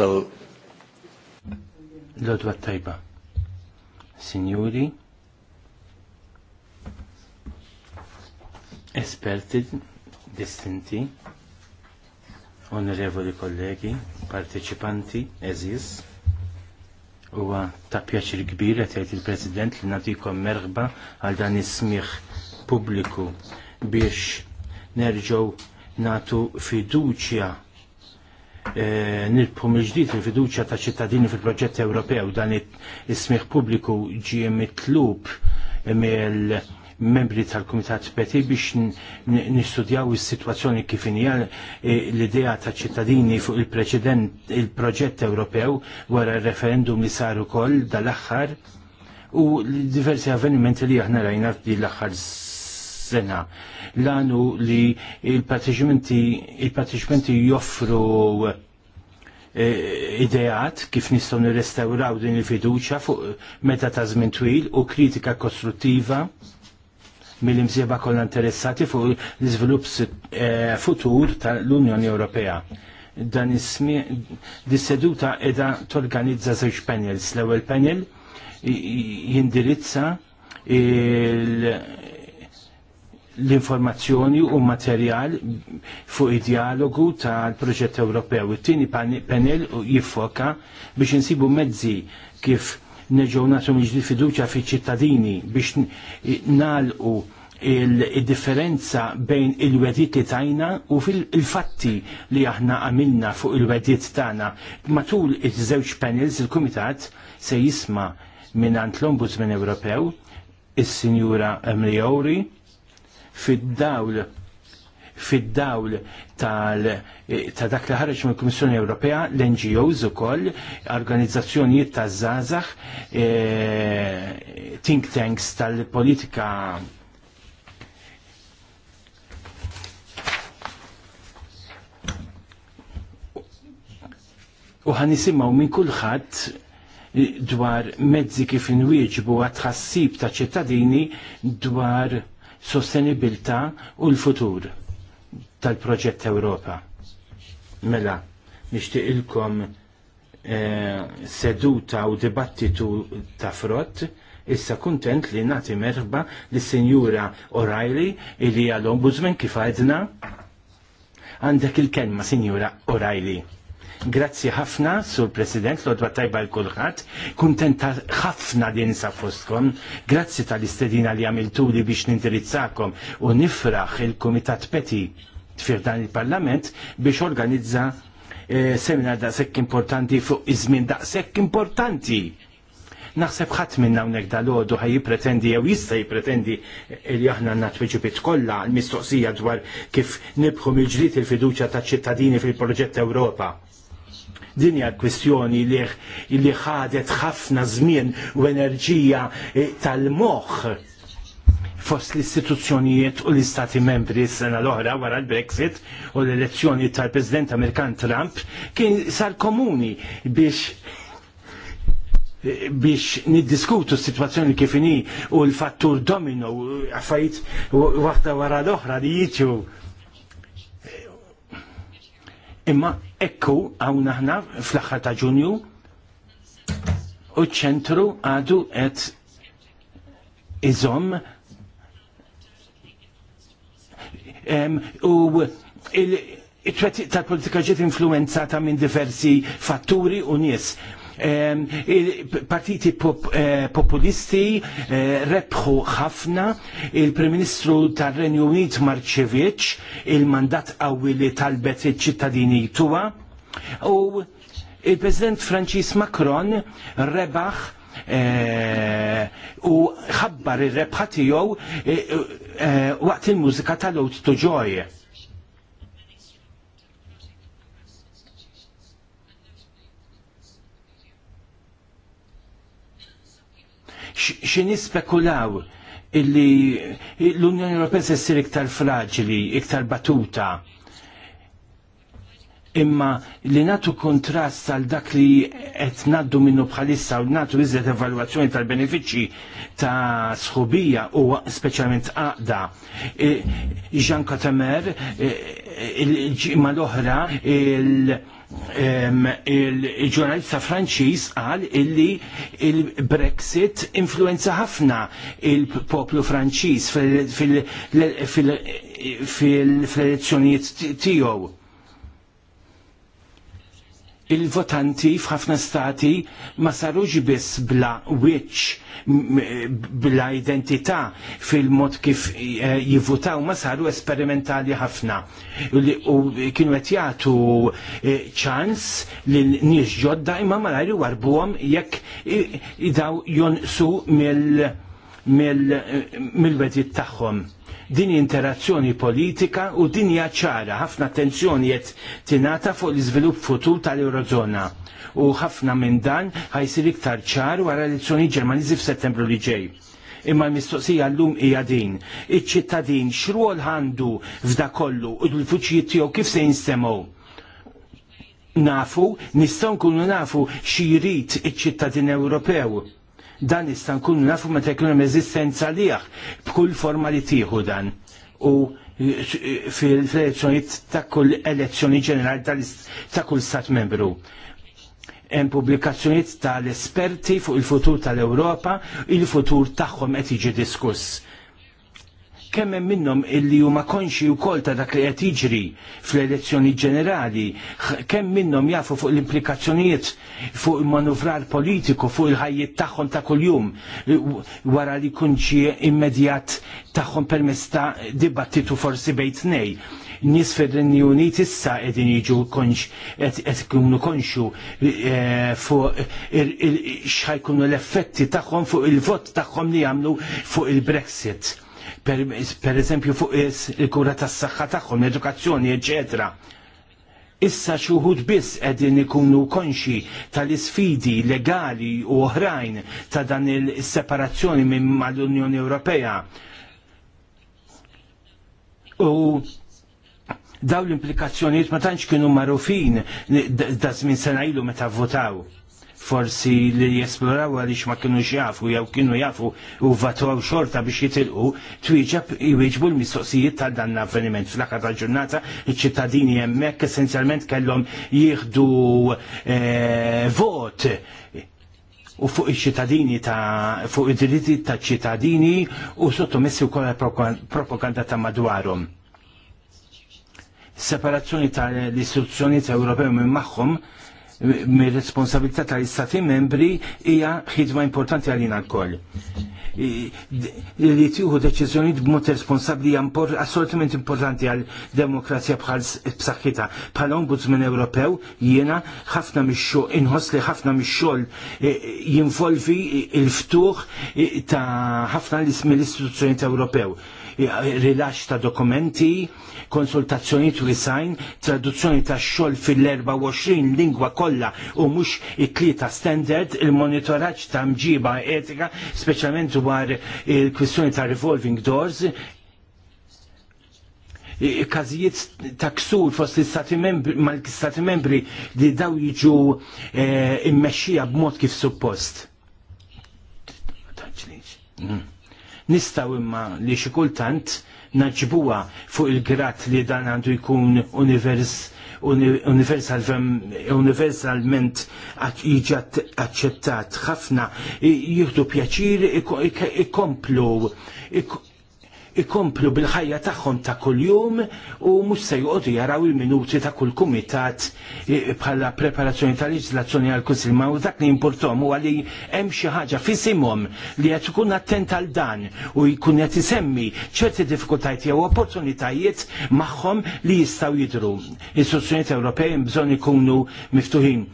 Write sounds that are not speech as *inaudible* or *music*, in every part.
So Lodwa tajba. Signori, esperti distinti, onorevoli kollegi, partecipanti, eżis, huwa ta' pjaċir kbir qed il-President li nagħtikom merħba għal dan is-smieħ pubbliku biex nerġgħu natu fiduċja Eh, nilbħu miġdid il-fiduċja ta' ċittadini fil-proġett Ewropew dan is-smieħ pubbliku ġie mitlub mill membri tal-Kumitat Peti biex nistudjaw is-sitwazzjoni kif injal eh, l-idea ta' ċittadini fuq il-preċedent il-proġett Ewropew wara r-referendum li sar ukoll dal-aħħar u diversi avvenimenti li aħna rajna f'din l-aħħar sena l-għanu li il-partiċipenti il joffru e, kif nistgħu nirrestawraw din il-fiduċa fuq meta ta' żmien twil u kritika kostruttiva mill-imsieba kollha interessati fuq l-iżvilupp e, futur tal-Unjoni Ewropea dan ismi dis-seduta edha torganizza żewġ panels. L-ewwel panel jindirizza l-informazzjoni u materjal fuq id-dialogu tal-proġett Ewropew. It-tieni panel jiffoka biex insibu mezzi kif neġgħu nagħtu miġdi fiduċja fiċ-ċittadini biex nalqu il-differenza bejn il-wedit li tajna u fil-fatti li aħna għamilna fuq il-wedit tagħna. Matul iż-żewġ panels il-Kumitat se jisma' minn l-Ombudsman Ewropew, is-Sinjura Emri fid-dawl fid-dawl tal ta' dak li ħareġ mill kummissjoni Ewropea, l-NGOs ukoll, organizzazzjonijiet ta' żgħażagħ, e, think tanks tal-politika u ħan nisimaw minn kulħadd dwar mezzi kif inwieġbu għat ta' ċittadini dwar sostenibilità u l-futur tal-proġett Ewropa. Mela, nixtieq ilkom eh, seduta u dibattitu ta' frott, issa kuntent li nati merħba li sinjura O'Reilly ilija għal-ombudsman kif għedna. Għandek il-kelma, sinjura O'Reilly. Grazzi ħafna, sur President, l-odwa tajba l-kulħat, kuntenta ħafna din sa fostkom, grazzi tal-istedina li għamiltu li biex nindirizzakom u nifraħ il-Komitat Peti tfir dan il-Parlament biex organizza eh, seminar daqshekk importanti fuq iż-żmien daqshekk importanti naħseb ħadd minn hawnhekk dal-għodu ħaj jippretendi jew jista' jippretendi eh, li aħna għandna tweġibiet kollha l-mistoqsija dwar kif nibħu mill-ġrid il-fiduċja taċ-ċittadini fil-proġett Ewropa. Din hija kwestjoni li ħadet ħafna żmien u enerġija eh, tal-moħħ fost l-istituzzjonijiet u l-istati membri s-sena l-oħra wara l-Brexit u l-elezzjoni tal-President Amerikan Trump kien sar komuni biex eh, biex niddiskutu s-situazzjoni kif inhi u l-fattur domino għaffajt waħda wara l-oħra li jitju imma Ekku għawna aħna fl-axħar ta' ġunju u ċentru għadu qed iżomm. u il-twettiq tal-politika ġiet influenzata minn diversi fatturi u nies partiti eh, populisti eh, rebħu ħafna, il-Prim Ministru tar-Renju Unit Marċevieċ il-mandat qawwi li talbet iċ-ċittadini tuwa u il-President Franċis Macron rebaħ eh, u ħabbar ir-rebħa tiegħu waqt il-mużika tal-Out to Joy xini nispekulaw illi l-Unjoni Ewropea se ssir iktar fraġili, iktar batuta. Imma li natu kontrast għal dak li qed naddu minnu bħalissa u natu iżjed evalwazzjoni tal-benefiċċji ta' sħubija u speċjalment għaqda. E, Jean Katamer, e, e, il-ġimma l-oħra, il-, il, il, il, il, il, il, il, il il-ġurnalista Franċiż qal illi il-Brexit influenza ħafna il-poplu Franċiż fil-elezzjonijiet tiegħu il-votanti f'ħafna stati ma sarux biss bla wiċċ bla identità fil-mod kif eh, jivvotaw ma saru esperimentali ħafna u kienu qed jagħtu eh, ċans li nies ġodda imma malajr warbuhom jekk idaw eh, jonqsu mill mill-wedit tagħhom din interazzjoni politika u din hija ċara ħafna attenzjoni qed tingħata fuq l-iżvilupp futur tal-Eurozona u ħafna minn dan ħajsir iktar ċar wara l-elezzjoni Ġermaniżi f'Settembru li ġej. Imma l-mistoqsija llum hija din. Iċ-ċittadin x'rwol għandu f'da kollu u l-fuċijiet tiegħu kif se jinsemgħu? Nafu, nistgħu nkunu nafu xi jrid iċ-ċittadin Ewropew Dan jista' nkunu nafu meta jkun hemm eżistenza liħ b'kull forma li tieħu dan. U e, fil-elezzjonijiet ta' kull elezzjoni ġenerali ta' kull stat membru hemm pubblikazzjonijiet tal-esperti fuq il-futur tal-Ewropa, il-futur tagħhom qed jiġi diskuss kemm hemm minnhom illi huma konxi wkoll ta' dak li qed jiġri fl-elezzjoni ġenerali, kemm minnhom jafu fuq l-implikazzjonijiet fuq il-manuvrar politiku, fuq il-ħajjiet tagħhom ta' kuljum eh, wara li jkun xi immedjat tagħhom permezz ta' dibattitu forsi bejt nej. Nies fir-Renju Unit issa qegħdin jiġu konx qed ikunu konxu eh, fuq x'ħajkunu l-effetti tagħhom fuq il-vot tagħhom li jagħmlu fuq il-Brexit per eżempju fuq il-kura tas saħħa tagħhom, l-edukazzjoni, eċetera. Issa xuħud biss edin ikunu konxi tal-isfidi legali u oħrajn ta' dan il-separazzjoni minn mal-Unjoni Ewropea. U daw l-implikazzjonijiet ma tantx kienu marufin da żmien sena ilu meta votaw forsi li jesploraw għaliex ma kienu jafu jew kienu jafu u vatuaw xorta biex jitilqu twieġab iwieġbu l-mistoqsijiet ta' dan l-avveniment. Fl-aħħar ta' ġurnata iċ-ċittadini hemmhekk essenzjalment kellhom jieħdu eh, vot u fuq iċ-ċittadini ta' fuq id-diritti ta' ċittadini u sottomessi wkoll propaganda ta' madwarhom. Separazzjoni tal-istituzzjonijiet Ewropew minn magħhom mir responsabilità tal-istati membri hija ħidma importanti għalina l-koll. Li tieħu deċiżjoni b'mod responsabbli import, assolutament importanti għal demokrazija bħal b'saħħitha. Bħal Ombudsman Ewropew jiena ħafna mix-xogħol inħoss li ħafna mix-xogħol e, jinvolvi il-ftuħ e, ta' ħafna l-istituzzjonijiet Ewropew rilax ta' dokumenti, konsultazzjoni u design, traduzzjoni ta' xol fil-24 lingwa kollha u mhux iklita tlieta standard, il-monitoraġġ ta' mġiba etika, speċjalment dwar il-kwistjoni ta' revolving doors, kazijiet ta' ksur fost l-istati membri, ma' istati membri li daw jiġu e, immexxija b'mod kif suppost. Mm. Nistaw imma li xi kultant fuq il-grat li dan għandu jkun univers universalment jiġi aċċettat ħafna jieħdu pjaċir ikomplu ik ikomplu bil-ħajja tagħhom ta' kuljum u mhux se joqogħdu jaraw il-minuti ta' kull kumitat e, bħala preparazzjoni ta' leġislazzjoni għal kunsil ma' dak li importom u għalli hemm xi ħaġa fisimhom li qed ikun attent għal dan u jkun qed isemmi ċerti diffikultajiet jew opportunitajiet magħhom li jistgħu jidru. Istituzzjonijiet Ewropej bżonn ikunu miftuħin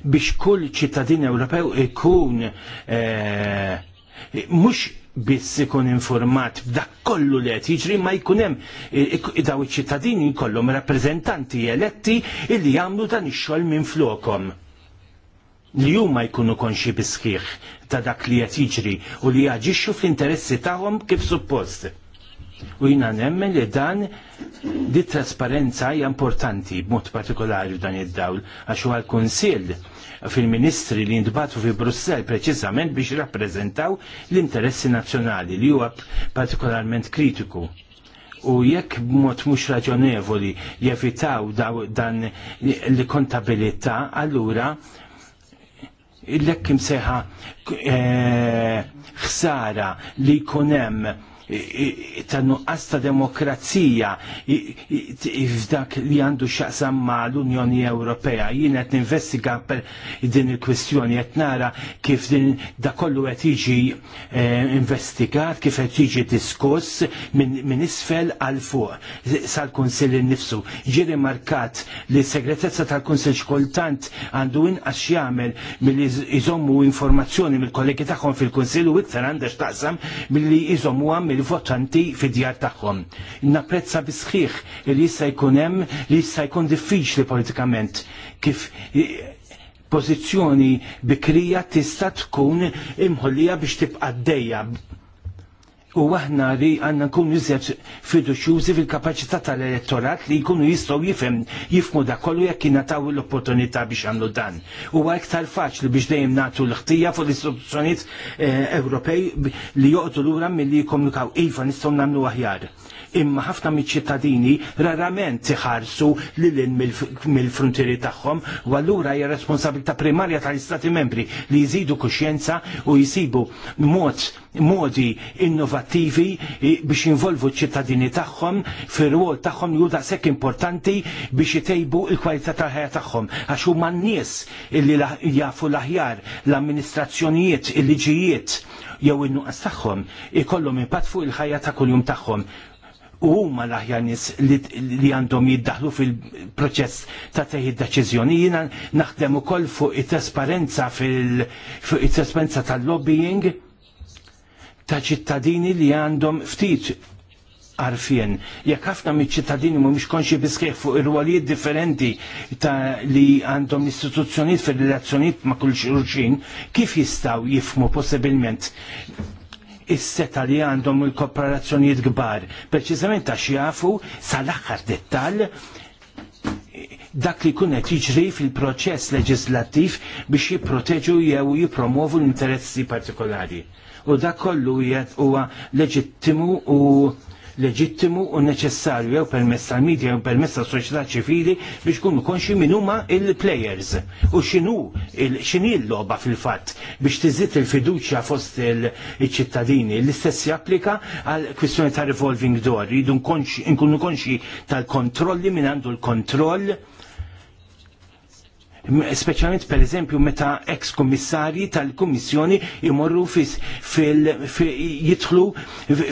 biex kull ċittadin Ewropew ikun e, mhux biss ikun informat b'dak kollu li qed jiġri ma jkun hemm daw iċ-ċittadini jkollhom rappreżentanti eletti illi jagħmlu dan ix-xogħol minn flokhom li huma jkunu konxi bisħiħ ta' dak li qed jiġri u li jaġixxu fl-interessi tagħhom kif suppost. U jina nemmen li dan di trasparenza hija importanti b'mod partikolari dan id-dawl għax huwa l-Kunsill fil-Ministri li jintbatu fi Brussell preċiżament biex jirrappreżentaw l-interessi nazzjonali li huwa partikolarment kritiku u jekk mod mhux raġonevoli jevitaw dan l-kontabilità, allura l-ekk eh, ħsara li jkun hemm ta' nuqqas ta' demokrazija f'dak li għandu xaqsam ma' l-Unjoni Ewropea. Jien qed ninvestiga per din il-kwistjoni qed nara kif din da kollu qed jiġi eh, investigat, kif qed jiġi diskuss minn isfel għal fuq sal-Kunsill innifsu. Ġiri markat li s-segretezza tal-Kunsill xkultant għandu inqas jagħmel milli iżommu informazzjoni mill-kollegi tagħhom fil-Kunsill u iktar għandex taqsam milli iżommu għam il-votanti fid-djar tagħhom. Napprezza bisħiħ li jista' jkun hemm li jista' jkun diffiċli politikament kif pożizzjoni bikrija tista' tkun imħollija biex tibqa' dejja u aħna li għanna nkunu iżjed fiduċjużi fil-kapacità tal-elettorat li jkunu jistgħu jifhem jifmu da kollu jekk jingħataw l-opportunità biex għamlu dan. Huwa aktar faċli biex dejjem nagħtu l-ħtija fuq l-istituzzjonijiet eh, Ewropej li joqtu lura milli jikkomunikaw iva nistgħu nagħmlu aħjar imma ħafna miċ-ċittadini rarament iħarsu lil mill-frontieri tagħhom u allura hija responsabilità primarja tal-Istati membri li jżidu kuxjenza u jisibu mod modi innovattivi biex jinvolvu ċ-ċittadini tagħhom fir-rwol tagħhom juda sekk importanti biex jtejbu l-kwalità tal-ħajja tagħhom għax huma n-nies illi jafu l-aħjar l-amministrazzjonijiet, il-liġijiet jew in-nuqqas tagħhom ikollhom impatt fuq il-ħajja ta' kuljum tagħhom u huma l-aħjar nies li għandhom jiddaħlu fil-proċess ta' teħid deċiżjoni. Jiena naħdem ukoll fuq it-trasparenza fil fuq it-trasparenza tal-lobbying ta' ċittadini li għandhom ftit għarfien. Jekk ħafna miċ ċittadini mhumiex konxi biskej fuq ir-rwalijiet differenti ta' li għandhom l-istituzzjonijiet fir-relazzjonijiet ma' kull xulxin, kif jistgħu jifmu possibilment is-seta li għandhom il korporazzjonijiet kbar, preċiżament għax jafu sal-aħħar dettall dak li kunet jiġri fil-proċess leġislattiv biex jipproteġu jew jipromovu l-interessi partikolari. U dak kollu huwa leġittimu u leġittimu u neċessarju jew permess tal-medja jew permess tas-soċjetà ċivili biex kunu konxi min huma il-players u x'inhu x'inhi l-logħba fil-fatt biex tiżid il-fiduċja fost il-ċittadini. L-istess japplika għal kwistjoni ta' revolving door, jridu nkunu konxi tal-kontrolli min għandu l-kontroll speċjalment per eżempju meta ex kummissarji tal-Kummissjoni jmorru jidħlu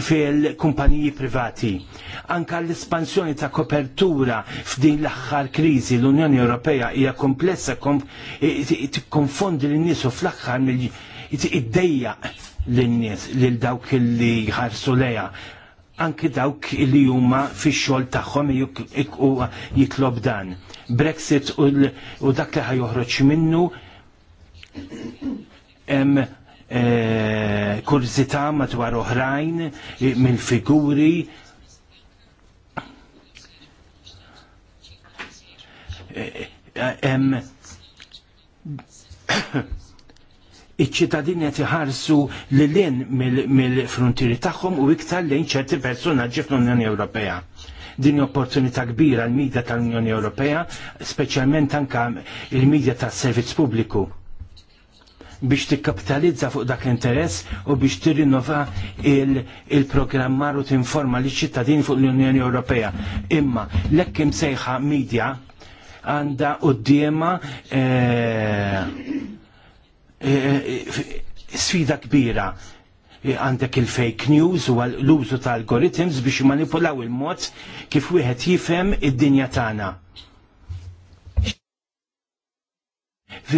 fil-kumpaniji privati. Anka l-espansjoni ta' kopertura f'din l-aħħar kriżi l-Unjoni Ewropea hija komplessa tikkonfondi lin-nies u fl-aħħar id-dejja lin-nies lil dawk li ħarsu leja anki dawk li huma fix-xogħol tagħhom jitlob dan. Brexit u, dak li ħajuħroċ minnu em, e, kurzità madwar oħrajn eh, minn figuri eh, em, iċ-ċittadini qed iħarsu lilin mill-frontieri tagħhom u iktar lejn ċerti personaġġi fl-Unjoni Ewropea din opportunità kbira l midja tal-Unjoni Ewropea, speċjalment anka il midja tas-servizz pubbliku biex tikkapitalizza fuq dak l-interess u biex tirrinnova il-programmar u tinforma li ċittadini fuq l-Unjoni Ewropea. Imma lekk imsejħa medja għanda u d-diema eh, Eh, eh, sfida kbira eh, għandek il-fake news u l-użu ta' algoritms biex manipulaw il-mod kif wieħed jifhem id-dinja tagħna.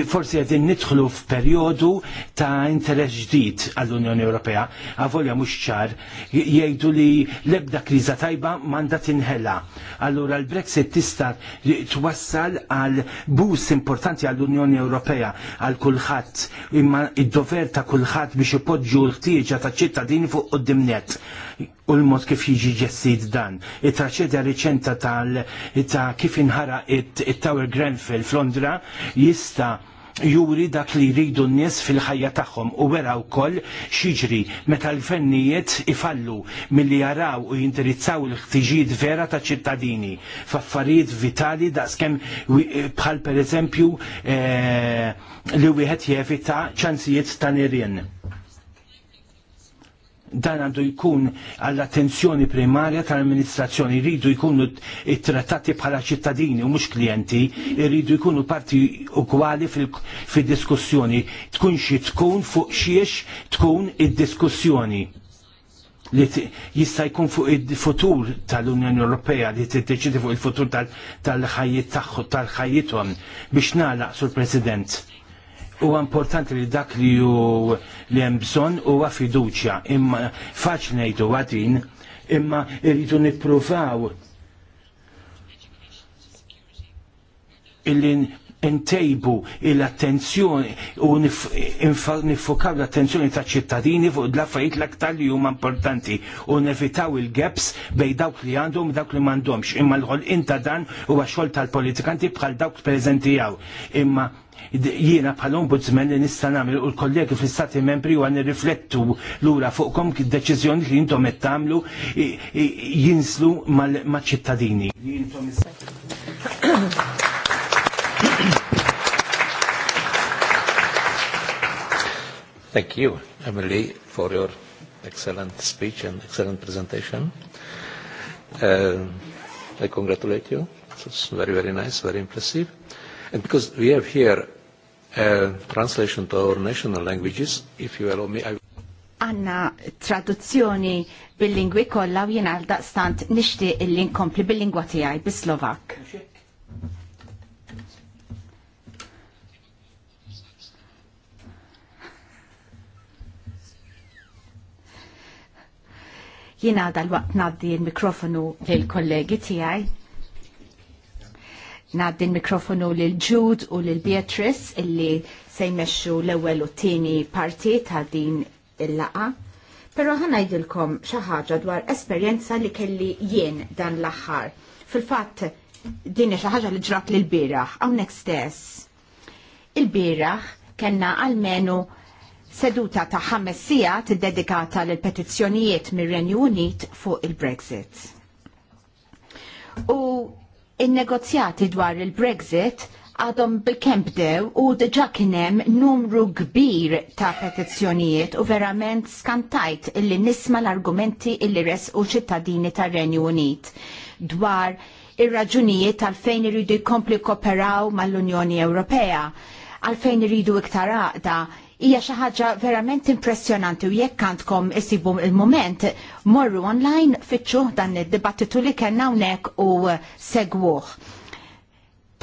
forsi għedin nidħlu f'perjodu ta' interess ġdid għall-Unjoni Ewropea. Għavolja mhux ċar jgħidu li l-ebda kriża tajba m'għandha tinħela. Allura l-Brexit tista' twassal għal bus importanti għall-Unjoni Ewropea għal kulħadd imma id-dover ta' kulħadd biex ipoġġu l-ħtieġa ta' ċittadini fuq qudimnet u l-mod kif jiġi ġessid dan. It-traċedja riċenta tal ta' kif inħara it-Tower Grenfell f'Londra jista juri dak li jridu n-nies fil-ħajja tagħhom u wera wkoll xiġri meta l fennijiet ifallu milli jaraw u jindirizzaw il-ħtiġijiet vera ta' ċittadini f'affarijiet vitali daqskemm bħal pereżempju eh, li wieħed jevita ċansijiet ta' nirien dan għandu jkun għall-attenzjoni primarja tal-amministrazzjoni, rridu jkunu trattati bħala ċittadini u mhux klijenti, rridu jkunu parti ukwali fil-diskussjoni, tkun xi tkun fuq xiex tkun id-diskussjoni li jista' jkun fuq il-futur tal-Unjoni Ewropea li tiddeċidi fuq il-futur tal ħajjiet tagħhom tal-ħajjithom biex nagħlaq sur President u importanti li dak li ju li hemm bżonn huwa fiduċja, imma faċ ngħidu għadin, imma rridu nippruvaw illi ntejbu l-attenzjoni u nifokaw l-attenzjoni ta' ċittadini fuq l-affarijiet l-aktar li huma importanti u nevitaw il-gaps bej dawk li għandhom u dawk li m'għandhomx. Imma l-ħolqien ta' dan huwa xogħol tal-politikanti bħal dawk preżentijaw. Imma jiena bħal-ombudsman li nista' nagħmel u l-kollegi fl-istati membri u għan riflettu lura fuqkom deċiżjoni li jintom qed tagħmlu jinslu mal-ċittadini. Thank you, Emily, for your excellent speech and excellent presentation. Uh, I congratulate you. It's very, very nice, very impressive. And because we have here translation to our national languages, if you allow me. I... traduzzjoni bil-lingwi kollha u jiena għaldaqstant nixtieq illi nkompli bil-lingwa tiegħi bis-Slovak. Jiena l waqt ngħaddi l-mikrofonu lill kollegi tiegħi. Naddi l-mikrofonu lil Jude u lil Beatrice illi se jmexxu l-ewwel u t-tieni parti ta' din il-laqa. Però ħanajdilkom xi ħaġa dwar esperjenza li kelli jien dan l-aħħar. Fil-fatt din xi ħaġa li ġrat lil bieraħ hawnhekk stess. Il-bieraħ kellna għalmenu seduta ta' ħames sigħat dedikata lil petizzjonijiet mir-Renju Unit fuq il-Brexit. U in-negozjati dwar il-Brexit għadhom bil bdew u diġa kienem numru kbir ta' petizzjonijiet u verament skantajt illi nisma l-argumenti illi res u ċittadini ta' Renju Unit dwar ir-raġunijiet għalfejn iridu jkompli kooperaw mal-Unjoni Ewropea, għalfejn iridu iktar għaqda, hija xi ħaġa verament impressjonanti u jekk għandkom isibu il-moment morru online fitxu dan id-dibattitu li kellna hawnhekk u segwuh.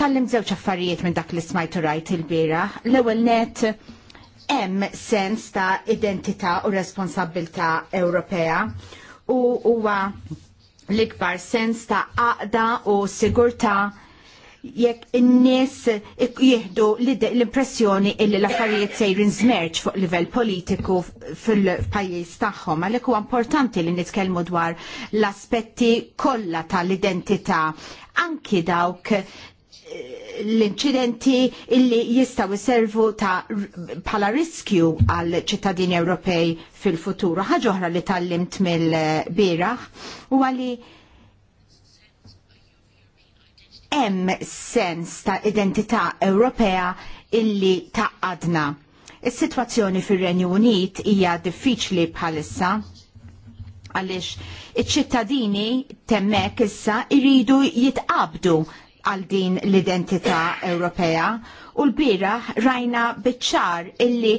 Tallim żewġ affarijiet minn dak li smajtu rajt il-bira. L-ewwel net hemm sens ta' identità u responsabilità Ewropea u huwa l-ikbar sens ta' għaqda u sigurtà jekk in-nies jieħdu l-impressjoni illi l-affarijiet sejrin żmerġ fuq livell politiku fil-pajjiż tagħhom għalhekk huwa importanti li nitkellmu dwar l-aspetti kollha tal-identità anki dawk eh, l-inċidenti illi jistaw servu ta' pala riskju għal ċittadini Ewropej fil-futuru. Ħaġa oħra li tal-limt mill-biraħ u għalli hemm sens ta' identità Ewropea illi taqadna. Is-sitwazzjoni fir-Renju Unit hija diffiċli bħalissa għaliex iċ-ċittadini temmek issa jridu jitqabdu għal din l-identità Ewropea u l-bira rajna biċċar illi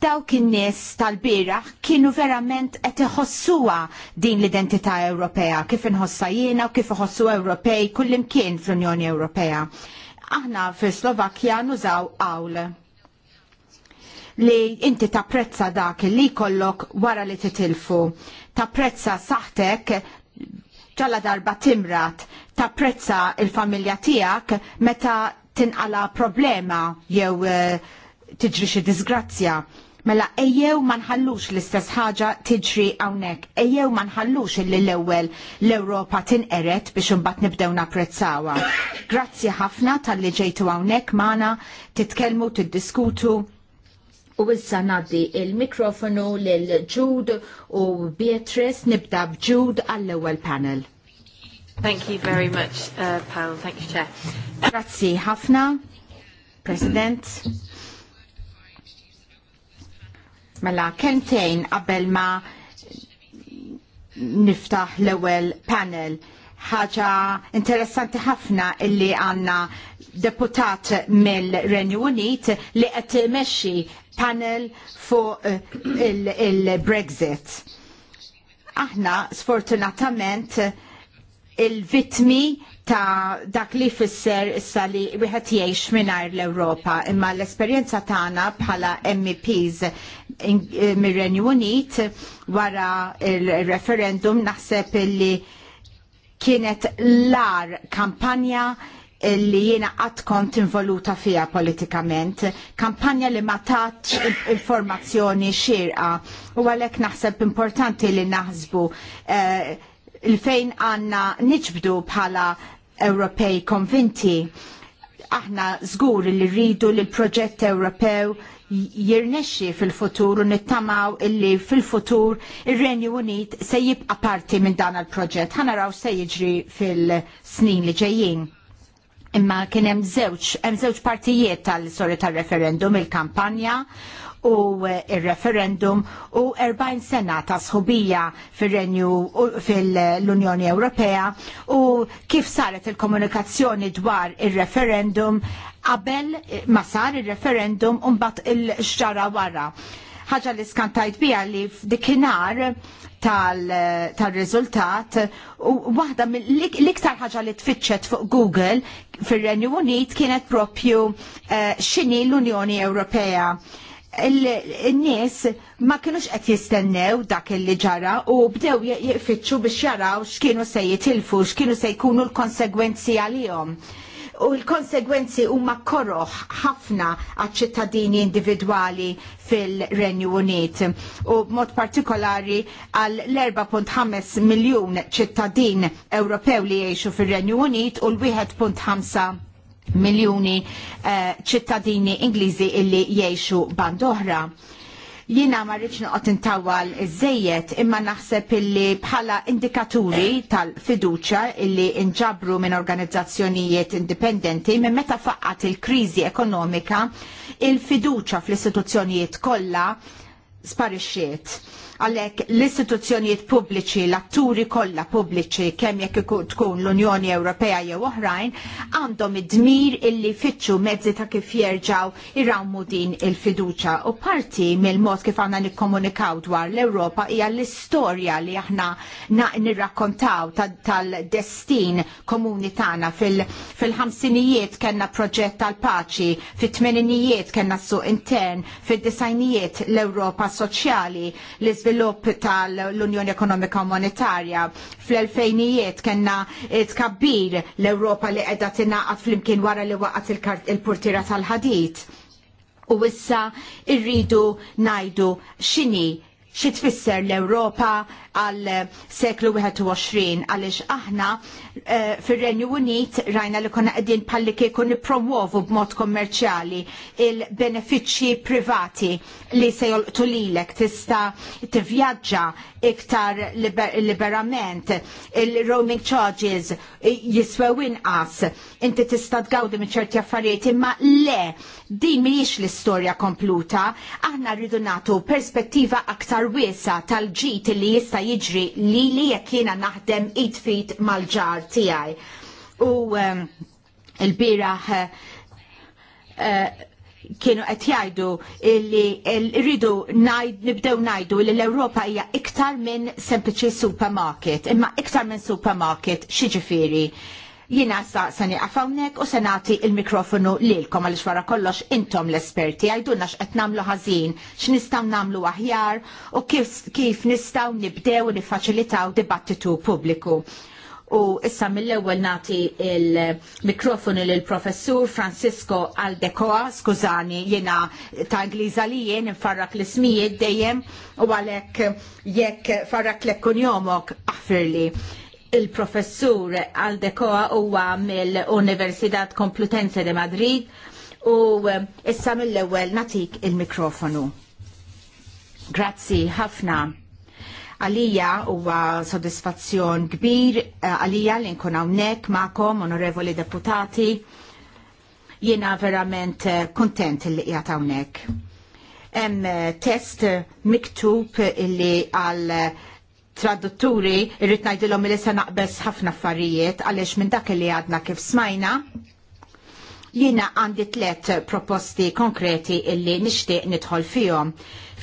dawk in-nies tal-biraħ kienu verament qed iħossuha din l-identità Ewropea, kif inħossa jiena u kif iħossu Ewropej kullimkien fl-Unjoni Ewropea. Aħna fis Slovakkja nużaw hawl li inti tapprezza dak li jkollok wara li titilfu. Tapprezza saħtek ġalla darba timrat, tapprezza il-familja tiegħek meta tinqala problema jew eh, tiġri xi disgrazzja. Mela ejjew ma nħallux l-istess ħaġa tiġri hawnhekk, ejjew ma nħallux illi l-ewwel l-Ewropa tinqeret biex imbagħad nibdew napprezzawha. Grazzi ħafna tal-li ġejtu hawnhekk magħna titkellmu tiddiskutu u issa ngħaddi il-mikrofonu lil Jude u Beatrice nibda b'Jude għall-ewwel panel. Thank you very much, uh, Paul. Thank you, Chair. Grazzi ħafna, President Mela, kentejn qabel ma niftaħ l ewwel panel. ħaġa interessanti ħafna illi għanna deputat mill-Renju Unit li qed meċi panel fuq eh, il-Brexit. Il Aħna sfortunatament il-vitmi ta' dak li fisser issa li wieħed jgħix mingħajr l-Ewropa. Imma l-esperjenza tagħna bħala MEPs mir-Renju Unit wara il-referendum naħseb li kienet l-ar kampanja li jiena qatt kont involuta fiha politikament, kampanja li ma tatx informazzjoni xirqa u għalhekk naħseb importanti li naħsbu eh, il-fejn għanna niġbdu bħala Ewropej konvinti. Aħna zgur li rridu li l-proġett Ewropew jirnexxi fil-futur u nittamaw illi fil-futur ir-Renju Unit se jibqa' parti minn dan il-proġett. Ħanaraw se jiġri fil-snin li ġejjin. Imma kien hemm żewġ hemm żewġ partijiet tal-sorri tal-referendum il-kampanja u eh, il-referendum u 40 sena ta' sħubija fil-Renju fil-Unjoni Ewropea u kif saret il-komunikazzjoni dwar il-referendum qabel ma sar il-referendum un bat il-xġara wara. ħaġa li skantajt bija li f'dikinar tal-rizultat u waħda l-iktar ħaġa li tfittxet fuq Google fir-Renju Unit kienet propju eh, x'inhi l-Unjoni Ewropea il-nies ma kienux qed jistennew dak li ġara u bdew jiqfittxu biex jaraw x'kienu se jitilfu, x'kienu se jkunu l-konsegwenzi għalihom. U l-konsegwenzi huma korroħ ħafna għaċ-ċittadini individwali fil-Renju Unit u b'mod partikolari għal l-4.5 miljun ċittadin Ewropew li jgħixu fil-Renju Unit u l-1.5 miljuni eh, ċittadini uh, Ingliżi illi jgħixu band oħra. Jiena ma rridx noqgħod intawal iż imma naħseb illi bħala indikaturi tal-fiduċja illi nġabru minn organizzazzjonijiet indipendenti minn meta faqqat il-kriżi ekonomika il-fiduċja fl-istituzzjonijiet kollha sparixxiet Għalhekk l-istituzzjonijiet pubbliċi, l-atturi kollha pubbliċi kemm jekk tkun l-Unjoni Ewropea jew oħrajn għandhom id-dmir illi fitxu mezzi ta' kif jerġgħu irawmu din il-fiduċa u parti mill-mod kif għandna nikkomunikaw dwar l-Ewropa hija l-istorja li aħna nirrakkontaw tal-destin komuni tagħna fil-ħamsinijiet kellna proġett tal-paċi, fit-tmeninijiet kellna suq intern, fid-disajnijiet l-Ewropa soċjali, l l-iżvilupp tal-Unjoni Ekonomika Monetarja. fl elfejnijiet kena tkabbir l-Ewropa li qiegħda fl flimkien wara li waqat il-portira tal-ħadid. U issa irridu ngħidu x'inhi xi tfisser l-Ewropa għal seklu 21 għaliex aħna fil eh, fir-Renju Unit rajna li konna qegħdin palli kieku nippromuovu b'mod kommerċjali il-benefiċċji privati li se jolqtu lilek tista' tivvjaġġa iktar liber liberament il-roaming charges jiswew inqas inti tista' tgawdi minn ċerti affarijiet imma le din mhijiex l-istorja kompluta aħna rridu nagħtu perspettiva aktar wiesa tal-ġit li jista' jista' jiġri li li jekk jiena naħdem it-fit mal-ġar tiegħi. U um, il-biraħ uh, kienu qed jgħidu li rridu nibdew ngħidu li l-Ewropa hija iktar minn sempliċi supermarket, imma iktar minn supermarket xiġifieri Jina sa sani għafawnek u senati il-mikrofonu lilkom għal xwara kollox intom l-esperti għajdunna xqet namlu ħazin, x'nistgħu namlu aħjar u kif, kif nistgħu nibdew u nifacilitaw dibattitu pubbliku. U issa mill-ewwel nati il-mikrofonu l professur Francisco Aldecoa, skużani jiena ta' Ingliża li jien infarrak l-ismijiet dejjem u għalhekk jekk farrak l-ekkunjomok aħfirli il-professur Aldecoa huwa mill universidad Complutense de Madrid u eh, issa mill-ewwel natik il-mikrofonu. Grazzi ħafna għalija huwa sodisfazzjon kbir eh, għalija li nkun hawnhekk magħkom onorevoli deputati. Jiena verament eh, kontent li qiegħed hawnhekk. Hemm test miktub illi għal tradutturi irrit ngħidilhom li se naqbes ħafna affarijiet għaliex minn dak li għadna kif smajna jina għandi tlet proposti konkreti illi nishtiq nidħol fihom.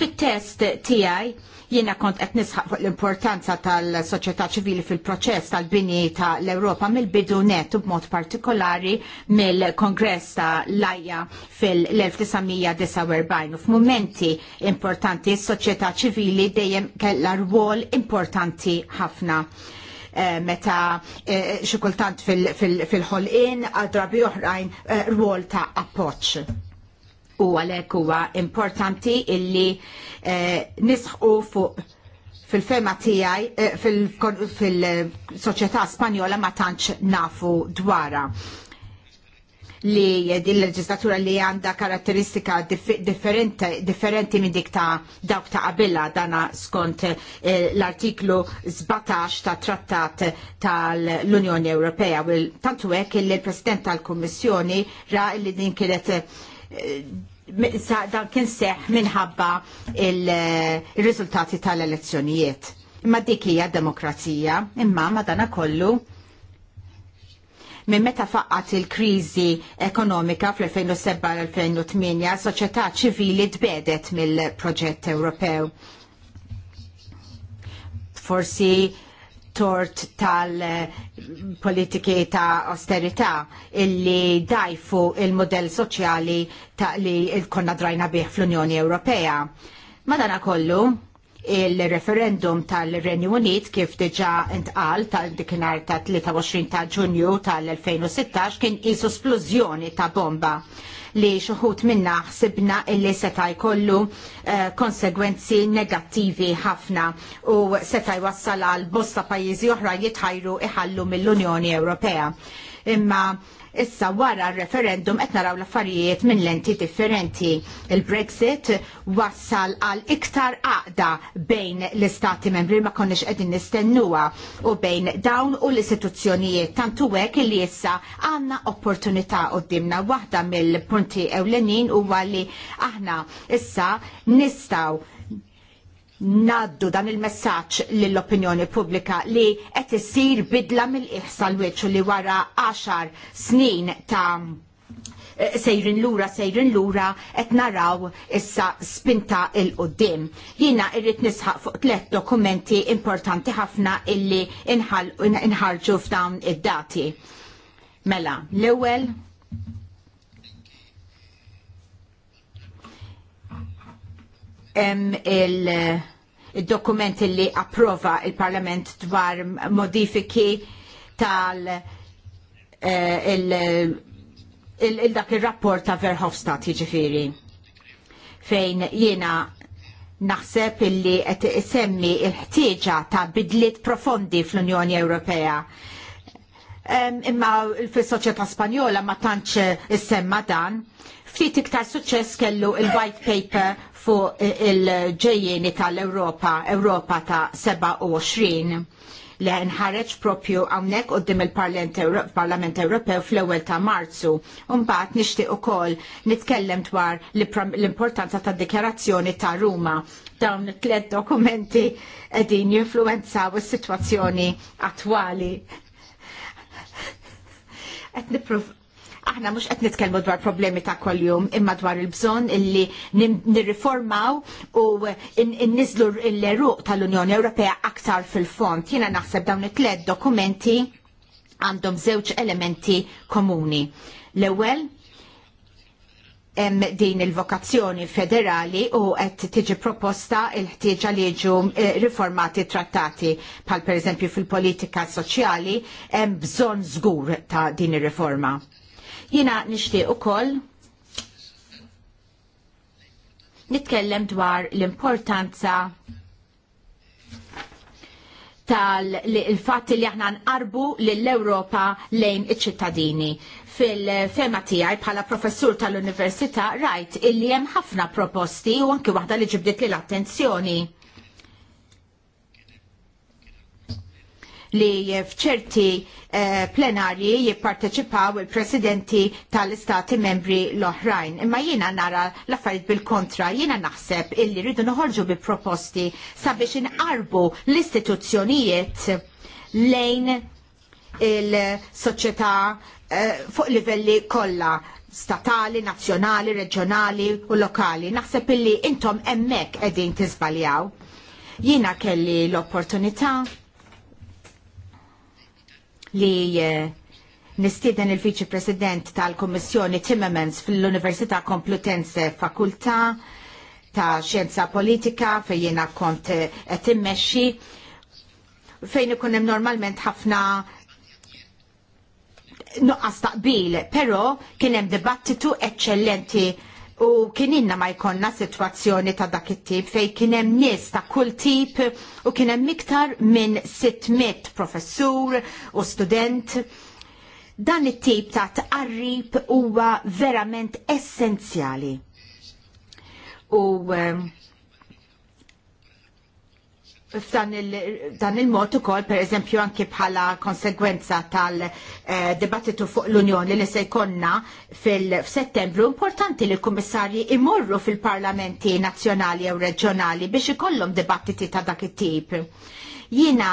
Fit-test tiegħi Jiena kont qed nisħaq fuq l-importanza tal-soċjetà ċivili fil-proċess tal-bini ta' l-Ewropa mill-bidu net u b'mod partikolari mill-Kongress ta' Lajja fil-1949 u f'mumenti importanti s-soċjetà ċivili dejjem kellha rwol importanti ħafna eh, meta eh, xikultant fil-ħolqin, għal drabi oħrajn eh, rwol ta' appoċ u għalek huwa importanti illi eh, nisħu fuq fil-fema tiegħi eh, fil-soċjetà Spanjola ma tantx nafu dwara li din leġislatura li għanda karatteristika differenti, minn dik ta' dawk ta' qabilla dana skont eh, l-artiklu 17 ta' trattat tal-Unjoni Ewropea. Tantu hekk il-President tal-Kummissjoni ra li din kienet Eh, dan kien seħ minħabba eh, il-riżultati tal-elezzjonijiet. Imma dik hija demokrazija, imma dana kollu minn meta faqqat il-kriżi ekonomika fl-2007-2008 soċjetà ċivili tbedet mill-proġett Ewropew. Forsi tort tal-politiki ta' austerità illi dajfu il-modell soċjali ta' li konna drajna bih fl-Unjoni Ewropea. Madana kollu, il-referendum tal-Renju Unit kif diġa intqal tal-dikinar ta' 23 ta' ġunju tal-2016 kien isu splużjoni ta' bomba li xuħut minna ħsibna illi seta' jkollu eh, konsegwenzi negattivi ħafna u seta' jwassal għal bosta pajjiżi oħra jitħajru iħallu mill-Unjoni Ewropea. Imma Issa wara r-referendum qed naraw l-affarijiet minn lenti differenti. Il-Brexit wassal għal iktar għaqda bejn l-istati membri ma konniex qegħdin nistennuha u bejn dawn u l-istituzzjonijiet tantu hekk li issa għandna opportunità qudiemna waħda mill-punti ewlenin huwa li aħna issa nistgħu naddu dan il-messaċ lill-opinjoni pubblika li qed issir bidla mill-iħsa l li wara 10 snin ta' eh, sejrin lura, sejrin lura, et naraw issa spinta il-qoddim. Jina irrit nisħaq fuq tlet dokumenti importanti ħafna illi inħarġu f'dawn id-dati. Mela, l-ewel, il-dokument il li approva il-Parlament dwar modifiki tal- eh, il- il-dak il-rapport ta' Verhofstadt jiġifieri fejn jiena naħseb illi qed isemmi l-ħtieġa ta' bidliet profondi fl-Unjoni Ewropea. Imma fis soċjetà Spanjola ma tantx issemma dan Ftit iktar suċċess kellu il-white paper fuq il-ġejjeni tal-Europa, Europa ta' 27 li nħareġ propju għawnek u dim il-Parlament Ewropew fl-ewel ta' Marzu. Umbat nishtiq u kol nitkellem dwar l-importanza ta' dikjarazzjoni ta' Ruma. Dawn tlet dokumenti edin u is-situazzjoni attwali. Et niprof aħna mhux qed nitkellmu dwar problemi ta' koljum imma dwar il-bżonn illi nirriformaw u nniżlu l-eruq tal-Unjoni Ewropea aktar fil-fond. Jiena naħseb dawn it tlet dokumenti għandhom żewġ elementi komuni. L-ewwel hemm din il-vokazzjoni federali u qed tiġi proposta il-ħtieġa li jiġu eh, riformati trattati bħal pereżempju fil-politika soċjali hemm bżonn żgur ta' din ir-riforma. Jina nishtiq ukoll nitkellem dwar l-importanza tal-fat li aħna nqarbu l-Europa lejn iċ-ċittadini. Fil-fema tiegħi bħala professur tal-Università rajt illi hemm ħafna proposti u anki waħda li ġibdiet li l-attenzjoni. li fċerti eh, plenarji jipparteċipaw il-presidenti tal-istati membri l-oħrajn. Imma jiena nara l-affarijiet bil-kontra, jiena naħseb illi rridu noħorġu bi proposti sabiex inqarbu l-istituzzjonijiet lejn il-soċjetà eh, fuq livelli kollha statali, nazzjonali, reġjonali u lokali. Naħseb illi intom hemmhekk qegħdin tiżbaljaw. Jiena kelli l-opportunità li eh, nistieden il-Viċi President tal-Kommissjoni Timmermans fl-Università Komplutense Fakultà ta' Xjenza Politika fejn jiena kont eh, qed immexxi fejn ikun hemm normalment ħafna nuqqas taqbil, però kien hemm dibattitu eċċellenti U inna ma jkonna situazzjoni ta' dak it-tip fej kienem nies ta' kull tip u kienem miktar minn 600 professur u student. Dan it-tip ta' tqarrib huwa verament essenzjali. U ehm, f'dan il-mod ukoll pereżempju anki bħala konsegwenza tal-dibattitu eh, fuq l-Unjoni li se jkollna fil-Settembru importanti li l-Kummissarji imorru fil-Parlamenti nazzjonali jew reġjonali biex ikollhom dibattiti ta' dak it-tip. Jiena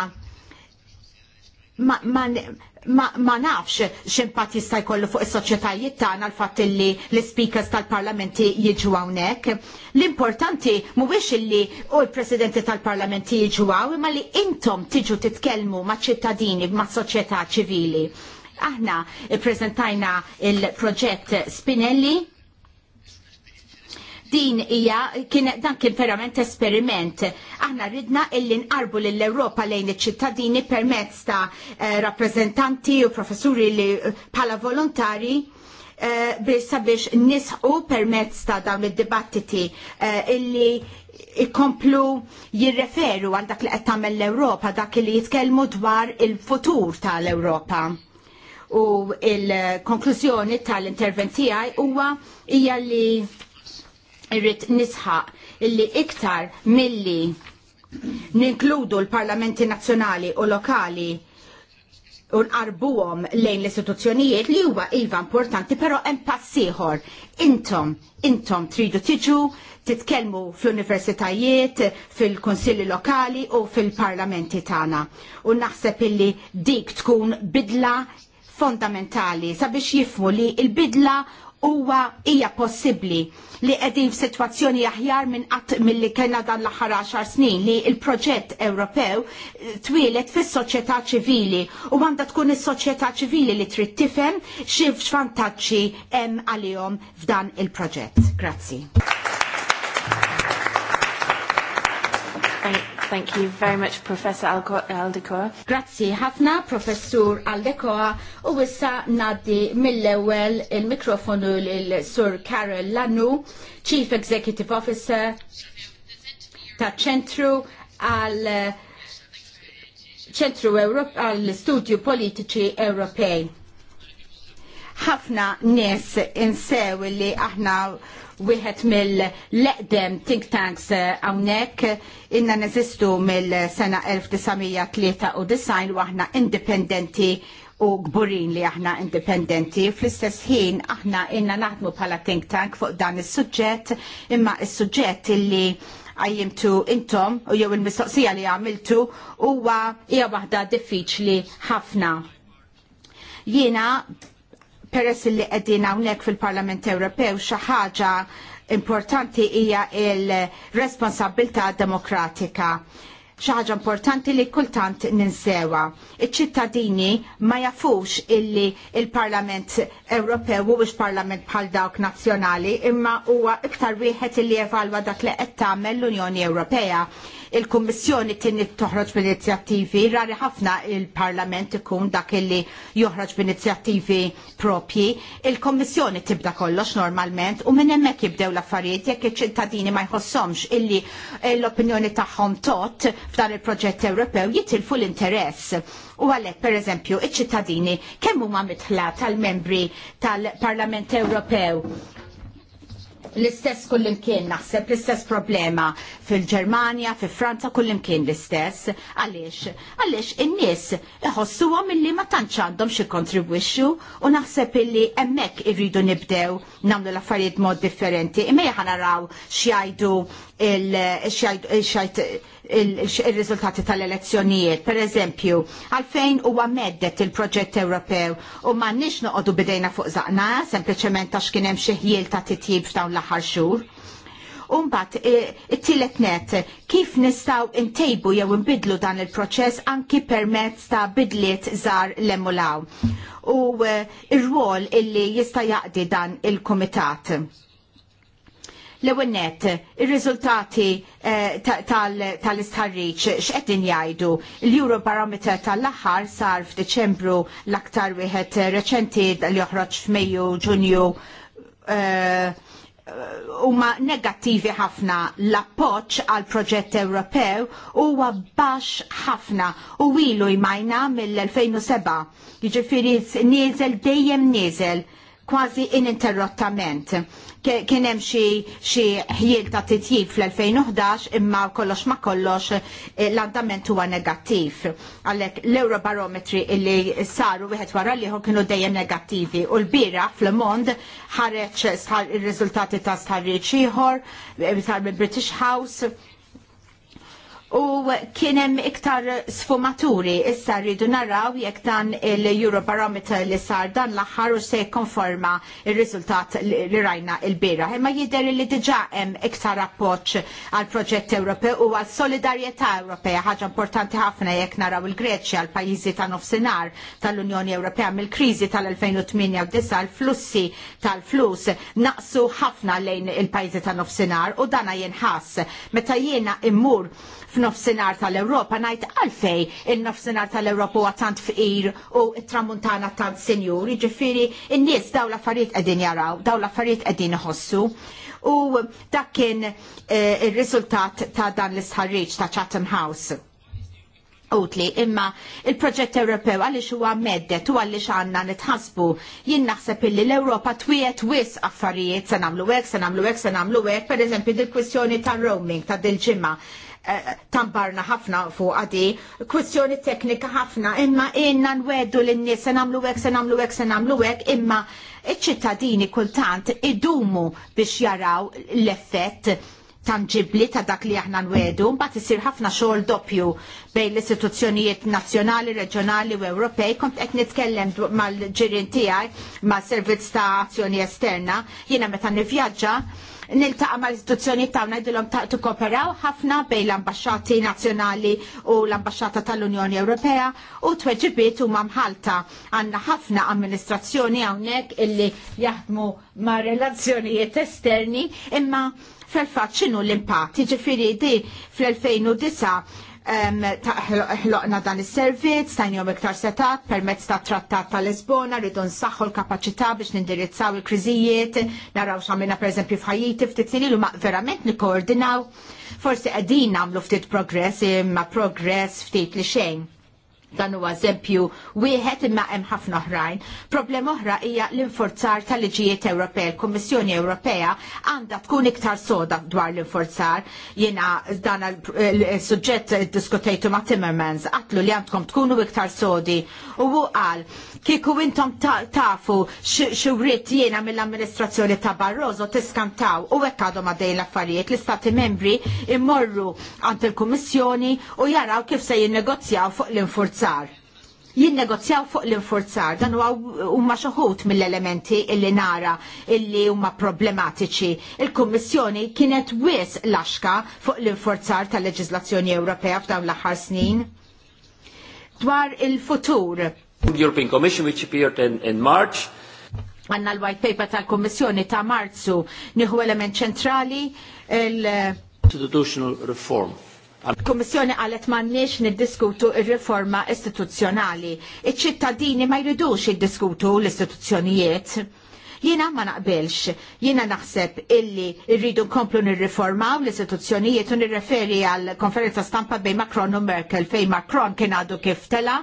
ma, nafx ximpat jista' jkollu fuq is-soċjetajiet tagħna l-fatt li l-speakers tal-parlamenti jiġu hawnhekk. L-importanti mhuwiex illi u l-presidenti tal-parlamenti jiġu hawn imma li intom tiġu titkellmu ma' ċittadini ma' soċjetà ċivili. Aħna ppreżentajna il-proġett Spinelli Din hija kien dan kien verament esperiment. Aħna ridna illi nqarbu lill europa lejn iċ-ċittadini permezz ta' eh, rappreżentanti u professuri li eh, bħala volontari eh, biex sabiex nisħu permezz ta' dawn id-dibattiti illi ikomplu jirreferu għal dak li qed tagħmel l-Ewropa, dak li jitkellmu dwar il-futur tal-Ewropa u il-konklużjoni tal-intervent tiegħi huwa hija li irrit nisħaq illi iktar milli ninkludu l-parlamenti nazzjonali u lokali unqarbuhom lejn l-istituzzjonijiet li huwa iva importanti, però hemm passiħor. Intom, intom tridu tiġu, titkellmu fl-universitajiet, fil-konsilli lokali u fil-parlamenti tagħna. U naħseb illi dik tkun bidla fondamentali sabiex jifmu li l bidla huwa hija possibbli li qegħdin f'sitwazzjoni aħjar minn qatt milli kellna dan l-aħħar snin li l-proġett Ewropew eh, twilet fis-soċjetà ċivili u għandha tkun is-soċjetà ċivili li trid tifhem xi xvantaġġi hemm għalihom f'dan il-proġett. Grazzi. Thank you very much, Professor Aldecoa. Grazzi ħafna, Professur Aldecoa, u wissa naddi mill-ewel il-mikrofonu l-Sur Carol Lannu, Chief Executive Officer ta' ċentru għal ċentru għal studju politiċi Ewropej ħafna nies insew li aħna wieħed mill-leqdem think tanks eh, hawnhekk inna neżistu mill-sena 1993 u aħna indipendenti u gburin li aħna indipendenti. Fl-istess ħin aħna inna naħdmu bħala think tank fuq dan is-suġġett imma is-suġġett illi għajjimtu intom u jew il-mistoqsija li għamiltu huwa hija waħda diffiċli ħafna. Jiena peress li qegħdin hawnhekk fil-Parlament Ewropew xi ħaġa importanti hija il-responsabilità demokratika ħaġa importanti li kultant ninsewa. Iċ-ċittadini ma jafux illi il-Parlament Ewropew u parlament bħal dawk nazzjonali imma huwa iktar wieħed illi jevalwa dak li qed tagħmel l-Unjoni Ewropea il-Kummissjoni tinni toħroġ b'inizjattivi, rari ħafna il-Parlament ikun dak li joħroġ b'inizjattivi propji. Il-Kummissjoni tibda kollox normalment u minn hemmhekk jibdew l-affarijiet jekk iċ-ċittadini ma jħossomx illi eh, l-opinjoni tagħhom tot f'dan il-proġett Ewropew jitilfu l-interess. U għalhekk pereżempju iċ-ċittadini kemm huma mitħla tal-membri tal-Parlament Ewropew l-istess kullimkien naħseb l-istess problema fil-Ġermanja, fil Franza kullimkien l-istess. Għaliex? Għaliex in-nies iħossuhom milli ma tantx għandhom xi kontribwixxu u naħseb illi hemmhekk irridu nibdew nagħmlu l-affarijiet mod differenti. Imma ħanaraw x'jgħidu il il-riżultati tal-elezzjonijiet. Per eżempju, għalfejn huwa meddet il-proġett Ewropew u ma nix noqogħdu bidejna fuq zaqna, sempliċement għax kien hemm xi ta' titjib f'dawn l-aħħar xhur. Umbat, e, it tillet net, kif nistaw intejbu jew nbidlu dan il-proċess anki permezz ta' bidliet zar l-emulaw. U e, ir-rwol illi jista' jaqdi dan il-komitat L-ewwel net, ir-riżultati eh, tal-istħarriċ x'qegħdin jgħidu. L-Eurobarometer tal-aħħar sar f'Diċembru l-aktar wieħed reċenti li joħroġ f'Mejju Ġunju eh, huma negattivi ħafna l-appoċ għal proġett Ewropew huwa baxx ħafna u ilu jmajna mill-2007. Jiġifieri nieżel dejjem nieżel kważi ininterrottament. Kien hemm xi ħjiel ta' titjib fl-2011 imma kollox ma kollox eh, l-andament huwa negattiv. Għalhekk l-Eurobarometri li saru wieħed wara liħu kienu dejjem negattivi u l-bira fl-Mond ħareġ ir-riżultati ta' sħarriċ ieħor, eh, sar mill-British House u kienem iktar sfumaturi issa rridu naraw jekk dan il-Eurobarometer li sar dan l-aħħar u se konforma il-riżultat li rajna il-bira. Imma jidher li diġà hemm iktar appoġġ għal proġett Ewropew u għal solidarjetà Ewropea ħaġa importanti ħafna jekk naraw il-Greċja l pajjiżi ta' nofsinhar tal-Unjoni Ewropea mill-kriżi tal-2008 u disa l-flussi tal-flus naqsu ħafna lejn il-pajjiżi ta' nofsinhar u dana jinħass meta jiena immur f'nofsinhar tal-Ewropa ngħid għalfej in-nofsinhar tal-Ewropa huwa tant fqir u t-tramuntana tant senjur, jiġifieri in-nies dawn l-affarijiet qegħdin jaraw, dawn l-affarijiet qegħdin iħossu. U dak kien eh, ir-riżultat ta' dan l-istħarriġ ta' Chatham House utli imma il-proġett Ewropew għaliex huwa meddet u għaliex għandna nitħasbu jien naħseb illi l-Ewropa twiet wis affarijiet se nagħmlu hekk, se nagħmlu hekk, se nagħmlu hekk, pereżempju dil-kwistjoni tar-roaming ta' dil-ġimgħa tambarna ħafna fuq għadi, kwistjoni teknika ħafna, imma inna nweddu l-nies se namlu għek, se namlu għek, se namlu għek, imma iċ-ċittadini kultant idumu biex jaraw l-effett tangibli ta' dak li aħna nwedu, mbagħad isir ħafna xogħol doppju bejn l-istituzzjonijiet nazzjonali, reġjonali u Ewropej. Kont qed nitkellem mal-ġirien tiegħi mas-servizz ta' azzjoni esterna, jiena meta nivvjaġġa niltaqa' mal-istituzzjoni tagħna ngħidilhom ta' tikkoperaw ħafna bejn l ambasċati nazzjonali u l-ambaxxata tal-Unjoni Ewropea u tweġibiet huma mħalta għandna ħafna amministrazzjoni hawnhekk illi jaħdmu ma' relazzjonijiet esterni imma fil-fatt l-impatt. Jiġifieri di fl-2009 ħloqna dan is-servizz, tajnjom iktar setat permezz ta' trattat ta' Lisbona, rridu nsaħħu l-kapaċità biex nindirizzaw il-kriżijiet, naraw x'għamilna pereżempju f'ħajjiti ftit snin ilu verament nikkoordinaw. Forsi qegħdin nagħmlu ftit progress imma progress ftit li xejn dan huwa eżempju wieħed imma hemm ħafna oħrajn. Problema oħra hija l-infurzar tal-liġijiet Ewropej. Il-Kummissjoni Ewropea għandha tkun iktar soda dwar l-infurzar. Jiena dan il-suġġett diskutejtu ma' Timmermans għatlu li għandkom tkunu iktar sodi. U hu qal kieku intom tafu xewrit jiena mill-amministrazzjoni ta' Barroso tiskantaw u hekk għadhom għaddej l-affarijiet l-istati membri immorru għand il-Kummissjoni u jaraw kif se jinnegozjaw fuq l-infurzar l jinn Jinnegozjaw fuq l inforzar dan huwa huma xoħut mill-elementi illi nara illi huma problematiċi. Il-Kummissjoni kienet wis laxka fuq l inforzar tal-leġiżlazzjoni Ewropea f'dawn l-aħħar snin. Dwar il-futur. European Commission which appeared in, in March għanna l-white paper tal-Kommissjoni ta' Marzu nieħu element ċentrali il- Institutional reform. Il-Kummissjoni għalet mannix niddiskutu il-riforma istituzzjonali. Iċ-ċittadini ma jridux jiddiskutu l-istituzzjonijiet. Jiena ma naqbilx, jiena naħseb illi rridu nkomplu nirriformaw l-istituzzjonijiet u nirreferi għal konferenza stampa bejn Macron u Merkel fejn Macron kien għadu kif tela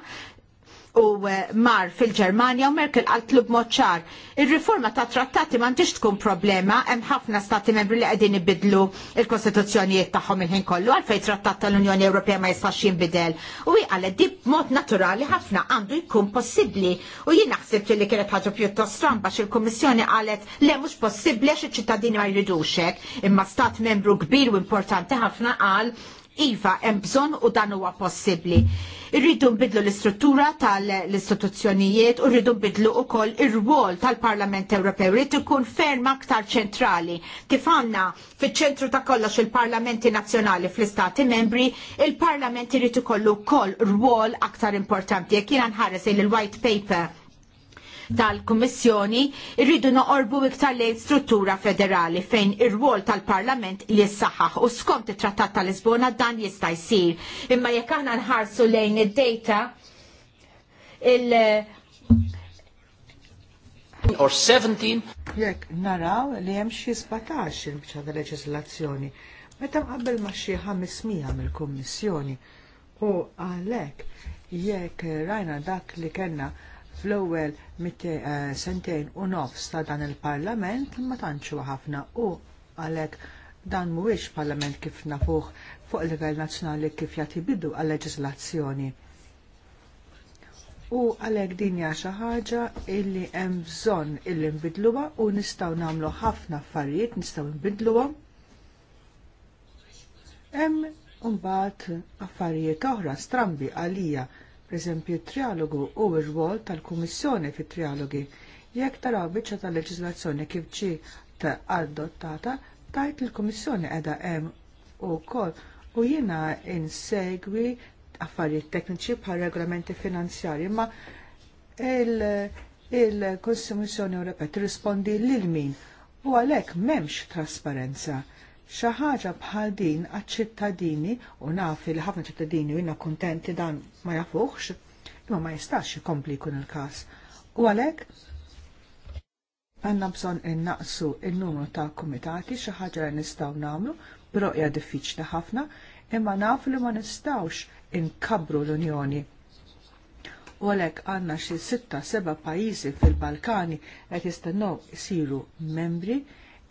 u eh, mar fil ġermania u Merkel għaltlu b'moċċar. Ir-riforma ta' trattati m'għandix tkun problema, hemm ħafna stati membri li qegħdin ibidlu il-kostituzzjonijiet tagħhom il-ħin kollu għalfej trattat tal-Unjoni Ewropea ma jistax jinbidel. U jgħalet di b'mod naturali ħafna għandu jkun possibbli u jien naħseb li kienet ħaġa pjuttost stramba l kummissjoni qalet le mhux possibbli għax iċ-ċittadini ma jridux hekk, imma stat membru kbir u importanti ħafna qal iva hemm bżonn u dan huwa possibbli. Irridu nbidlu l-istruttura tal-istituzzjonijiet u rridu nbidlu wkoll ir-rwol tal-Parlament Ewropew rrid ikun ferm aktar ċentrali kif għandna fiċ-ċentru ta' kollox il-Parlamenti Nazzjonali fl-Istati Membri, il-Parlament irid ikollu wkoll rwol aktar importanti. Jekk jiena nħares il-White Paper tal-Kummissjoni irridu noqorbu iktar lejn struttura federali fejn ir-rwol tal-Parlament li jissaħħaħ u skont it-Trattat tal-Lisbona dan jista' jsir. Imma jekk aħna nħarsu lejn id-data il- or 17. jekk naraw li hemm xi 17 il-bċa ta' leġislazzjoni. Meta mqabbel ma' xi 500 mill-Kummissjoni. U għalhekk jekk rajna dak li kellna fl-ewwel eh, sentejn u nofs ta' dan il-Parlament ma tantxu ħafna u għalhekk dan mhuwiex Parlament kif nafuh fuq livell nazzjonali kif jagħti bidu għal-leġislazzjoni. U għalhekk din hija xi ħaġa illi hemm bżonn illi nbidluha u nistgħu nagħmlu ħafna affarijiet nistgħu nbidluha. Hemm mbagħad affarijiet oħra strambi għalija pereżempju trialogu u r-rwol tal-Kummissjoni fit-trialogi. Jekk taraw biċċa tal-leġiżlazzjoni kif ġi adottata, tajt il-Kummissjoni qiegħda hemm ukoll u jiena insegwi affarijiet tekniċi bħal regolamenti finanzjarji, ma il-Kostituzzjoni il Ewropea tirrispondi lil min u għalhekk m'hemmx trasparenza xi ħaġa bħal din għaċ-ċittadini u naf li ħafna ċittadini u kuntenti dan ma jafuħx, imma ma jistax ikompli jkun il-każ. U għalhekk għandna bżonn innaqsu n numru ta' kumitati xi ħaġa li nistgħu nagħmlu, però hija diffiċli ħafna, imma naf li ma nistgħux inkabru l-Unjoni. U għalhekk għandna xi sitta seba' pajjiżi fil-Balkani qed jistennew isiru membri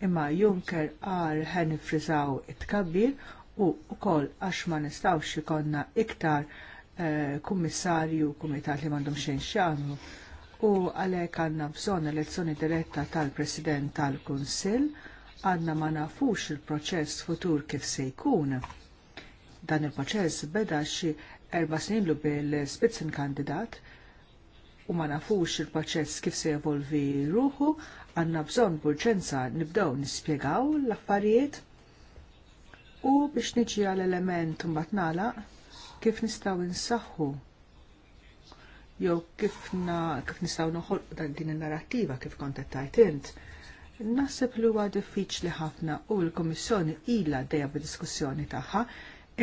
imma Juncker għal ħen frizaw it-kabbir u wkoll għax ma nistawx ikonna iktar eh, kummissarju kumitat li m'għandhom xejn x'amlu. u għalhekk għandna bżonn elezzjoni diretta tal-President tal-Kunsill għandna ma nafux il-proċess futur kif se jkun. Dan il-proċess beda xi erba snin bil-Spitzen kandidat u ma nafux il-proċess kif se evolvi ruħu għanna bżon burċenza nibdew nispjegaw l-affarijiet u biex niġi għal element mbagħad nagħlaq kif nistgħu nsaħħu jew kif, na, kif nistgħu noħolqu din in-narrattiva kif kontettajt int. Naħseb li huwa diffiċli ħafna u l-Kummissjoni ilha dejja bid-diskussjoni tagħha,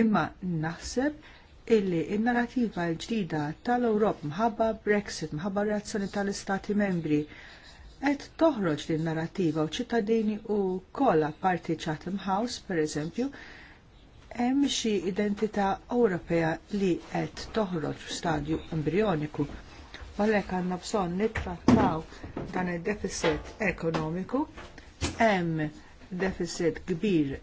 imma naħseb illi in-narrativa l-ġdida tal-Ewrop mħabba Brexit, mħabba reazzjoni tal-Istati membri qed toħroġ din narrativa u ċittadini u kolla parti Chatham House, per eżempju, hemm xi identità Ewropea li qed toħroġ f'stadju embrioniku. Għalhekk għandna bżonn nittrattaw dan id-deficit ekonomiku, hemm deficit kbir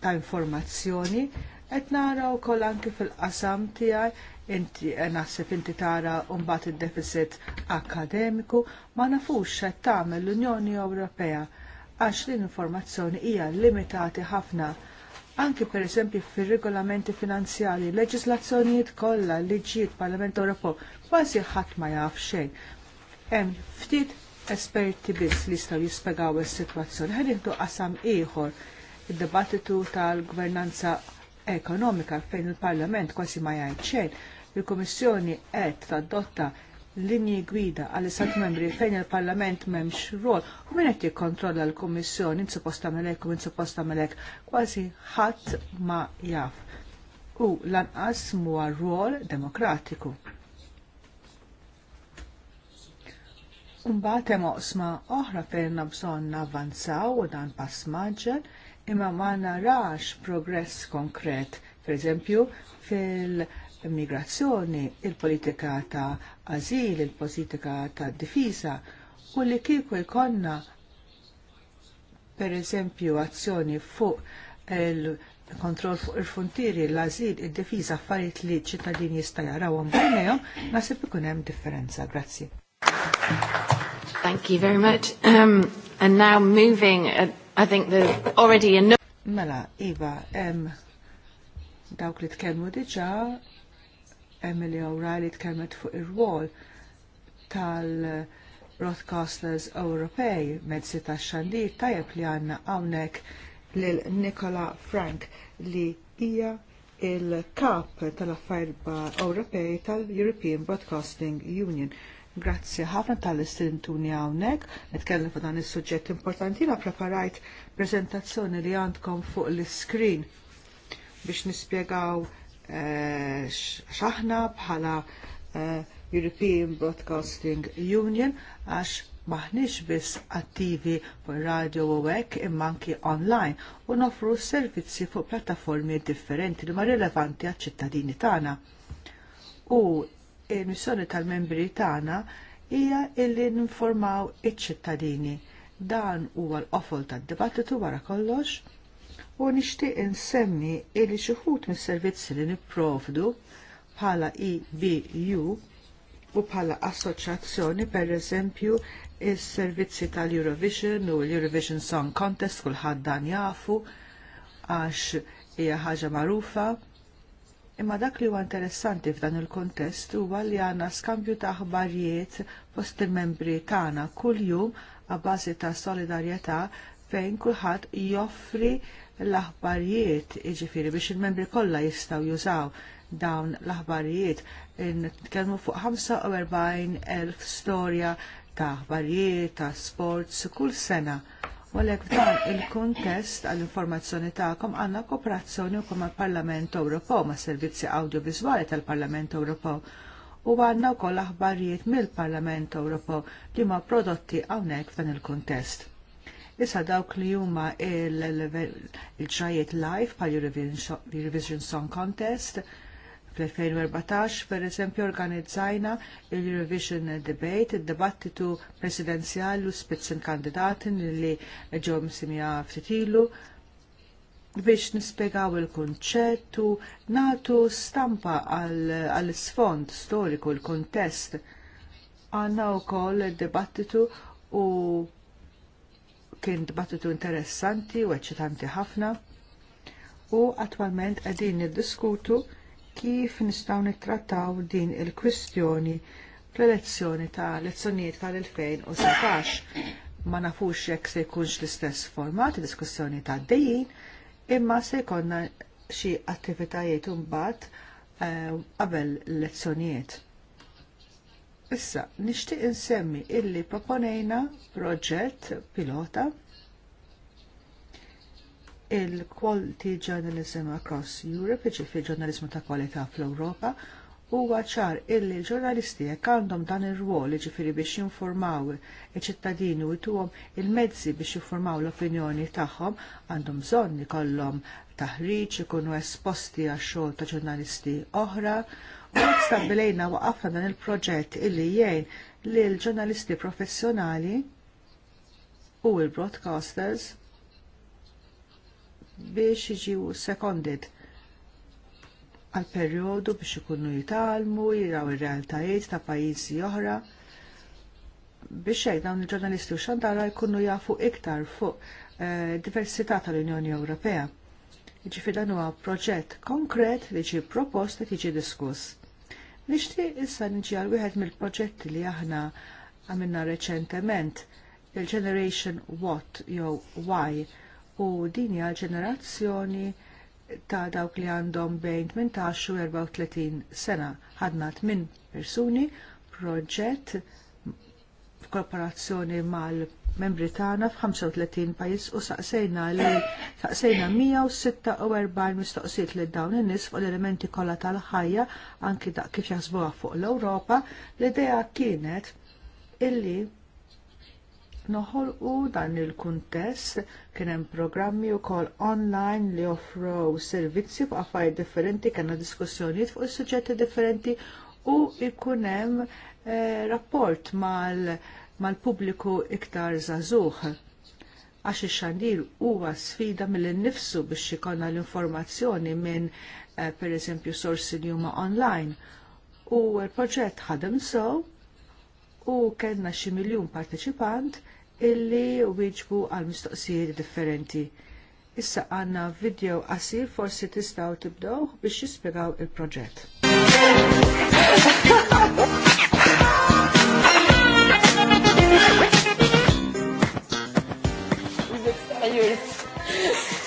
ta' informazzjoni, qed naraw ukoll anke fil-qasam tiegħi inti eh, naħseb inti tara mbagħad id-deficit akademiku ma nafux x'qed tagħmel l-Unjoni Ewropea għax l-informazzjoni hija limitati ħafna. Anki pereżempju fir-regolamenti finanzjarji, leġislazzjonijiet kollha, liġijiet Parlament Ewropew, kważi ħadd ma jaf xejn. Hemm ftit esperti biss li jistgħu jispjegaw is-sitwazzjoni. Ħa nieħdu qasam ieħor id-dibattitu tal-gvernanza ekonomika fejn il-Parlament kważi ma jgħid xejn il-Kummissjoni qed tadotta linji gwida għall istat membri fejn il-Parlament m'hemmx rol u min qed jikkontrolla l-Kummissjoni suppost għamelek u insuppost tagħmelek kważi ħadd ma jaf. U lanqas huwa rol demokratiku. Mbagħad hemm oqsma oħra fejn bżonn navvanzaw u dan pass maġġel imma ma narax progress konkret. Per eżempju, fil- immigrazzjoni, il-politika ta' azil, il-politika ta' difiża u li kieku jkollna per eżempju azzjoni fuq il-kontroll fuq il-frontieri, l-azil, id-difiża affarijiet li ċittadini jista' jarawhom bejnejhom, nasib ikun hemm differenza. Grazzi. Thank you very much. Um, and now moving, uh, I think there's already Mela, Iva, em, dawk li tkellmu diġà Emily O'Reilly tkellmet fuq ir-rwol tal-broadcasters Ewropej mezzi tax-xandir tajjeb li għandna hawnhekk lil Nicola Frank li hija il-kap tal-affarijiet Ewropej tal-European Broadcasting Union. Grazzi ħafna tal-istintuni għawnek, netkellem fuq dan is-suġġett importanti, la preparajt prezentazzjoni li għandkom fuq l-screen biex nispiegaw xaħna bħala eh, European Broadcasting Union għax maħniex biss attivi fuq radio u hekk imma anki online u nofru servizzi fuq plattaformi differenti li ma rilevanti għal ċittadini tagħna. U il-missjoni tal-membri tagħna hija illi ninformaw iċ-ċittadini. Dan huwa l-qofol tad-dibattitu wara kollox u nixtieq insemmi illi xi ħut mis-servizzi li nipprovdu bħala EBU u bħala assoċjazzjoni per eżempju is-servizzi tal-Eurovision u l-Eurovision Song Contest kulħadd dan jafu għax hija ħaġa magħrufa Imma dak li huwa interessanti f'dan il-kontest huwa li għandna skambju ta' aħbarijiet fost il-membri tagħna kuljum għabbażi ta' solidarjetà fejn kulħadd joffri l-aħbarijiet, jiġifieri biex il-membri kollha jistgħu jużaw dawn l-aħbarijiet. Nitkellmu fuq 45,000 storja ta' aħbarijiet, ta' sports, kull sena. U għalhekk f'dan il-kontest għall-informazzjoni tagħkom għandna kooperazzjoni wkoll mal-Parlament Ewropew ma' servizzi Awdjoviżwali tal-Parlament Ewropew u għandna wkoll aħbarijiet mill-Parlament Ewropew li ma' prodotti hawnhekk f'dan il-kontest. Issa dawk li huma il-ġrajiet live pa' Eurovision Song Contest fl-2014 per eżempju organizzajna il-Eurovision Debate, il-dibattitu presidenzjali u spitzen kandidatin li ġew msimija ftitilu biex nispiegaw il kunċettu natu stampa għall-sfond storiku, l-kontest. Għanna u koll il-dibattitu u kien dibattitu interessanti u eċitanti ħafna u attualment qegħdin niddiskutu kif nistgħu nittrattaw din il-kwistjoni fl-elezzjoni ta' lezzjonijiet tal-2017. Ma nafux jekk se jkunx l-istess format diskussjoni ta' dejjin, imma se jkollna xi attivitajiet imbagħad eh, qabel l-elezzjonijiet Issa, nixtieq insemmi illi proponejna proġett pilota il-Quality Journalism Across Europe, ġifir ġurnalizmu ta' kwalità fl-Ewropa, huwa ċar illi ġurnalisti jekk għandhom dan ir-rwol ġifiri biex jinformaw iċ-ċittadini u jtuhom il-mezzi biex jinformaw l-opinjoni tagħhom għandhom bżonn ikollhom taħriġ ikunu esposti għax xogħol ta' ġurnalisti oħra Għek stabbilejna waqafna dan il-proġett illi jgħin li l-ġurnalisti professjonali u l-broadcasters biex jiġu sekondit għal perjodu biex ikunu jitalmu, jiraw ir-realtajiet ta' pajjiżi oħra biex hekk dawn il-ġurnalisti u xandara jkunu jafu iktar fuq eh, diversità tal-Unjoni Ewropea. Ġifir dan huwa proġett konkret li ġi proposta li tiġi diskuss. Nixtieq issa niġi għal wieħed mill-proġetti li aħna għamilna reċentement il-Generation What jew Why u din hija l-ġenerazzjoni ta' dawk li għandhom bejn 18 u 34 sena. Ħadna minn persuni proġett f'korporazzjoni mal membri tagħna f'35 pajjiż u saqsejna li saqsejna 146 mistoqsijiet li dawn in-nies fuq l-elementi kollha tal-ħajja anki daq kif jaħsbuha fuq l-Ewropa, l-idea kienet illi noħolqu dan il-kuntest kien hemm programmi wkoll online li offrow servizzi fuq affarijiet differenti, kellna diskussjonijiet fuq is-suġġetti differenti u jkun hemm eh, rapport mal- mal-pubbliku iktar zazuħ għax il xandir huwa sfida mill nifsu biex ikonna l-informazzjoni minn eh, per eżempju sorsi li huma online. U l-proġett ħadem so u kellna xi miljun partecipant illi wieġbu għal mistoqsijiet differenti. Issa għanna video qasir forsi tistgħu tibdew biex jispjegaw il-proġett. *laughs* sérieuse.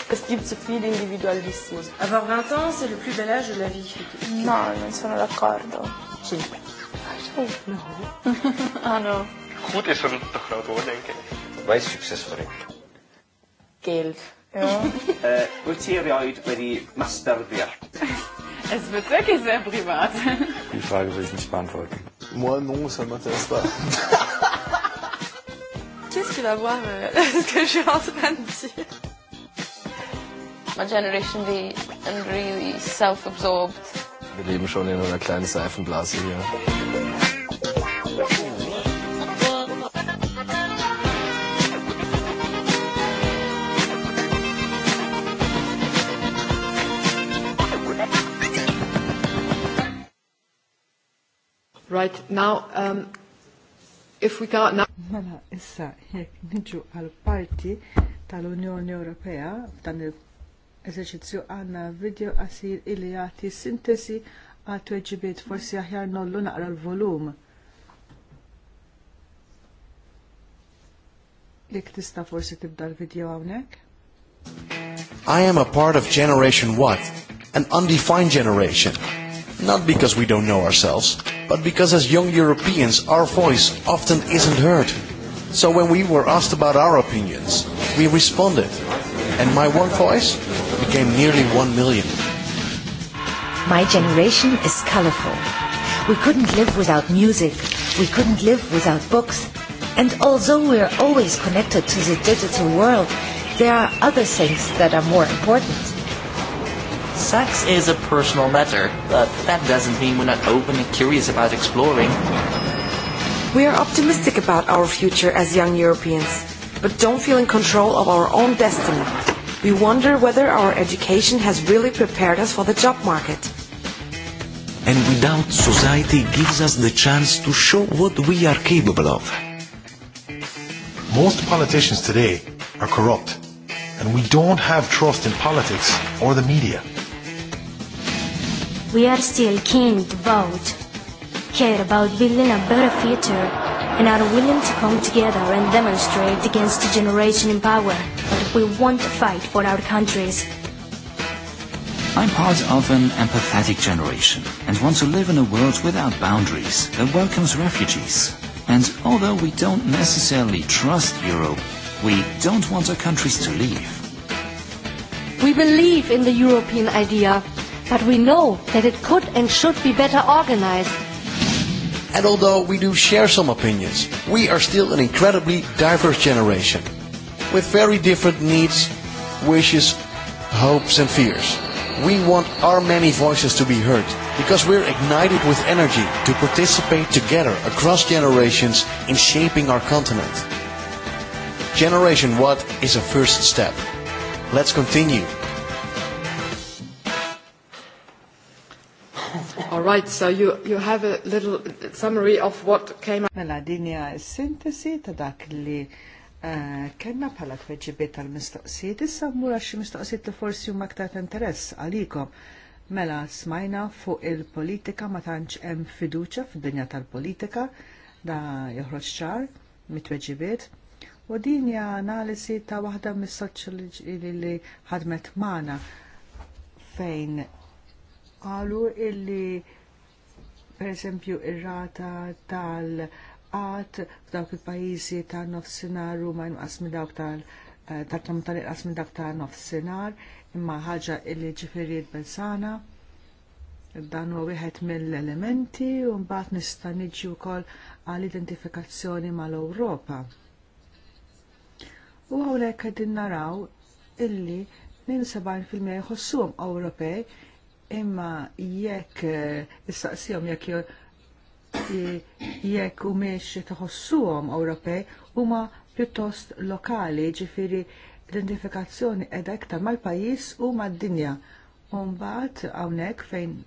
Es gibt zu viel Avoir 20 ans, c'est le plus bel âge de la vie. No, non sono d'accordo. d'accord. No. *laughs* ah no. Goed is een te groot woord, denk ik. Wij succesvol. Geld. Ja. Eh, Wyt ti erioed wedi masterbio? Es wird wirklich sehr privat. Die Frage will ich nicht beantworten. Moi, non, ça m'intéresse pas. *laughs* qu'est-ce qui va voir euh, *laughs* ce que je suis en train de dire My generation be and really self-absorbed. Wir leben schon in einer kleinen Seifenblase hier. Right now, um, if we can't now... Mela, issa, jekk nġu għal-parti tal-Unjoni Ewropea f'dan il-eżerċizzju għanna video qasir illi jagħti sintesi għal eġibiet forsi aħjar nollu naqra l-volum. Jekk tista' forsi tibda l-video hawnhekk? I am a part of Generation What, an undefined generation not because we don't know ourselves, but because as young Europeans our voice often isn't heard. So when we were asked about our opinions, we responded, and my one voice became nearly one million. My generation is colorful. We couldn't live without music, we couldn't live without books, and although we are always connected to the digital world, there are other things that are more important Sex is a personal matter, but that doesn't mean we're not open and curious about exploring. We are optimistic about our future as young Europeans, but don't feel in control of our own destiny. We wonder whether our education has really prepared us for the job market. And without society gives us the chance to show what we are capable of. Most politicians today are corrupt, and we don't have trust in politics or the media. We are still keen to vote, care about building a better future, and are willing to come together and demonstrate against the generation in power But we want to fight for our countries. I'm part of an empathetic generation and want to live in a world without boundaries that welcomes refugees. And although we don't necessarily trust Europe, we don't want our countries to leave. We believe in the European idea but we know that it could and should be better organized. And although we do share some opinions, we are still an incredibly diverse generation, with very different needs, wishes, hopes and fears. We want our many voices to be heard, because we're ignited with energy to participate together across generations in shaping our continent. Generation What is a first step. Let's continue All right, so you, you have a little summary of what came up. Mela dinja sintesi ta' dak li eh, kena bħala tweġibiet tal-mistoqsijiet, issa mura xi mistoqsijiet li forsi huma aktar interess għalikom. Mela smajna fuq il-politika ma tantx hemm fiduċja fid-dinja tal-politika da joħroġ ċar mit-tweġibiet. U din hija analisi ta' waħda mis-soċjali li ħadmet magħna fejn qalu illi pereżempju ir-rata tal għat f'dawk il-pajjiżi ta' nofsinhar huma inqas minn dawk tal eh, tam tal-inqas minn dak ta' nofsinhar imma ħaġa illi ġifieri tbelsana dan huwa wieħed mill-elementi u mbagħad nista' niġi wkoll għall identifikazzjoni mal-Ewropa. U hawnhekk qegħdin naraw illi 70% jħossum Ewropej imma jekk eh, issaqsihom jekk jekk u miex tħossuhom Ewropej huma pjuttost lokali ġifiri identifikazzjoni edha iktar mal-pajis u mad-dinja. Umbat hawnhekk fejn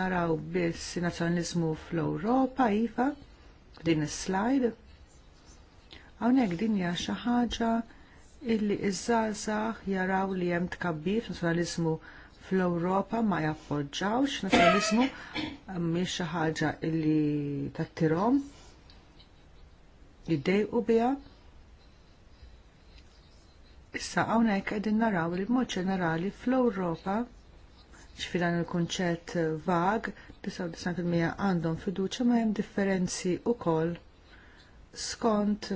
naraw biss nazzjonaliżmu fl-Ewropa iva din is-slide. Hawnhekk dinja xi ħaġa illi iż-żgħażagħ jaraw li hemm tkabbir nazjonalizmu fl-Ewropa ma jappoġġawx nazzjonaliżmu mhix xi ħaġa li tattirhom jiddejqu biha. Issa hawnhekk qegħdin naraw li b'mod ġenerali fl-Ewropa ċfi dan il-kunċett vag, 99% għandhom fiduċa ma hemm differenzi wkoll skont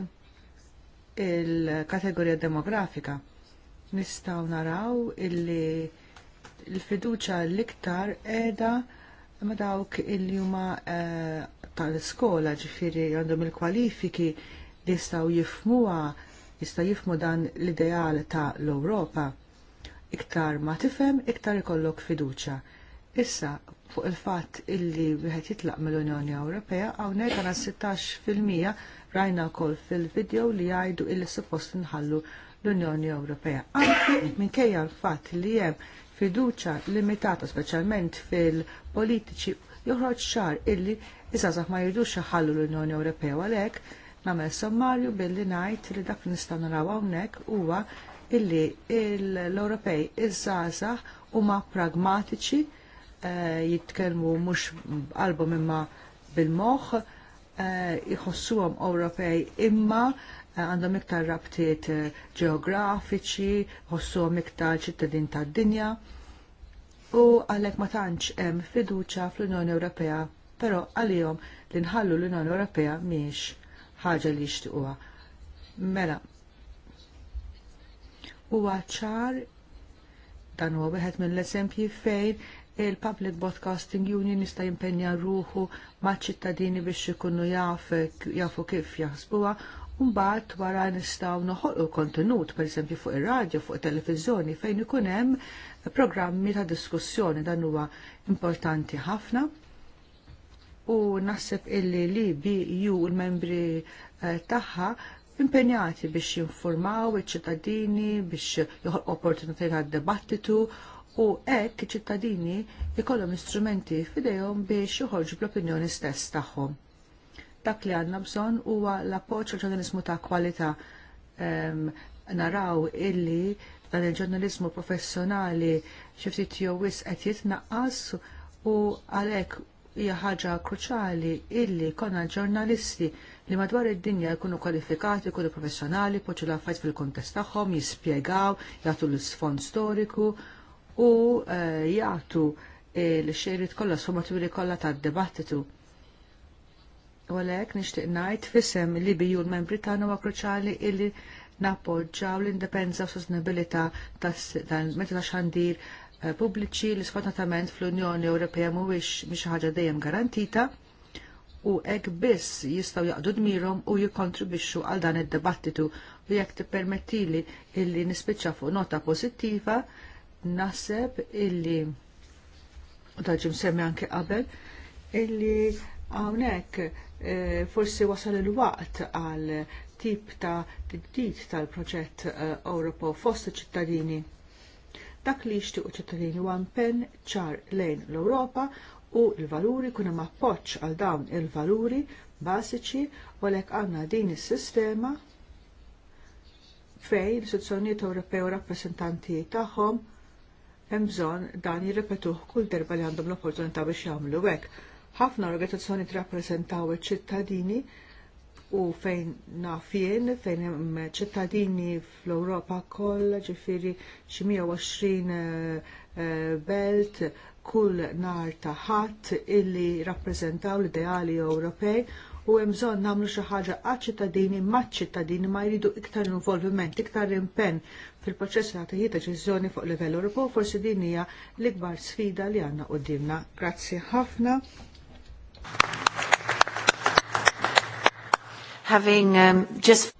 il-kategorija demografika. Nistaw naraw illi il-fiduċa l-iktar edha ma dawk il huma eh, tal-iskola ġifiri għandhom il-kwalifiki li jistaw jifhmuha jistgħu jifmu dan l-ideal ta' l-Ewropa. Iktar ma tifhem, iktar ikollok fiduċa. Issa, fuq il-fatt illi wieħed jitlaq mill-Unjoni Ewropea hawnhekk għandna 16% rajna wkoll fil-video li jgħidu illi suppost inħallu l-Unjoni Ewropea. Anki minkejja l-fatt li hemm fiduċa limitata speċjalment fil-politiċi joħroġ xar illi iżazax ma jirdux ħallu l-Unjoni Ewropea għalhekk nagħmel sommarju billi ngħid li dak nistan naraw hawnhekk huwa illi l-Ewropej iż u huma pragmatiċi eh, jitkellmu mhux qalbhom imma bil-moħħ jħossuhom eh, Ewropej imma għandhom iktar rabtiet eh, ġeografiċi, ħossuhom iktar ċittadin tad-dinja u għalhekk ma tantx hemm fiduċja fl-Unjoni Ewropea, però għalihom li nħallu l-Unjoni Ewropea mhix ħaġa li jixtiequha. Mela, huwa ċar dan huwa wieħed mill-eżempji fejn il-Public Broadcasting Union jista' jimpenja ruħu ma' ċittadini biex ikunu jaf jafu kif jaħsbuha Mbagħad wara nistgħu noħolqu kontenut, esempio, fuq ir-radju, fuq it televizjoni fejn ikun hemm programmi ta' diskussjoni dan huwa importanti ħafna. U naħseb illi li bi ju l-membri eh, tagħha impenjati biex jinformaw iċ-ċittadini biex joħolqu opportunitajiet għad-dibattitu u hekk iċ-ċittadini ikollhom istrumenti f'idejhom biex joħorġu bl-opinjoni stess tagħhom dak li għandna bżonn huwa l-appoġġ ġurnalizmu ta' kwalità. Um, naraw illi dan il-ġurnalizmu professjonali xi ftit jew wis qed jitnaqqas u għalhekk hija ħaġa kruċali illi konna ġurnalisti li madwar id-dinja jkunu kwalifikati, jkunu professjonali, poċu l-affajt fil-kontest tagħhom, jispjegaw, jagħtu l-isfond storiku u uh, jagħtu l-xejrit kollha sfumaturi kollha tad-dibattitu U għalhekk nixtieq ngħid fissem li biju l-membri tagħna huwa kruċali illi nappoġġaw l-indipendenza u sostenibilità tas-meta xandir eh, pubbliċi li sfortunatament fl-Unjoni Ewropea mhuwiex mhix ħaġa dejjem garantita u hekk biss jistgħu jaqdu dmirhom u jikkontribixxu għal dan id-dibattitu u jekk tippermettili illi nispiċċa fuq nota pożittiva naħseb illi u taġim semmi anke qabel illi hawnhekk Eh, forsi wasal il-waqt għal tip ta' tiddit tal-proġett eh, Ewropa fost ċittadini. Dak li jixtiequ ċittadini huwa pen ċar lejn l-Ewropa u l-valuri kuna hemm appoġġ għal dawn il-valuri bażiċi u għalhekk għandna din is-sistema fejn l-istituzzjonijiet Ewropew rappreżentanti tagħhom hemm bżonn dan jirrepetuh kull darba li għandhom l-opportunità biex jagħmlu hekk ħafna organizzazzjoni trappreżentaw iċ-ċittadini u fejn naf jien, fejn hemm ċittadini fl europa kollha, ġifieri xi 120 eh, eh, belt kull nar ta' ħadd illi rappreżentaw l-ideali Ewropej u hemm bżonn nagħmlu xi ħaġa ċittadini maċ-ċittadini ma jridu iktar involviment, iktar impenn fil-proċess ta' tieħi deċiżjoni fuq livell Ewropew, forsi din hija l-ikbar sfida li għandna dimna. Grazzi ħafna. Having um, just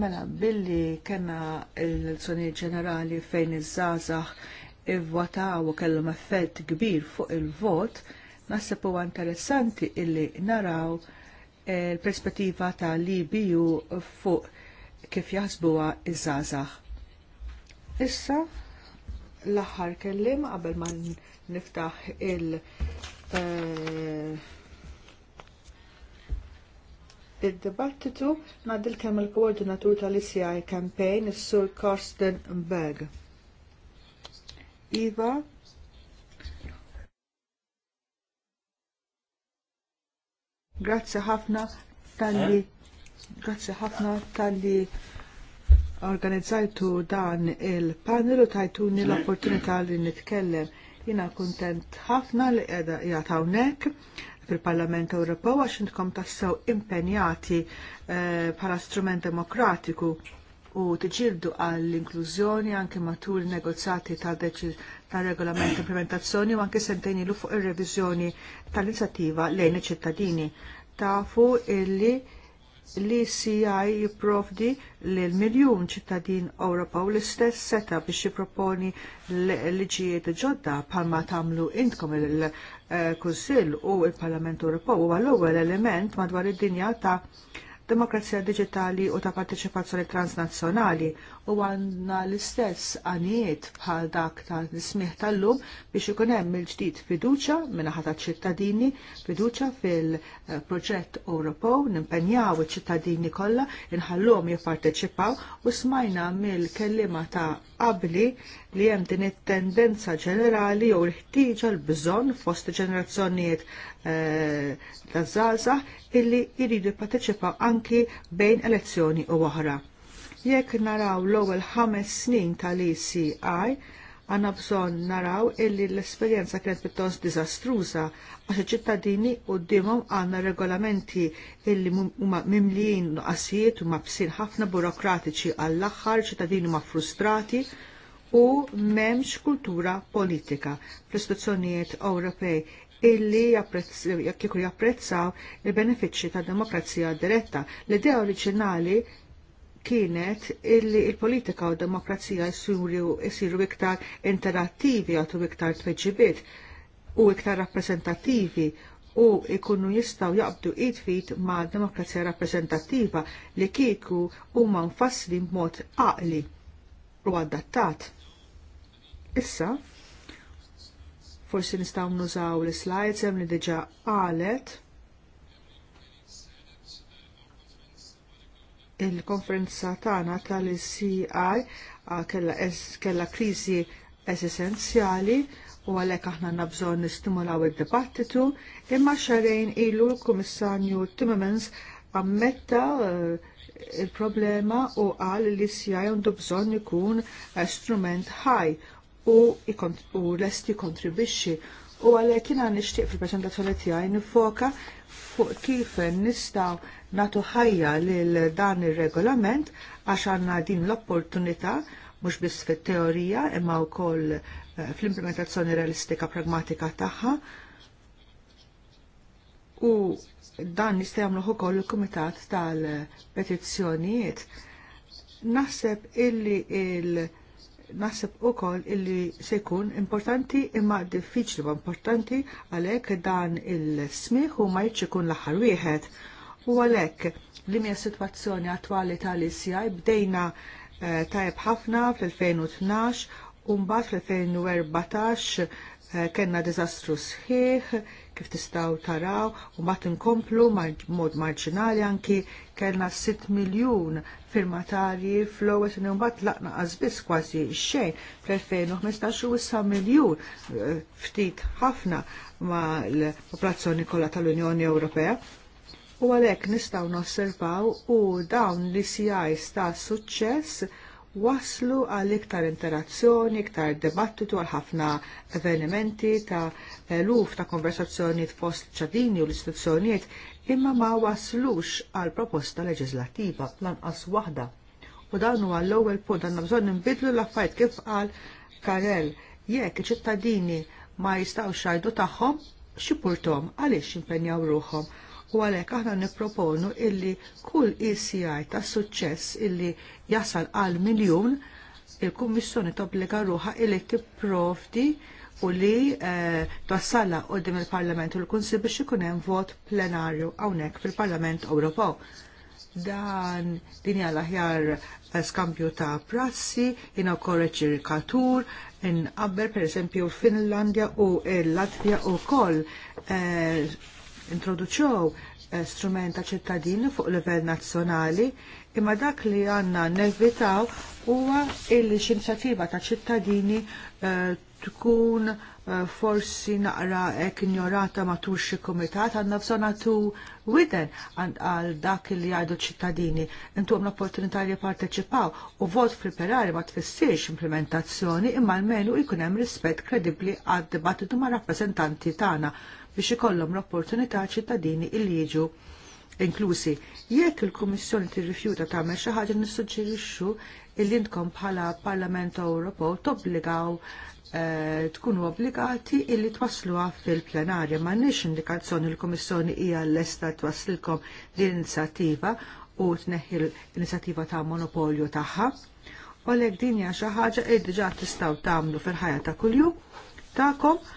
Mela, billi kena l-elezzjoni ġenerali fejn iż-żazax ivvotaw u kellhom effett kbir fuq il-vot, naħseb huwa interessanti illi naraw eh, l-perspettiva ta' Libiju fuq kif jaħsbuha iż-żazax. Issa l-aħħar kellim qabel ma niftaħ il- Eh, id-dibattitu naddil kemm il-koordinatur tal-ICI campaign is-Sur Karsten Berg. Iva, Grazie ħafna tal-li eh? Grazzi ħafna tal-li organizzajtu dan il-panel u tajtuni l-opportunità li nitkellem Jina kuntent ħafna li qiegħda jatawnek hawnhekk fil-Parlament Ewropew għax intkom tassew impenjati eh, bħala e, strument demokratiku u tġildu għall-inklużjoni anke matul negozjati ta' ta' regolament implementazzjoni u anke sentejni l fuq ir-reviżjoni tal-inizjattiva lejn iċ-ċittadini. Tafu illi li CI jipprovdi l miljun ċittadin Ewropew l-istess seta biex jipproponi liġijiet ġodda bħalma tagħmlu intkom il-Kunsill eh, u l parlament Ewropew u l-ewwel element madwar id-dinja ta' demokrazija Digitali u ta' partecipazzjoni transnazzjonali u għandna l-istess għaniet bħal dak ta' nismih tal-lum biex ikun hemm il-ġdid fiduċa minnaħat ta' ċittadini, fiduċa fil-proġett Ewropew, nimpenjaw iċ-ċittadini kollha, inħallhom jipparteċipaw u smajna mill-kellima ta' qabli li hemm din it-tendenza ġenerali u l-ħtieġa l-bżonn fost ġenerazzjonijiet eh, ta' żgħażagħ illi jridu jipparteċipaw anki bejn elezzjoni u oħra Jekk naraw l-ewwel ħames snin tal-ECI, għanna bżon naraw illi l-esperienza kienet pittos dizastruża għax ċittadini u dimom għanna regolamenti illi huma mimlijin għasijiet u mabsin ħafna burokratiċi għall-aħħar ċittadini ma frustrati u memx kultura politika fl-istituzzjonijiet Ewropej illi jekk japprezzaw il-benefiċċji tad-demokrazija diretta. L-idea oriġinali kienet illi il-politika u demokrazija jisiru iktar interattivi għatu iktar tweġibiet u iktar rappresentativi u ikunu jistaw jaqbdu id-fit ma' demokrazija rappresentativa li kieku u ma' nfassli mod għaqli u adattat. Issa, forsi nistaw nużaw l-slides li diġa għalet il-konferenza tagħna tal-CI kellha kriżi essenzjali u għalhekk aħna għandna bżonn nistimulaw id-dibattitu imma xarejn ilu l-Kummissarju Timmermans ammetta eh, il-problema u qal li CI għandu bżonn ikun eh, strument ħaj u, u lesti u għalhekk jiena nixtieq fil-preżentazzjoni tiegħi nifoka fuq kif nistgħu natu ħajja lil dan ir-regolament għax għandna din l-opportunità mhux biss fit-teorija imma wkoll eh, fl-implementazzjoni realistika pragmatika tagħha. U dan jista' jagħmluh ukoll il-Kumitat tal-Petizzjonijiet. Naħseb illi il- naħseb ukoll illi se jkun importanti imma diffiċli ma importanti għalhekk dan il-smieħ u ma jitx ikun l-aħħar wieħed U għalhekk li mija sitwazzjoni attwali tal-ICI bdejna eh, tajb ħafna fl-2012 u mbagħad fl-2014 eh, kellna diżastru sħiħ kif tistgħu taraw u mbagħad inkomplu mod marġinali anki kellna 6 miljun firmatarji flowet u mbagħad laqna qasbis kważi xejn fl-2015 u issa miljun eh, ftit ħafna ma l-popolazzjoni kollha tal-Unjoni Ewropea u għalhekk nistgħu nosservaw u dawn li CIs ta' suċċess waslu għal iktar interazzjoni, iktar dibattitu għal ħafna avvenimenti ta' eluf ta' konversazzjoni fost ċadini u l-istituzzjonijiet imma ma waslux għal proposta leġislattiva lanqas waħda. U dan huwa l-ewwel punt għandna bżonn nbidlu l affajt kif qal Karel jekk iċ-ċittadini ma jistgħux jgħidu tagħhom xipurtom għaliex impenjaw ruħhom u għalhekk aħna nipproponu illi kull ECI ta' suċċess illi jasal għal miljon il-Kummissjoni tobbliga ruħa illi tipprovdi u li eh, twassalla dim il-Parlament u l-Kunsil biex ikun hemm vot plenarju hawnhekk fil-Parlament Ewropew dan din hija l-aħjar eh, skambju ta' prassi, jina wkoll riċirkatur, inqabber pereżempju Finlandja u l-Latvja u koll eh, introduċew eh, strument ta' ċittadini fuq livell nazzjonali, imma dak li għanna nevitaw huwa illi x'inizjattiva ta' ċittadini eh, tkun eh, forsi naqra ek ignorata matul xi kumitat għandna nagħtu widen għal dak li għadu ċittadini intuhom l-opportunità li jipparteċipaw u vot preparari ma tfissirx implementazzjoni imma almenu jkun hemm rispett kredibbli għad-dibattitu ma' rappreżentanti tagħna biex ikollhom l-opportunità ċittadini illi jiġu inklusi. Jekk il-Kummissjoni tirrifjuta tagħmel xi ħaġa nissuġġerixxu illi intkom bħala Parlament Ewropew tobbligaw eh, tkunu obbligati illi twasluha fil-plenarja. Ma nix indikazzjoni l kummissjoni hija l-esta din l-inizjattiva u tneħħi l-inizjattiva ta' monopolju tagħha. U din hija xi ħaġa li diġà tistgħu tagħmlu fil-ħajja ta' kuljum tagħkom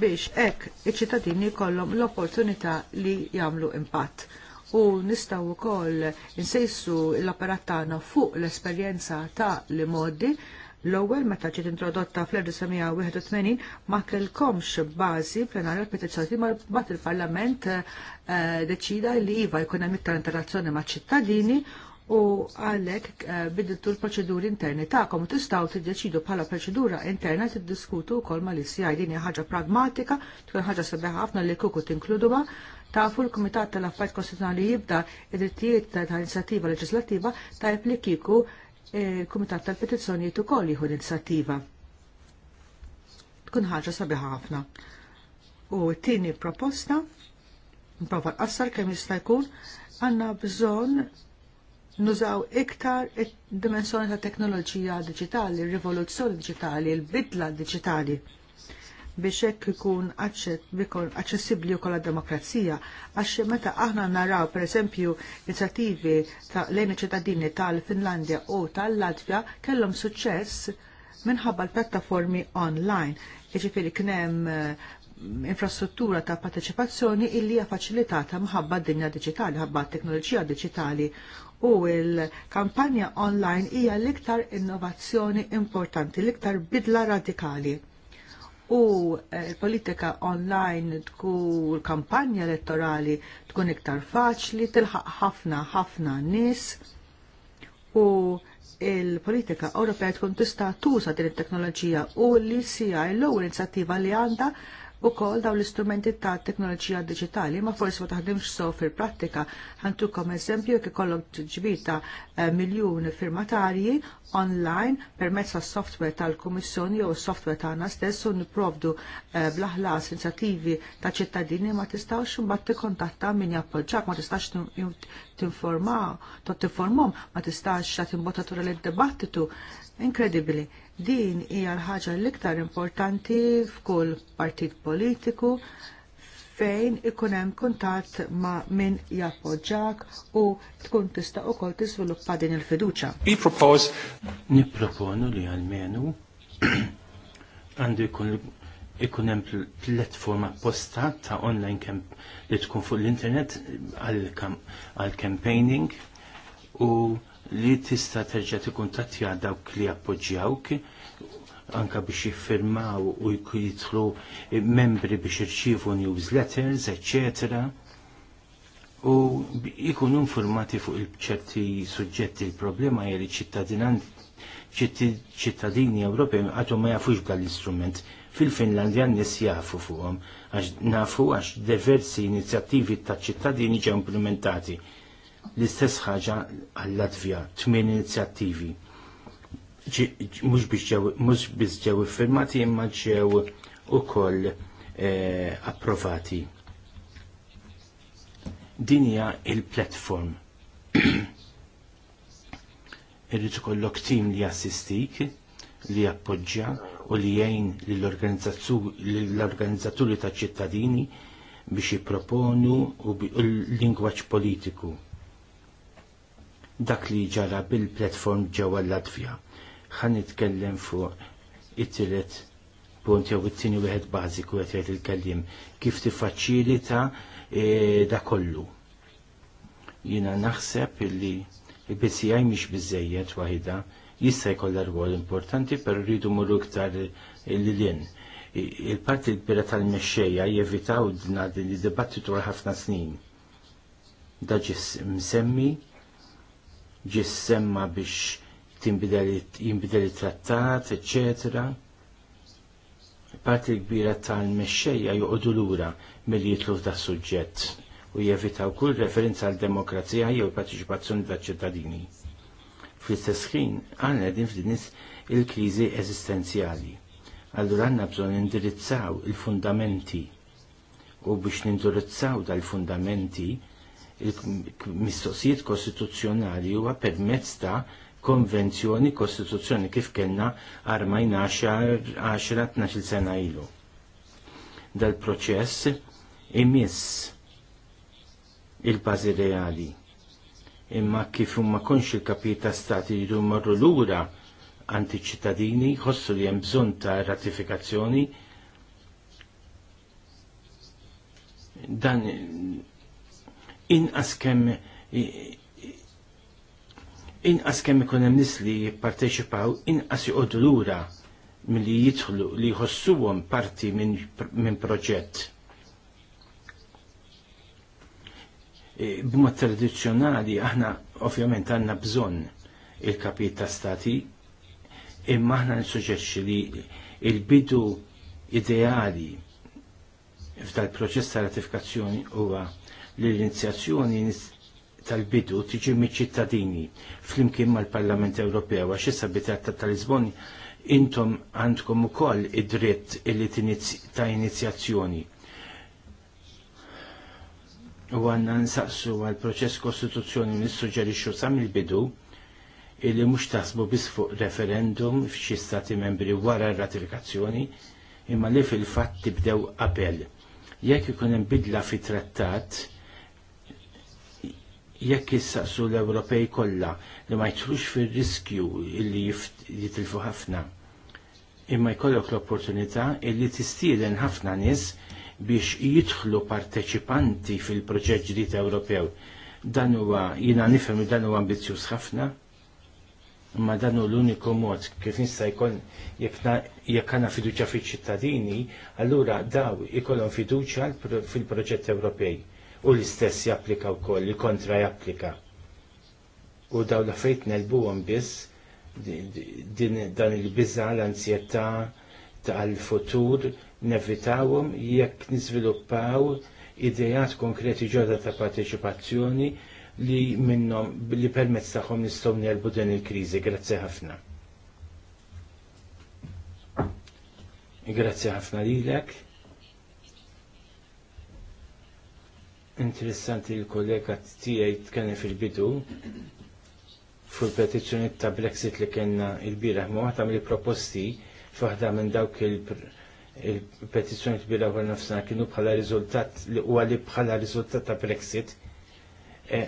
biex hekk iċ-ċittadini jkollhom l-opportunità li jagħmlu impatt. U nistgħu wkoll insejsu l apparat tagħna fuq l-esperjenza ta' li modi l-ewwel meta ġiet introdotta fl-1981 ma kellkomx bażi plenarja petizzjoni ma bat il-Parlament eh, deċida li iva jkun hemm iktar interazzjoni maċ ċittadini u għalek eh, bidiltu l-proċeduri interni ta'kom u tistaw t-deċidu bħala proċedura interna tiddiskutu kol ma li sijaj dini ħaġa pragmatika, tkun ħaġa sabiħa ħafna li kuku ta' tafu l-Komitat tal-Affajt Konstituzjonali jibda id-drittijiet ta' inizjattiva leġislattiva ta' li kiku eh, Komitat tal-Petizzjonijiet ukoll jieħu inizjattiva. Tkun ħaġa sabiħa ħafna. U t-tieni proposta, l qassar kemm jista' jkun, għandna bżonn nużaw iktar id-dimensjoni ta' teknoloġija digitali, rivoluzzjoni digitali, il-bidla digitali biex hekk ikun aċċessibbli wkoll għad-demokrazija għax meta aħna naraw pereżempju inizjattivi ta' lejn iċ-ċittadini tal-Finlandja u tal-Latvja kellhom suċċess minħabba l-pjattaformi online. Jiġifieri kien hemm eh, infrastruttura ta' parteċipazzjoni illi hija faċilitata minħabba d-dinja diġitali, ħabba t-teknoloġija diġitali u il-kampanja online hija l-iktar innovazzjoni importanti, l-iktar bidla radikali u eh, politika online tkun kampanja elettorali tkun iktar faċli, tilħaq ħafna ħafna nies u il-politika Ewropea tkun tista' tuża din it-teknoloġija u l sija l-ewwel inizjattiva li għandha ukoll dawn l-istrumenti ta' teknoloġija diġitali ma forsi ma taħdimx so fil-prattika. Ħantukom eżempju jekk ikollok tiġbita eh, miljun firmatarji online permezz mezza software tal-Kummissjoni jew software tagħna stess u nipprovdu eh, blaħlas inizjativi ta' ċittadini ma tistgħux imbagħad kontatta min jappoġġak, ma tistax tinformaw, tot ma tistax ta' t-imbotatura lid dibattitu Inkredibili Din hija l-ħaġa l-iktar importanti f'kull partit politiku fejn ikun hemm kuntatt ma' min jappoġġjak u tkun tista' ukoll tiżviluppa din il-fiduċja. Nipproponu li għalmenu *clears throat* għandu jkun ikun hemm platforma apposta ta' online camp li tkun fuq l-internet għal campaigning u li tista' terġa' tikkuntattja dawk li appoġġjawk anka biex jiffirmaw u jidħlu membri biex jirċivu newsletters, etc. U jikun informati fuq il-ċerti suġġetti il-problema jeli ċittadini Ewropej għatu ma jafux dal-istrument. Fil-Finlandja n-nis jafu fuqom, għax nafu għax diversi inizjattivi ta' ċittadini ġew implementati. L-istess ħaġa għall-Latvja, tmien inizjattivi mux biex ġew firmati imma ġew u koll e, eh, approvati. Dinja il-platform. *clears throat* Irritu ikollok tim li assistik, li appoġġja u li jgħin l-organizzaturi ta' ċittadini biex jipproponu u l-lingwaġġ politiku. Dak li ġara bil-platform ġewwa l-Latvja ħan nitkellem fuq it-tielet punt jew it-tieni wieħed bażiku qed jgħid il-kellim kif tiffaċilita eh, da kollu. Jiena naħseb li il-BCI mhix biżejjed waħida, jista' jkollha rwol importanti per rridu murru iktar lilin. Il-parti l-bira tal-mexxejja jevitaw dina din id-dibattitu ħafna snin. Da ġis msemmi, ġis semma biex jinbidel it-trattat, eccetera. Parti kbira tal-mexxejja joqogħdu lura milli jitluf da' suġġett u jevitaw kull referenza għal demokrazija jew il-partiċipazzjoni ta' ċittadini. Fl-istess ħin għandna din f'din il-kriżi eżistenzjali. Allura għandna bżonn indirizzaw il-fundamenti u biex nindirizzaw dal-fundamenti il-mistoqsijiet kostituzzjonali huwa permezz ta' konvenzjoni, kostituzzjoni kif kellna armajn 10-12 sena ilu. Dal-proċess imiss il-bazi reali. Imma kif ma konx il kapita stati jridu marru lura anti ċittadini ħossu li hemm bżonn ta' ratifikazzjoni dan in askem inqas kemm ikun hemm nies li jipparteċipaw, inqas joqogħdu lura milli jidħlu li jħossuhom parti minn proġett. E, b'mod tradizzjonali aħna ovvjament għandna bżonn il-kapit ta' stati imma aħna nissuġġerixxi li il-bidu ideali f'dal proċess ta' ratifikazzjoni huwa li l-inizjazzjoni tal-bidu tiġi miċ-ċittadini flimkien mal-Parlament Ewropew għax issa bitat ta' Lisbon intom għandkom ukoll id-dritt illi ta' inizjazzjoni. U għanna nsaqsu għal proċess kostituzzjoni nissuġġerixxu sam il bidu illi mhux tasbu biss fuq referendum f'xi stati membri wara r-ratifikazzjoni imma li fil-fatt tibdew qabel. Jekk ikun hemm bidla fi trattat, jekk jissaqsu l-Ewropej kollha li ma jtrux fir-riskju illi jitilfu ħafna. Imma jkollok l-opportunità illi tistieden ħafna nies biex jidħlu parteċipanti fil-proġett ġdid Ewropew. Dan huwa jiena nifhem dan huwa ambizzjuż ħafna, imma dan hu l-uniku mod kif nista' jkun jekk għandna fiduċja fiċ-ċittadini, allura daw ikollhom fiduċja fil-proġett Ewropej u l-istess japplika wkoll, il-kontra japplika. U daw la fejt nelbuhom biss dan il-biża l-ansjetà l futur nevitawhom jekk niżviluppaw idejat konkreti ġoda ta' parteċipazzjoni li minnom li permezz tagħhom nistgħu nelbu din il-kriżi. Grazzi ħafna. Grazzi ħafna lilek. Interessanti l-kollega tiegħi tkellem fil-bidu fuq petizzjoni ta' Brexit li kellna il bira ma' waħda mill-proposti f'waħda minn dawk il-petizzjoni kbira wara nofsna kienu bħala riżultat li huwa li bħala riżultat ta' Brexit e,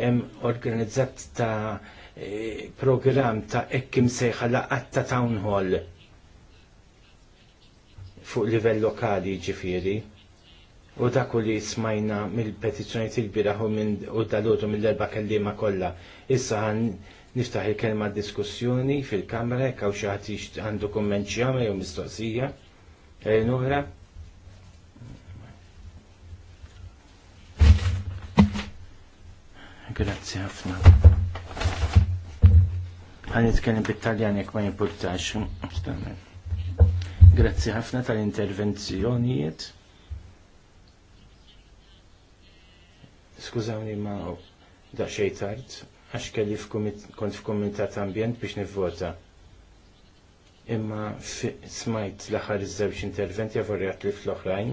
hemm organizzat ta' e, program ta' ekkim sejħa laqat ta' town hall fuq livell lokali ġifiri u dak li smajna mill-petizzjoni tilbiraħu minn u dalutu mill-erba kellima kollha. Issa għan niftaħ il-kelma diskussjoni fil-kamra, kaw xaħti għandu xi għamel jew mistoqsija. Nuhra? Grazzi ħafna. Għan nitkellem bit-Taljan jekk ma jimpurtax. Grazzi ħafna tal-intervenzjonijiet Skużawni ma daqxej tard, għax kelli kont ta' ambjent biex nivvota. Imma smajt l-aħħar iż-żewġ interventi għavorjat li fl-oħrajn.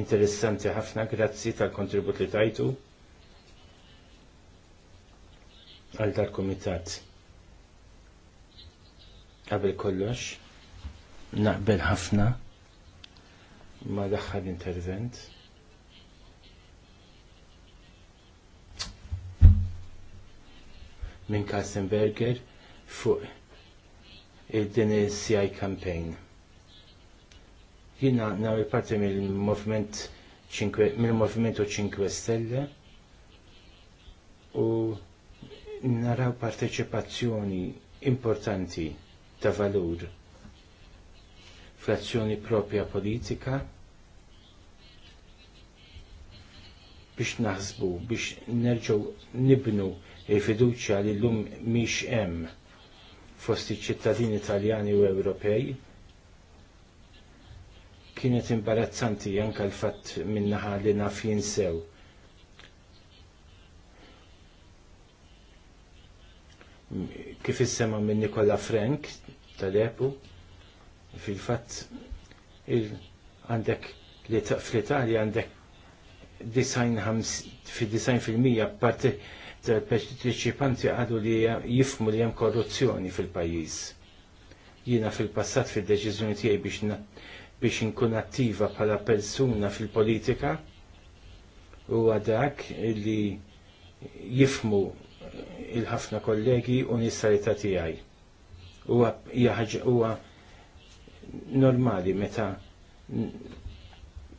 Interessanti ħafna, grazzi tal-kontribut li tajtu għal tal-komitat. Qabel kollox, naqbel ħafna ma l-aħħar intervent. minn Kassenberger fuq il-din il-CI campaign. Jina nawi parti mill-movement mill-movement u 5 Stelle u naraw parteċipazzjoni importanti ta' valur frazzjoni propja politika biex naħsbu, biex nerġgħu nibnu il-fiduċja li llum mhix hemm fost iċ-ċittadini Italjani u Ewropej kienet imbarazzanti anke l-fatt min-naħa li naf jinsew. Kif issema minn Nikola Frank tal-epu, fil-fatt għandek li fl-Italja għandek design fi design fil-mija parti tal-parteċipanti għadu li jifmu li hemm korruzzjoni fil-pajjiż. Jiena fil-passat fil deċizjoni tiegħi biex biex inkun attiva bħala persuna fil-politika u għadak li jifmu il-ħafna kollegi u nissalita tiegħi. Huwa normali meta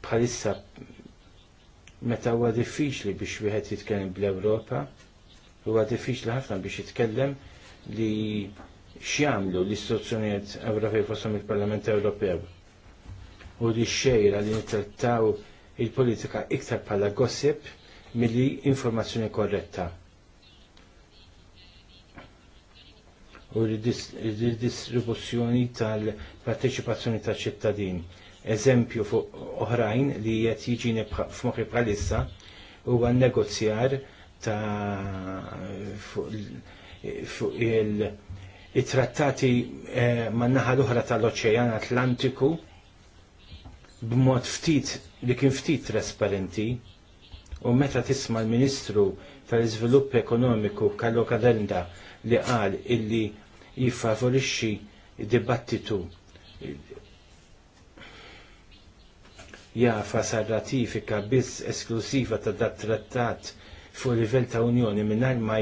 bħalissa meta huwa diffiċli biex wieħed jitkellem bl-Ewropa huwa diffiċli ħafna biex jitkellem li x'jagħmlu l-istituzzjonijiet Ewropej fosthom il-Parlament Ewropew u li xejra li nittrattaw il-politika iktar bħala gossip milli informazzjoni korretta. U l-distribuzzjoni tal-parteċipazzjoni taċ ċittadin. Eżempju fuq oħrajn li qed jiġi f'moħħi bħalissa huwa negozjar ta' fuq il-trattati eh, man-naħa l-oħra tal-Oċean Atlantiku b'mod ftit li kien ftit trasparenti u meta tisma l-Ministru tal-Iżvilupp Ekonomiku Kallo Kadenda li qal illi jiffavorixxi dibattitu jafa sar ratifika biss esklusiva ta' dat trattat fuq livell ta' Unjoni mingħajr ma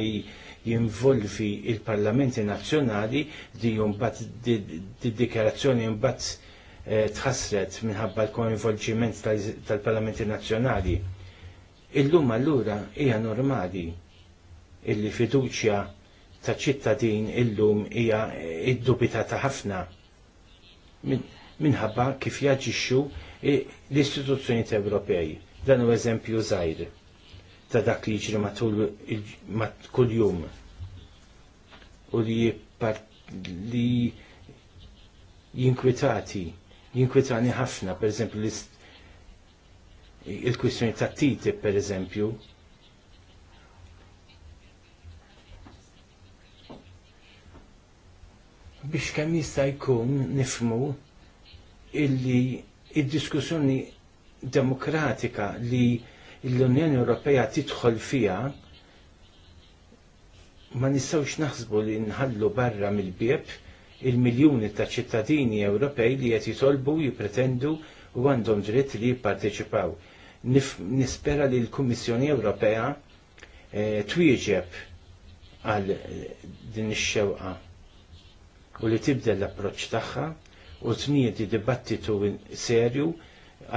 jinvolvi il-Parlamenti Nazzjonali di mbagħad did-dikjarazzjoni mbagħad eh, tħassret minħabba l-koinvolġiment tal-Parlamenti Nazzjonali. Illum allura hija normali illi fiduċja ta' ċittadin illum hija eh, ta' ħafna minħabba kif jaġixxu eh, l-istituzzjonijiet Ewropej. Dan u eżempju żgħir ta' dak li jiġri matul kull jum u li li jinkwitati jinkwitani ħafna per eżempju il-kwistjoni ta' tite per eżempju biex kemm jista' jkun nifmu illi id-diskussjoni demokratika li l-Unjoni Ewropea tidħol fija ma nistawx naħsbu li nħallu barra mill-bieb il-miljuni ta' ċittadini Ewropej li qed jitolbu, jipretendu u għandhom dritt li jipparteċipaw. Nispera li l-Kummissjoni Ewropea eh, twieġeb għal eh, din ix-xewqa u li tibdel l-approċċ tagħha u tniedi dibattitu serju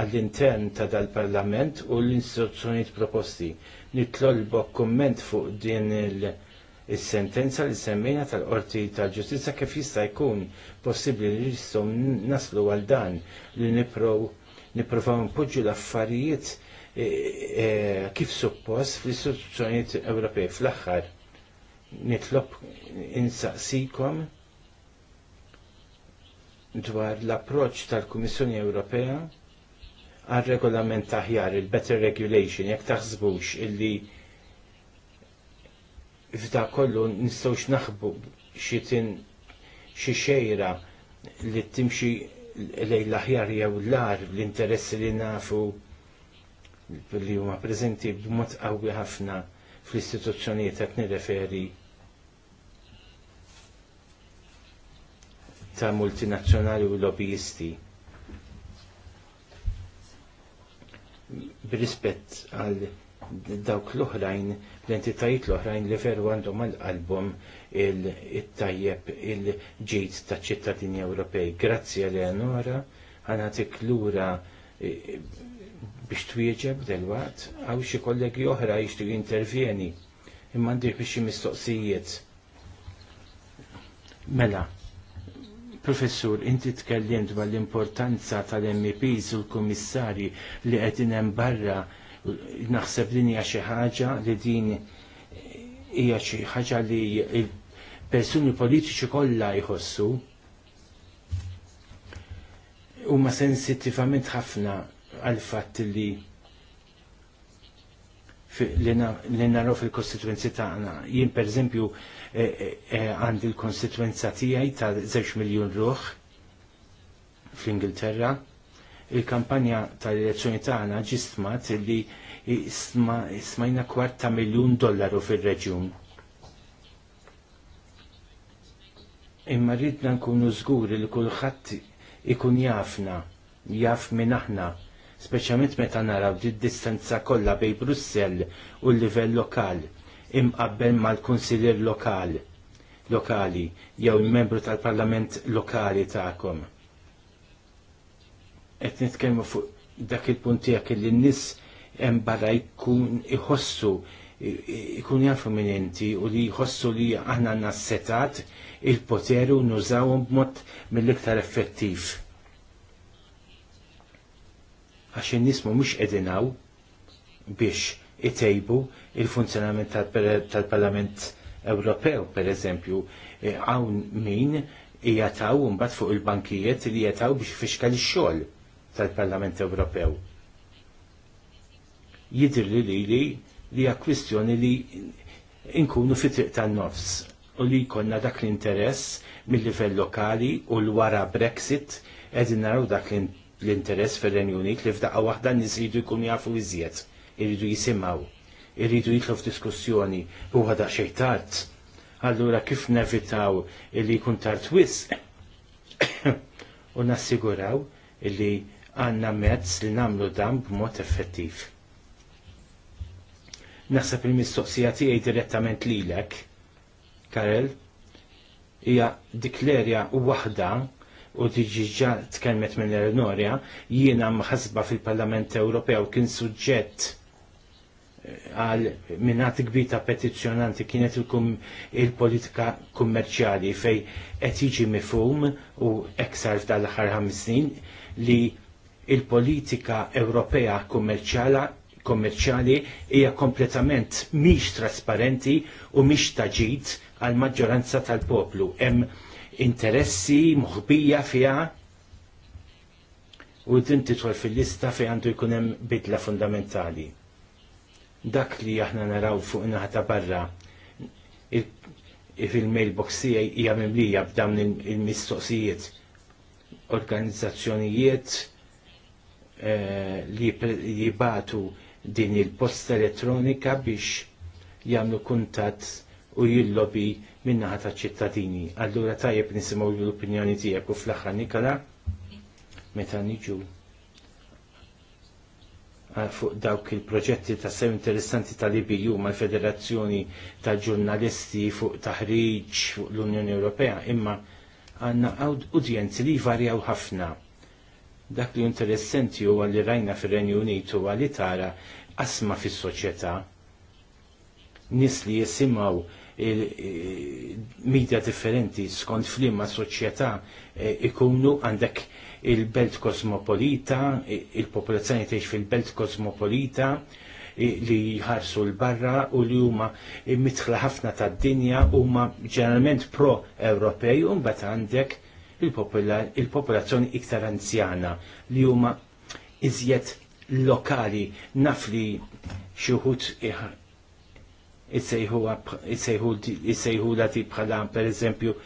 għall-intern ta' dal-Parlament u l-istruzzjonijiet proposti. Nitlolbok komment fuq din il-sentenza li semmejna tal-Qorti tal-Ġustizza kif jista' jkun possibbli li jistgħu naslu għal dan li nipprovaw npoġġu l-affarijiet e, e, kif suppost fl-istituzzjonijiet Ewropej fl-aħħar nitlob insaqsikom dwar l-approċ tal-Kummissjoni Ewropea għal regolament taħjar, il-better regulation, jek taħsbux illi f'da kollu nistawx naħbu xitin xi xejra li timxi lej l-aħjar jew l-ar l-interessi li nafu li huma prezenti b'mod qawwi ħafna fl-istituzzjonijiet qed nirreferi ta' multinazzjonali u lobbyisti b'rispett għal dawk l-oħrajn, l-entitajiet l-oħrajn li veru għandhom għal-album il-tajjeb il-ġejt ta' ċittadini Ewropej. Grazzi għal Eleonora, għanatik lura e, e, biex twieġeb del-waqt, għaw xie kollegi oħra jishtu intervjeni, imman biex xie mistoqsijiet. Mela, Professur, inti tkellimt dwar l-importanza tal-MEPs u l kommissari li qegħdin hemm barra naħseb li hija xi ħaġa li din hija xi ħaġa li l-persuni politiċi kollha jħossu huma sensittivament ħafna għal fatt li li naraw fil-kostituenzi tagħna. Jien pereżempju E, e, e, għandi l konsitwenza tiegħi ta' 10 miljun ruħ fl-Ingilterra. Il-kampanja tal-elezzjoni tagħna ġismat li smajna kwarta miljon miljun dollaru fil-reġjun. Imma rridna nkunu żguri li kulħadd ikun jafna, jaf minn aħna, speċjalment meta naraw di distanza kollha bejn Brussell u l-livell lokali imqabbel mal-kunsiljer lokali lokali jew il-membru tal-parlament lokali tagħkom. Qed nitkellmu fuq dak il-punt tiegħek li n-nies hemm barra jkun iħossu jkun jafu minn inti u li jħossu li aħna nassetat il-poteru nużawhom b'mod mill-iktar effettiv. Għax in-nies mhumiex qegħdin biex itejbu il-funzjonament tal-Parlament Ewropew, per eżempju, għawn e, min jgħataw mbagħad fuq il-bankijiet li jgħataw biex fiska l-xogħol tal-Parlament Ewropew. Jidr li li li li kwistjoni li inkunu fitriq tan-nofs u li jkollna dak l-interess mill-livell lokali u l-wara Brexit qegħdin naraw dak l-interess fir-Renju Unit li f'daqqa waħda nisridu jkunu jafu iżjed irridu jisimaw, irridu jitlu f'diskussjoni, u għada xejtart. Allura kif nevitaw illi jkun tard wis *coughs* u nassiguraw illi għanna mezz li namlu dan b'mod effettiv. Naħseb il-mistoqsija tiegħi direttament lilek, Karel, hija diklerja waħda u diġiġa tkellmet minn Eleonorja, jiena maħasba fil-Parlament Ewropew kien suġġett għal minnat gbita ta' petizjonanti kienet il-politika kummerċjali fej qed jiġi mifhum u eksar fdal ħar ħames snin li il-politika Ewropea kummerċjala kommerċjali hija kompletament miex trasparenti u mhix taġid għal maġġoranza tal-poplu. Hemm interessi moħbija fiha u din titħol fil-lista fejn għandu jkun hemm bidla fundamentali dak li aħna naraw fuq naħta barra fil-mailbox tiegħi hija mimlija b'dawn il-mistoqsijiet organizzazzjonijiet eh, li jibatu din il-posta elettronika biex jagħmlu kuntatt u jillobi minnaħa ta' ċittadini. Allura tajjeb nisimgħu l-opinjoni tiegħek u fl-aħħar Nikola meta niġu Eh, fuq dawk il-proġetti ta' sew interessanti tal-IBU ma' federazzjoni ta' ġurnalisti fuq taħriġ fuq l-Unjoni Ewropea, imma għanna udjenzi li varjaw ħafna. Dak li interessanti huwa li rajna fir-Renju Unitu għalli li tara asma fis-soċjetà nis li jisimaw media differenti skont flimma soċjetà eh, ikunu għandek il-belt kosmopolita, il-popolazzjoni tgħix fil-belt kosmopolita li jħarsu l-barra u li huma mitħla ħafna tad-dinja huma ġeneralment pro-Ewropej u mbagħad għandek il-popolazzjoni iktar anzjana li huma iżjed lokali naf li xi wħud jissejħu la bħala per eżempju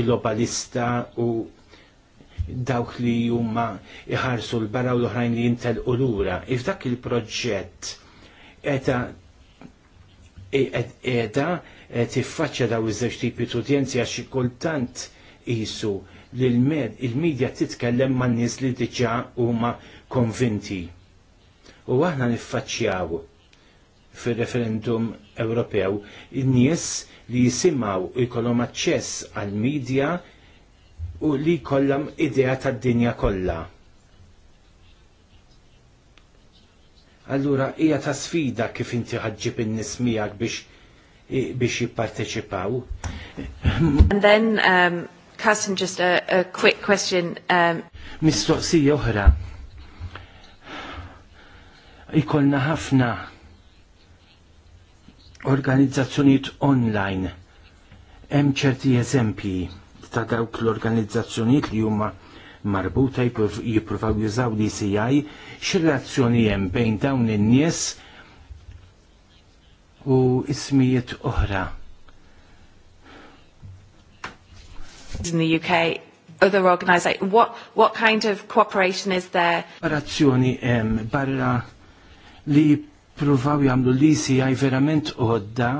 globalista u dawk li huma iħarsu l-barra u l-oħrajn li jintel ulura. If dak il-proġett eta e- eta tiffaċċa daw iż-żewġ tipi tudjenzi għax kultant isu li l-medja titkellem ma' nies li diġà huma konvinti. U aħna niffaċċjaw fir-referendum Ewropew in-nies li jisimaw ikollhom aċċess għal-medja u li kollam idea tad-dinja kollha. Allura hija ta' sfida kif inti ħadġib in-nies miegħek biex biex jipparteċipaw. And then um, Carson, just a, a quick question. Um... Mistoqsija oħra. Ikolna ħafna organizzazzjonijiet online. Hemm ċerti eżempji ta' dawk l organizzazzjoniet li huma marbuta jippruvaw jużaw DCI, CI, relazzjoni hemm bejn dawn in-nies u ismijiet oħra. In the UK, other organizations, what, what kind of cooperation is there? Operazzjoni barra li provaw jamlu l-ECI verament għodda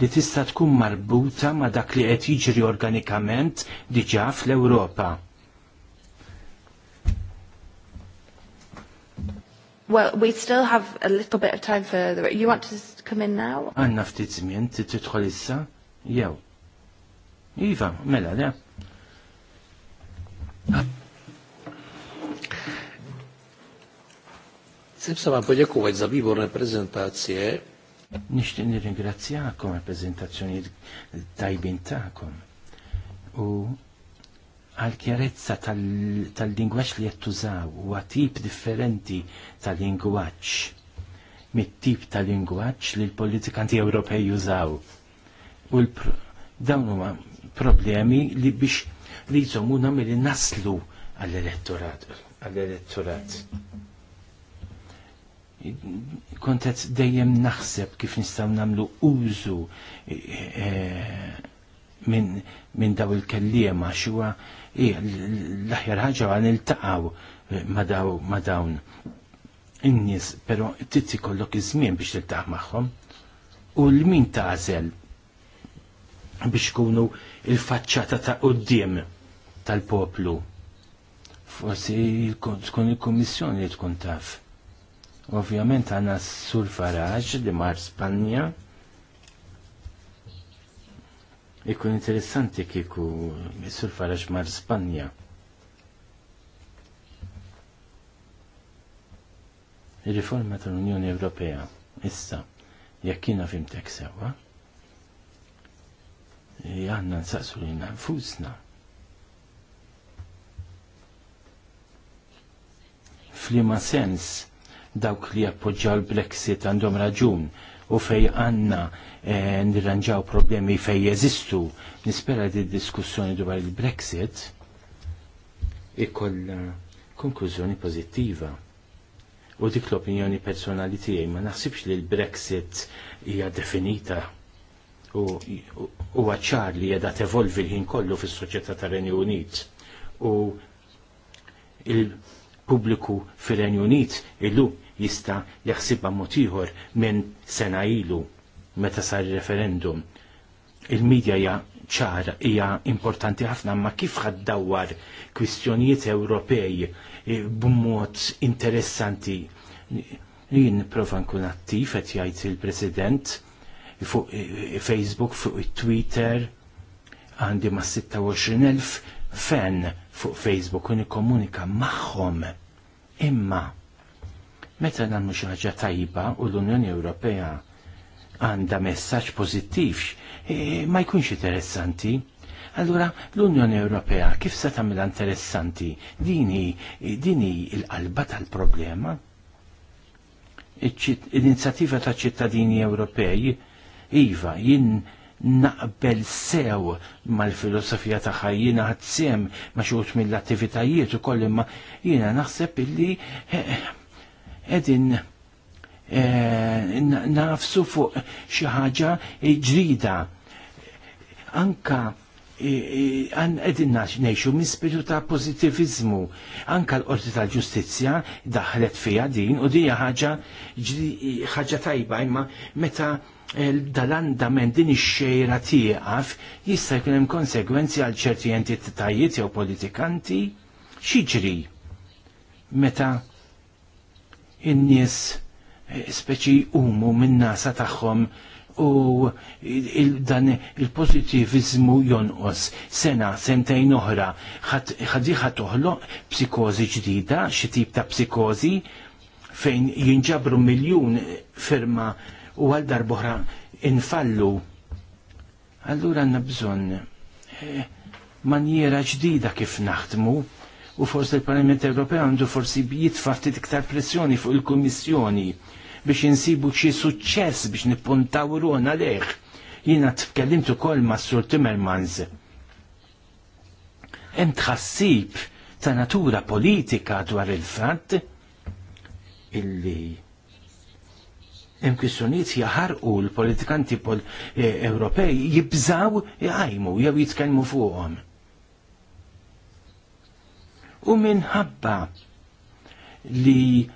li tista' tkun marbuta ma' dak li qed jiġri organikament diġà fl-Ewropa. Well, we still have a little bit of time for the... You want to come in now? Għanna ftit żmien tidħol issa? Jew. Iva, mela, le. Sim ma podziękować za wyborne prezentacje. Nishtiq nirringrazzjakom għal-prezentazzjoni tajbin ta'kom u għal-kjarezza tal-lingwaċ li jattużaw u tip differenti tal-lingwaċ mit-tip tal-lingwaċ li l-politikanti Ewropej jużaw. U dawn huma problemi li biex li jżomuna mill-naslu għall-elettorat. għall-elettorat kontet dejjem naħseb kif nistaw namlu użu eh, minn daw il-kellima xuwa eh, l-aħjar ħaġa għan il-taqaw eh, ma dawn in-nies però titti kollok iż-żmien biex tiltaħ magħhom u l-min tażel biex kunu il-faċċata ta' uddim tal-poplu. Forsi tkun il-Kummissjoni li tkun taf Ovvjament għanna sur faraġ li mar Spanja. Ikun interessanti kiku sur faraġ mar Spanja. Il-riforma tal-Unjoni Ewropea, issa, jekk fim teksewa, sewa, eh, għanna nsaqsu li nfusna. Flima sens, dawk li appoġġaw l-Brexit għandhom raġun u fej għanna e, nirranġaw problemi fej jeżistu. Nispera di diskussjoni dwar il-Brexit ikolla konklużjoni pozittiva u dik l-opinjoni personali tiegħi ma naħsibx li l-Brexit hija definita u huwa ċar li qiegħda tevolvi l-ħin kollu fis-soċjetà tar-Renju Unit u il pubbliku fir-Renju Unit illum jista' jaħsibha mod ieħor minn sena ilu meta sar referendum. Il-medja hija ċar hija importanti ħafna ma kif ħaddawwar kwistjonijiet Ewropej eh, b'mod interessanti. Jien prova nkun attiv qed jgħid il-President fuq eh, Facebook, fuq Twitter, għandi ma' 26.000 fan fuq Facebook u nikkomunika magħhom. Imma meta nagħmlu xi ħaġa tajba u l-Unjoni Ewropea għandha messaġġ pożittiv e, ma jkunx interessanti. Allura l-Unjoni Ewropea kif se tagħmilha interessanti? Dini dini l-qalba tal-problema. L-inizjattiva ta' ċittadini Ewropej iva jien naqbel sew mal-filosofija tagħha jiena ħadsem ma' xogħol mill-attivitajiet koll imma jiena naħseb illi qegħdin eh, eh, nafsu fuq xi ħaġa ġrida. Anka għan eh, edin neħxu minn spiritu ta' pozitivizmu. Anka l-qorti tal-ġustizja daħlet fija din u dija ħaġa ħaġa tajba imma meta dal-andament din ix-xejra tieqaf jista' jkun hemm konsegwenzi għal ċerti entitajiet jew politikanti xiġri meta in-nies eh, speċi umu min-nasa tagħhom u dan il pożittiviżmu jonqos sena, sentejn oħra, ħadiħa toħloq psikozi ġdida, xi tip ta' psikozi fejn jinġabru miljun firma u għal darbohra infallu. Allura għanna bżon eh, manjera ġdida kif naħdmu u forse il-Parlament Ewropew għandu forsi jitfa' ftit iktar pressjoni fuq il-Kummissjoni biex insibu xi suċċess biex nippuntaw ruħna leħ. Jiena tkellimt ukoll ma' Sur Timmermans. Hemm tħassib ta' natura politika dwar il-fatt illi hemm jaħar jaħarqu l-politikanti pol e, Ewropej jibżaw jgħajmu jew jitkellmu fuqhom. U minħabba li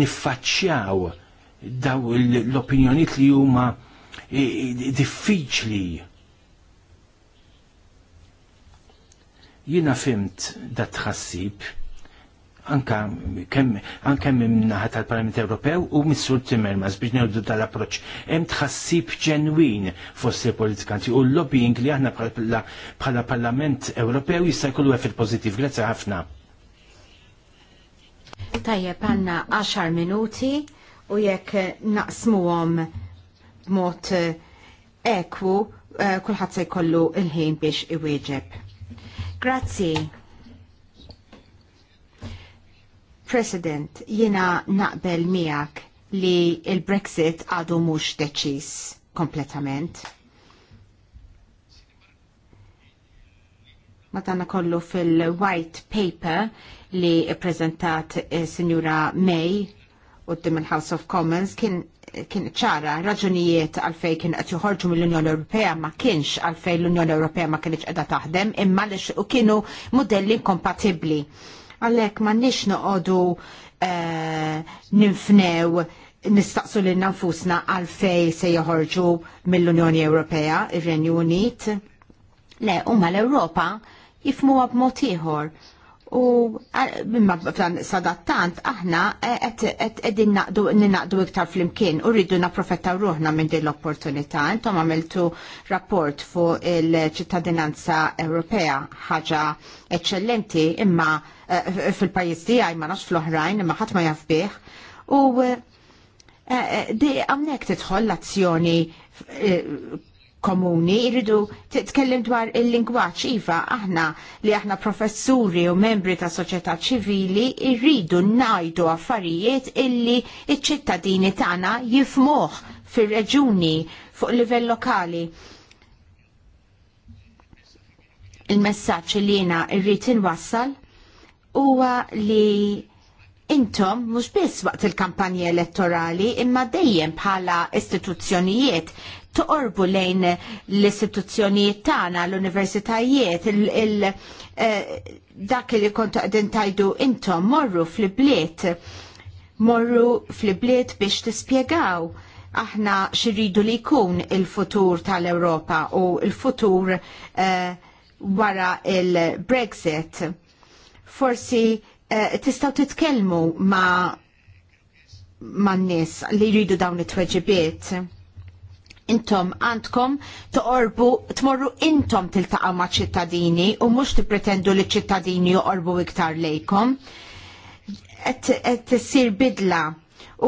niffaċċjaw daw l-opinjoniet li huma e, e, diffiċli. Jina fimt dat tħassib anka kemm anke minnaħa tal-Parlament Ewropew u Missur Timmermans biex nerdu tal-approċċ. Hemm tħassib ġenwin fost il-politikanti u l-lobbying li aħna bħala Parlament Ewropew jista' jkollu effett pożittiv. Grazzi ħafna. Tajjeb għandna 10 minuti u jekk naqsmuhom b'mod eh, ekwu eh, kulħadd se jkollu il-ħin biex iwieġeb. Grazzi. President, jiena naqbel miegħek li il-Brexit għadu mhux deċiż kompletament. Madonna kollu fil-white paper li prezentat eh, Signora May u il-House of Commons kien kien ċara raġunijiet għalfej kien qed joħorġu mill-Unjoni Ewropea ma kienx għalfej l-Unjoni Ewropea ma kienx qiegħda taħdem imma lix u kienu modelli inkompatibbli Għalek ma nix noqodu eh, ninfnew nistaqsu l nfusna fej se joħorġu mill-Unjoni Ewropea, ir-Renju Unit. Le, umma l-Ewropa jifmuha b'mod ieħor U imma f'dan sadattant aħna qegħdin naqdu ninaqdu iktar flimkien u rridu napprofettaw ruħna minn din l-opportunità. Intom għamiltu rapport fuq il-ċittadinanza Ewropea ħaġa eċċellenti imma e, fil-pajjiż tiegħi ma nax fl-oħrajn imma ħadd ma U e, e, di hawnhekk tidħol l-azzjoni komuni, irridu titkellem dwar il-lingwaċ iva, aħna li aħna professuri u membri ta' soċjetà ċivili irridu najdu affarijiet illi iċ-ċittadini tagħna jifmuh fir-reġuni fuq livell lokali il messaġġ li jiena irrit inwassal huwa li intom mhux biss waqt il-kampanja elettorali imma dejjem bħala istituzzjonijiet toqorbu lejn l-istituzzjonijiet tagħna, l-universitajiet, eh, dak li kontu qegħdin tajdu intom morru fl-bliet, morru fl-bliet biex tispjegaw aħna xirridu li jkun il-futur tal-Ewropa u il-futur eh, wara il-Brexit. Forsi eh, tistaw titkellmu ma' man-nies li jridu dawn it-tweġibiet intom għandkom toqorbu, tmorru intom tiltaqa ma' ċittadini u mux tippretendu li ċittadini joqorbu iktar lejkom. Et tissir bidla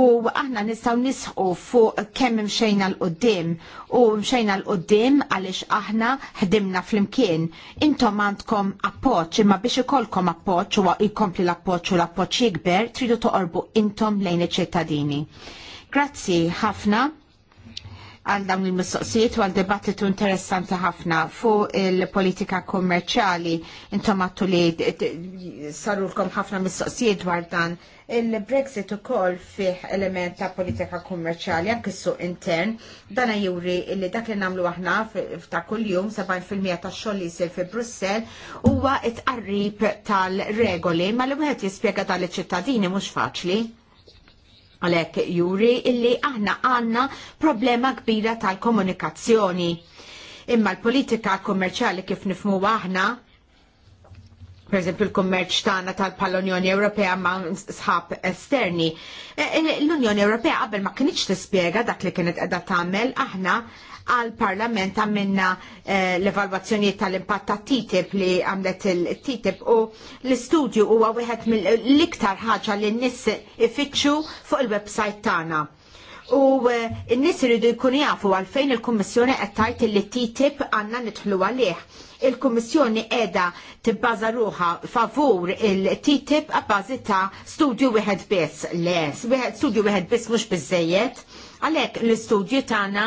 u aħna nistaw nisħu fuq kemm mxejna l-qoddim u mxejna l-qoddim għalix aħna ħdimna fl-imkien. Intom għandkom appoċ, imma biex ikolkom appoċ u jkompli l-appoċ u l-appoċ jikber, tridu toqorbu intom lejn iċ-ċittadini. Grazzi ħafna għal dawn il-mistoqsijiet u għal dibattitu interessanti ħafna fuq il-politika kommerċjali intom għattu li sarulkom ħafna mistoqsijiet dwar dan il-Brexit u kol fiħ element ta' politika kommerċjali anke suq intern dana juri li dak li namlu għahna ta' kull-jum 70% ta' xoll li jisir fi Brussel huwa it-qarrib tal-regoli ma li wieħed jispjega tal-ċittadini mhux faċli. Għalek juri illi aħna għanna problema kbira tal-komunikazzjoni. Imma l-politika kummerċali kif nifmu aħna, per eżempju l-kummerċ tagħna tal-Pal-Unjoni Ewropea ma' sħab esterni. E, e, L-Unjoni Ewropea qabel ma kinitx tispjega dak li kienet qiegħda tagħmel aħna għal-Parlament għamilna eh, l-evalwazzjoni tal-impatt ta' TTIP li għamlet il-TTIP u l-istudju huwa wieħed mill-iktar ħaġa li n-nies ifittxu fuq il-website tagħna. U eh, n-nies iridu jkunu jafu għalfejn il-Kummissjoni qed tgħid li TTIP għandna nidħlu għalih. Il-Kummissjoni qiegħda tibbaża ruħa favur il-TTIP għabbażi ta' studju wieħed biss. Les, studju wieħed biss mhux biżejjed. Għalhekk l-istudju tagħna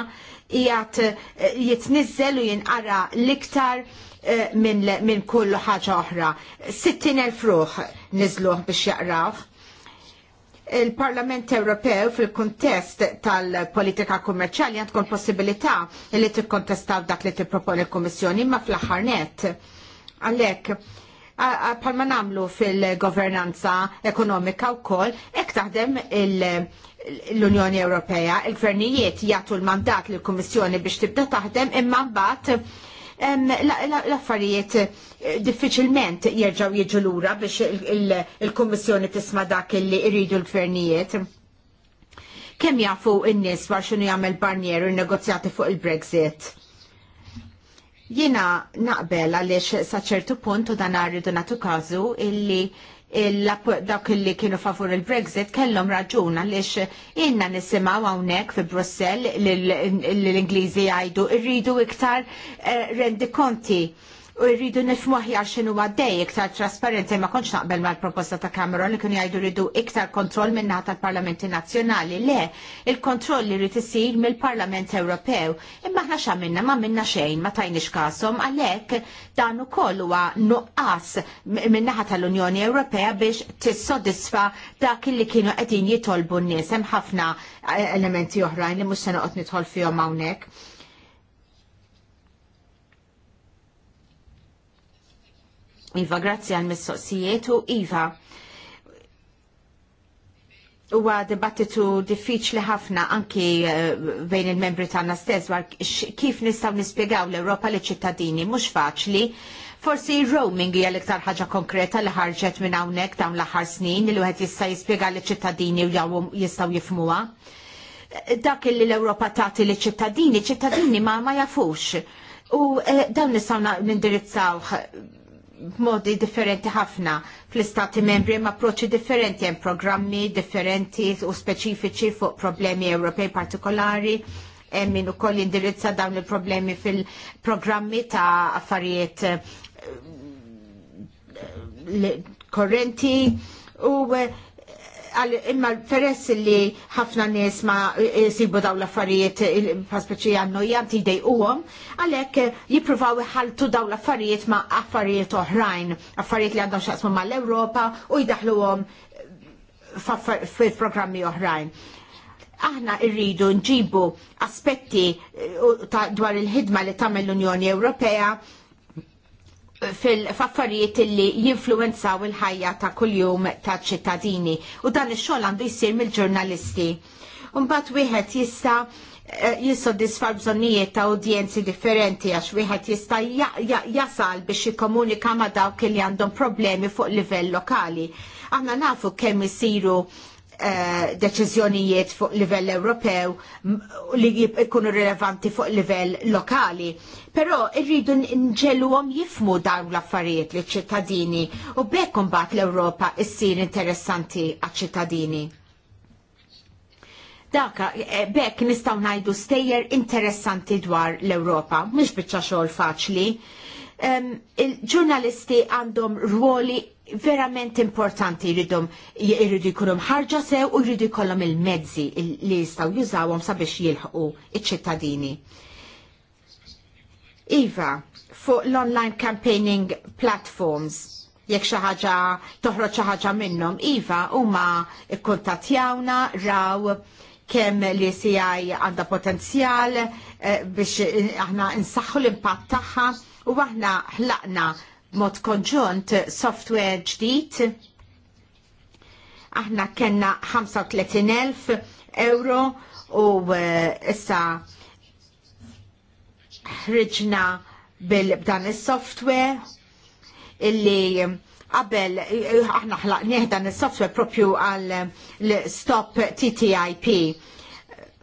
jgħat eh, jitnizzel u jinqara liktar eh, minn min kullu ħaġa oħra. 60.000 ruħ nizluħ biex jaqraw il-Parlament Ewropew fil-kontest tal-politika kummerċali għandkom possibilità li tikkontestaw dak li tipproponi l-Kummissjoni imma fl-aħħar net. Għalhekk palma namlu fil-governanza ekonomika u kol, ek taħdem il- l-Unjoni Ewropea, il-gvernijiet jagħtu l-mandat lill kummissjoni biex tibda taħdem imma mbagħad l-affarijiet eh, diffiċilment jerġgħu jiġu lura biex il-Kummissjoni tisma' dak illi jridu l-gvernijiet. Kemm jafu n-nies war x'inhu jagħmel Barnier n negozjati fuq il-Brexit? Jiena naqbel għaliex saċertu punt u dan rridu natu każu illi dawk li kienu favur il-Brexit kellhom raġun għaliex inna nisimgħu hawnhekk fi Brussell l-Ingliżi jgħidu rridu iktar eh, rendikonti. konti u rridu nifmu aħjar xinu għaddej iktar trasparenza ma konċ naqbel mal proposta ta' Cameron li kienu jgħidu rridu iktar kontroll minna tal-Parlamenti Nazzjonali. Le, il-kontroll li rrid isir mill-Parlament Ewropew. Imma aħna x'għamilna ma minna xejn ma tajniex kasom għalhekk dan ukoll huwa nuqqas minnaħa tal-Unjoni Ewropea biex tissodisfa dak li kienu qegħdin jitolbu n-nies hemm ħafna eh, elementi oħrajn li mhux se noqgħod nidħol fihom hawnhekk Iva, grazzi għal mistoqsijiet u Iva. Huwa dibattitu diffiċli ħafna anki eh, bejn il-membri tagħna stess dwar kif nistgħu nispjegaw l-Ewropa li ċittadini mhux faċli. Forsi roaming hija l-iktar ħaġa konkreta li ħarġet minn hawnhekk dawn l-aħħar snin li wieħed jista' jispjega liċ ċittadini u jistgħu jifmuha. Dak li l-Ewropa tagħti liċ ċittadini, ċittadini ma ma jafux. U eh, dawn nistgħu nindirizzawh modi differenti ħafna fl-istati membri ma' approċċi differenti, hemm programmi differenti u speċifiċi fuq problemi Ewropej partikolari, hemm min ukoll indirizza dawn il-problemi fil-programmi ta' affarijiet eh, korrenti u eh, imma peress li ħafna nies ma jisibu eh, daw l-affarijiet eh, paspeċi għannu janti dejquhom, għalhekk eh, jippruvaw iħaltu daw l-affarijiet ma' affarijiet oħrajn, affarijiet li għandhom xaqsmu mal-Ewropa u għom fil-programmi oħrajn aħna irridu nġibu aspetti dwar il-ħidma li tagħmel l-Unjoni Ewropea fil-faffarijiet li jinfluenzaw il-ħajja ta' kuljum ta' ċittadini u dan ix-xogħol għandu jsir mill-ġurnalisti. Mbagħad wieħed jista' eh, jissodisfa bżonnijiet ta' udjenzi differenti għax wieħed jista' jasal biex jikkomunika ma' dawk li għandhom problemi fuq livell lokali. Aħna nafu kemm isiru Eh, deċiżjonijiet fuq livell Ewropew li jkunu rilevanti fuq livell lokali. Però irridu nġeluhom jifmu dawn l-affarijiet li ċittadini u bekk imbagħad l-Ewropa issir interessanti għaċ-ċittadini. Daka, eh, bekk nistgħu ngħidu stejjer interessanti dwar l-Ewropa, mhux biċċa xogħol faċli il-ġurnalisti għandhom ruoli verament importanti jridhom jridu jkunhom ħarġa sew u jridu jkollhom il-mezzi li jistgħu jużawhom sabiex jilħqu iċ-ċittadini. Iva, fuq l-online campaigning platforms, jekk xi ħaġa toħroġ xi ħaġa minnhom, iva huma kkuntattjawna raw kemm li CI għandha potenzjal eh, biex eh, aħna nsaħħu l-impatt tagħha u aħna ħlaqna mod konġunt software ġdid. Aħna kena 35.000 euro u eh, issa ħriġna bil-dan il-software illi qabel eh, aħna ħlaqnieh dan il-software propju għal stop TTIP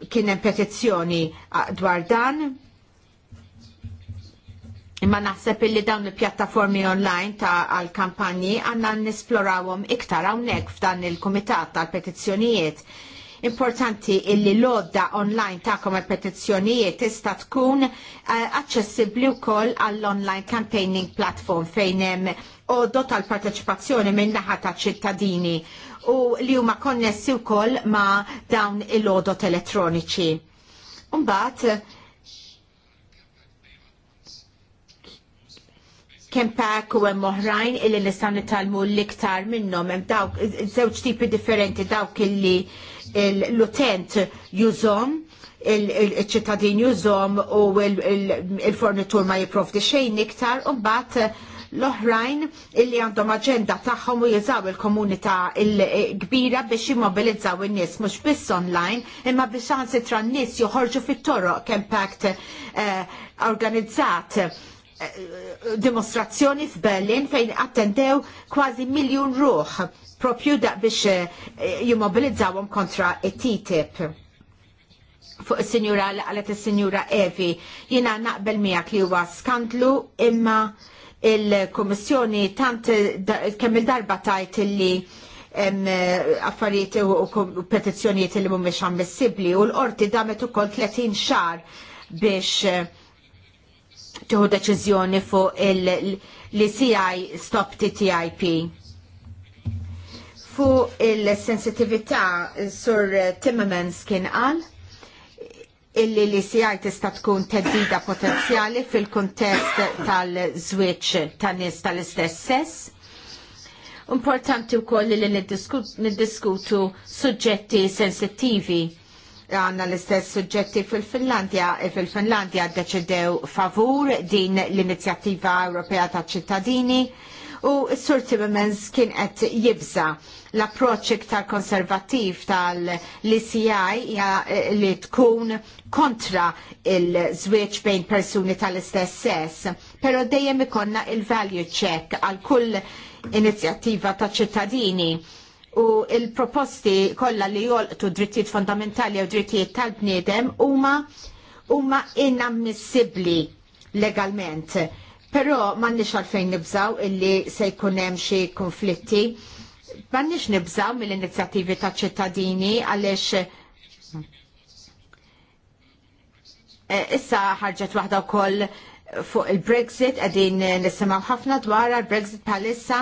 kien hemm petizzjoni eh, dwar dan Imma naħseb illi dawn il-pjattaformi online ta' għal-kampanji għanna nisplorawhom iktar hawnhekk f'dan il-Kumitat tal-Petizzjonijiet. Importanti illi l-odda online ta'kom għal-petizzjonijiet tista' tkun eh, aċċessibbli wkoll għall-online campaigning platform fejn hemm oddo tal-parteċipazzjoni minn naħa ta' ċittadini u li huma konnessi wkoll ma' dawn il-odot elettroniċi. Umbat, kem pak u hemm oħrajn illi nistgħu nitalmu l-iktar minnhom hemm dawk żewġ tipi differenti dawk illi l-utent jużom il-ċittadin jużom u il-fornitur ma jiprofdi xejn iktar u mbagħad l-oħrajn illi għandhom aġenda tagħhom u jizaw il-komunità il-kbira biex jimmobilizzaw in-nies mhux biss online imma biex anzi tra n-nies joħorġu fit-toroq kempakt eh, organizzat Eh, dimostrazzjoni f'Berlin fejn attendew kważi miljun ruħ propju da biex eh, jimmobilizzawhom kontra it-TTIP. Fuq is-sinjura li qalet is-sinjura Evi, jiena naqbel miegħek li huwa skandlu imma il-Kummissjoni tant kemm il-darba tajt li affarijiet u petizzjonijiet li mhumiex ammissibbli u l-qorti damet ukoll 30 xahar biex tieħu deċiżjoni fuq il-CI stop TTIP. Fuq il-sensitività sur Timmermans kien qal illi li CI tista' tkun teddida potenzjali fil-kuntest tal-żwieġ tan nies tal-istess sess. Importanti wkoll li niddiskutu suġġetti sensittivi għanna l-istess suġġetti fil-Finlandja, e fil-Finlandja deċidew favur din l-inizjattiva Ewropea ta' ċittadini u s-Sur Timmermans kien qed jibża l-approċċ iktar konservattiv tal-ICI ja, eh, li tkun kontra il-żwieġ bejn persuni tal-istess sess. Però dejjem ikonna il-value check għal kull inizjattiva ta' ċittadini u il-proposti kollha li jolqtu drittijiet fondamentali u drittijiet tal-bniedem huma huma inammissibbli legalment. Però m'għandniex għalfejn nibżaw illi se jkun hemm xi konflitti. M'għandniex nibżaw mill-inizjattivi ta' ċittadini għaliex eh, issa ħarġet waħda wkoll fuq il-Brexit qegħdin nisimgħu ħafna dwar il-Brexit bħalissa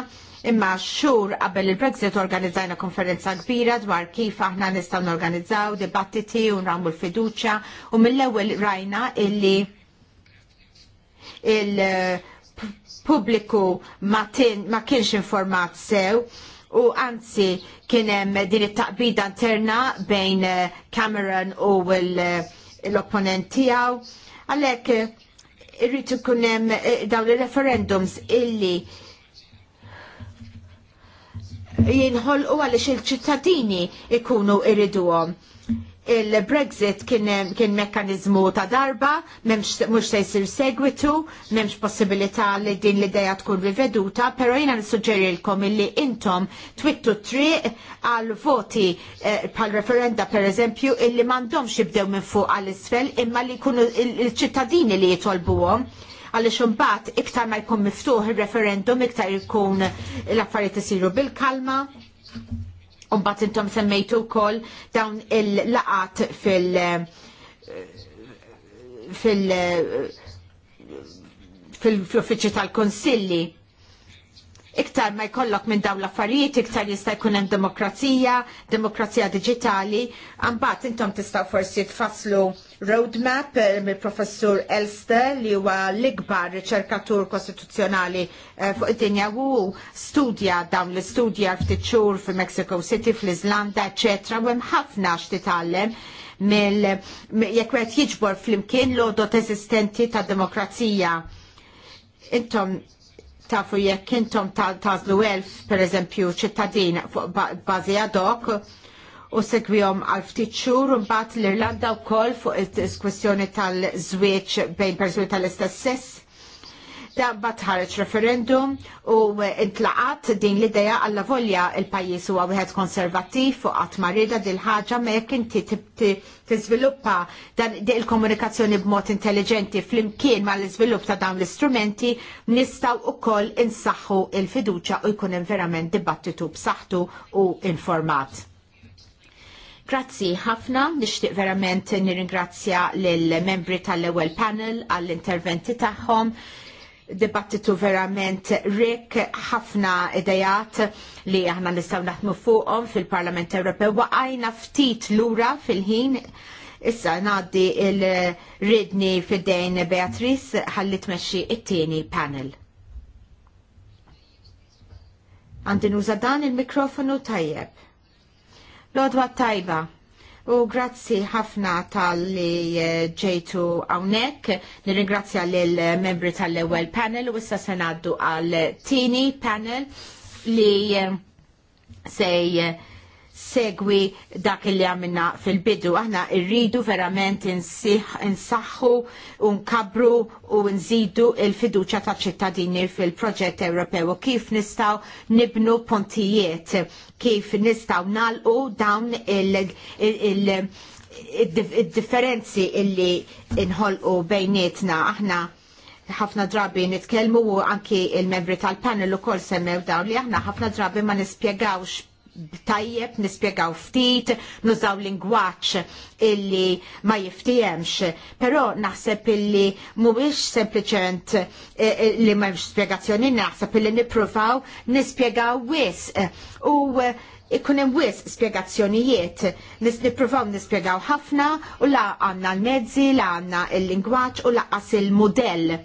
Imma xhur qabel il-Brexit organizzajna konferenza kbira dwar kif aħna nistgħu norganizzaw dibattiti u nramu l-fiduċja u mill-ewwel rajna illi il-pubbliku ma kienx informat sew u anzi kien hemm din it-taqbida interna bejn eh, Cameron u eh, l-opponent tiegħu. Għalhekk irrid ikun hemm eh, dawn ir referendums illi jinħolqu għaliex il-ċittadini ikunu irriduhom il-Brexit kien mekkanizmu ta' darba, memx mux se jisir segwitu, memx possibilità li din l-ideja tkun riveduta, pero jina nissuġġerilkom illi intom twittu tri għal voti pal eh, referenda per eżempju illi mandom xibdew minn fuq għal isfel imma li kunu il-ċittadini li jitolbuhom għaliex imbagħad iktar ma jkun miftuħ ir-referendum iktar jkun l-affarijiet isiru bil-kalma. Umbat intom semmejtu wkoll dawn il-laqat fil- fil fil-uffiċċju tal-konsilli iktar ma jkollok minn dawn l-affarijiet, iktar jista' jkun hemm demokrazija, demokrazija diġitali, għambat intom tistgħu forsi tfasslu roadmap eh, mill-professur Elster li huwa l-ikbar riċerkatur kostituzzjonali eh, fuq id-dinja u studja dawn l-istudja ftit xhur fi Mexico City, fl-Iżlanda, eċetera, u hemm ħafna x'titgħallem mill jekk qed jiġbor flimkien l-odot eżistenti ta' demokrazija. Intom tafu jekk intom tażlu elf, per eżempju, ċittadin fuq bażi ad hoc, u segwihom għal ftit xhur u mbagħad l-Irlanda wkoll fuq il kwestjoni tal-żwieġ bejn persuni tal-istess sess. Da mbagħad ħareġ referendum u intlaqat din l-idea alla volja il-pajjiż huwa wieħed konservattiv fuq qatt marida dil ħaġa ma jekk inti tiżviluppa dan il-komunikazzjoni b'mod intelligenti flimkien mal iżvilupp ta' dawn l-istrumenti nistgħu wkoll insaħħu il-fiduċja u jkun hemm verament dibattitu b'saħħtu u informat. Grazzi ħafna, nixtieq verament nirringrazzja lill membri tal-ewwel panel għall-interventi tagħhom dibattitu verament rik ħafna idejat li aħna nistgħu naħdmu fuqhom fil-Parlament Ewropew waqajna ftit lura fil-ħin issa ngħaddi il-ridni fid-dejn Beatrice ħalli tmexxi it-tieni panel. Għandin nuża dan il-mikrofonu tajjeb. Lodwa tajba. U grazzi ħafna tal-li eh, ġejtu għawnek. Nirringrazzja l-membri tal-ewel panel u issa senaddu għal-tini panel li eh, sej eh, segwi dak li għamilna fil-bidu. Aħna rridu verament insaħħu u nkabru u nżidu il-fiduċa ta' ċittadini fil-proġett Ewropew u kif nistaw nibnu pontijiet, kif nistaw nalqu dawn il-, il differenzi illi nħolqu bejnietna aħna ħafna drabi nitkellmu u anki il-membri tal-panel u kol semmew dawn li aħna ħafna drabi ma nispiegawx tajjeb nispjegaw ftit, nużaw lingwaċ illi ma jiftijemx. però naħseb illi mhuwiex sempliċement eh, eh, li m'hemmx spjegazzjoni, naħseb illi nippruvaw nispjegaw wis u eh, ikun hemm wis spjegazzjonijiet nippruvaw nispjegaw ħafna u la għandna l-mezzi, la għandna l-lingwaġġ u laqqas il-mudell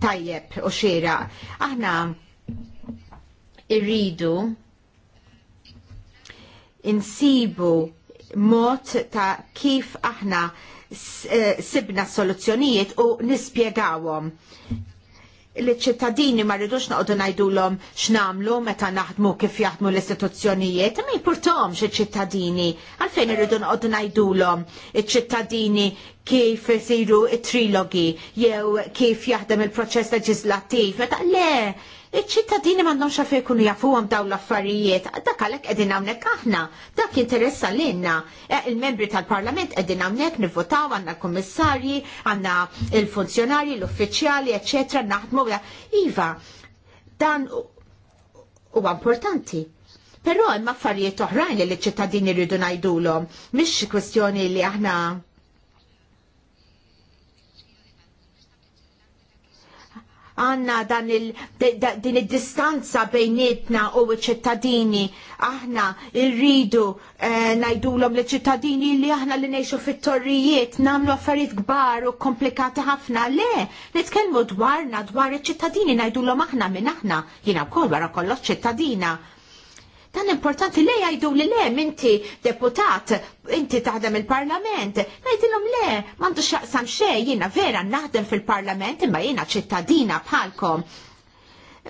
tajjeb u xira. Aħna irridu insibu mod ta' kif aħna eh, sibna soluzzjonijiet u nispjegawhom li ċittadini ma rridux naqdu najdulom x'namlu meta naħdmu kif jaħdmu l-istituzzjonijiet, ma jipurtomx iċ-ċittadini. Għalfejn irridu naqdu ngħidulhom iċ-ċittadini kif isiru trilogi jew kif jaħdem il-proċess leġislattiv. Meta le, iċ-ċittadini m'għandhomx xa fejn ikunu jafuhom dawn l-affarijiet. Dak għalhekk qegħdin hawnhekk aħna, dak jinteressa lilna. Eh, il-membri tal-Parlament qegħdin hawnhekk nivvotaw għandna l-kummissarji, għandna il-funzjonarji, l-uffiċjali, eċċetera, naħdmu. Iva, dan huwa importanti. Però hemm affarijiet oħrajn li ċ ċittadini rridu ngħidulhom, mhix kwestjoni li aħna għanna din id-distanza bejnietna u ċittadini. Aħna irridu eh, najdulom li ċittadini li aħna li neħxu fit-torrijiet namlu affarijiet gbar u komplikati ħafna. Le, nitkellmu dwarna dwar iċ-ċittadini najdulom aħna minn aħna. Jina wkoll wara kollox ċittadina Dan importanti le għajdu li le minti deputat, inti taħdem il-parlament. Ngħidilhom le, mandu xaqsam xejn jina vera naħdem fil-parlament imma jiena ċittadina bħalkom.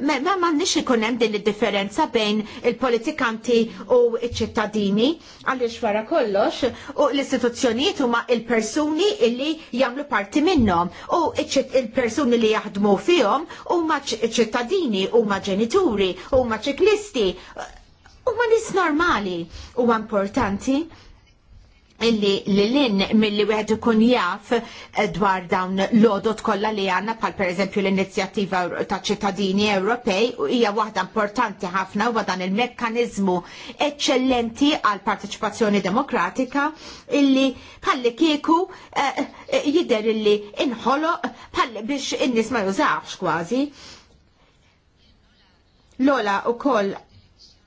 Ma m'għandniex ikun hemm din id-differenza bejn il-politikanti u iċ ċittadini għaliex wara kollox u l-istituzzjonijiet huma il-persuni illi jagħmlu parti minnhom u il-persuni li jaħdmu fihom huma ċittadini huma ġenituri huma ċiklisti u ma nis normali u importanti illi li l-in mill-li wieħed ikun jaf eh, dwar dawn l-odot kollha li għandna bħal pereżempju l-inizjattiva ta' ċittadini Ewropej u hija waħda importanti ħafna u dan il-mekkaniżmu eċċellenti għal parteċipazzjoni demokratika illi palli kieku jider eh, jidher illi inħoloq palli biex in-nies ma jużawx kważi. Lola u koll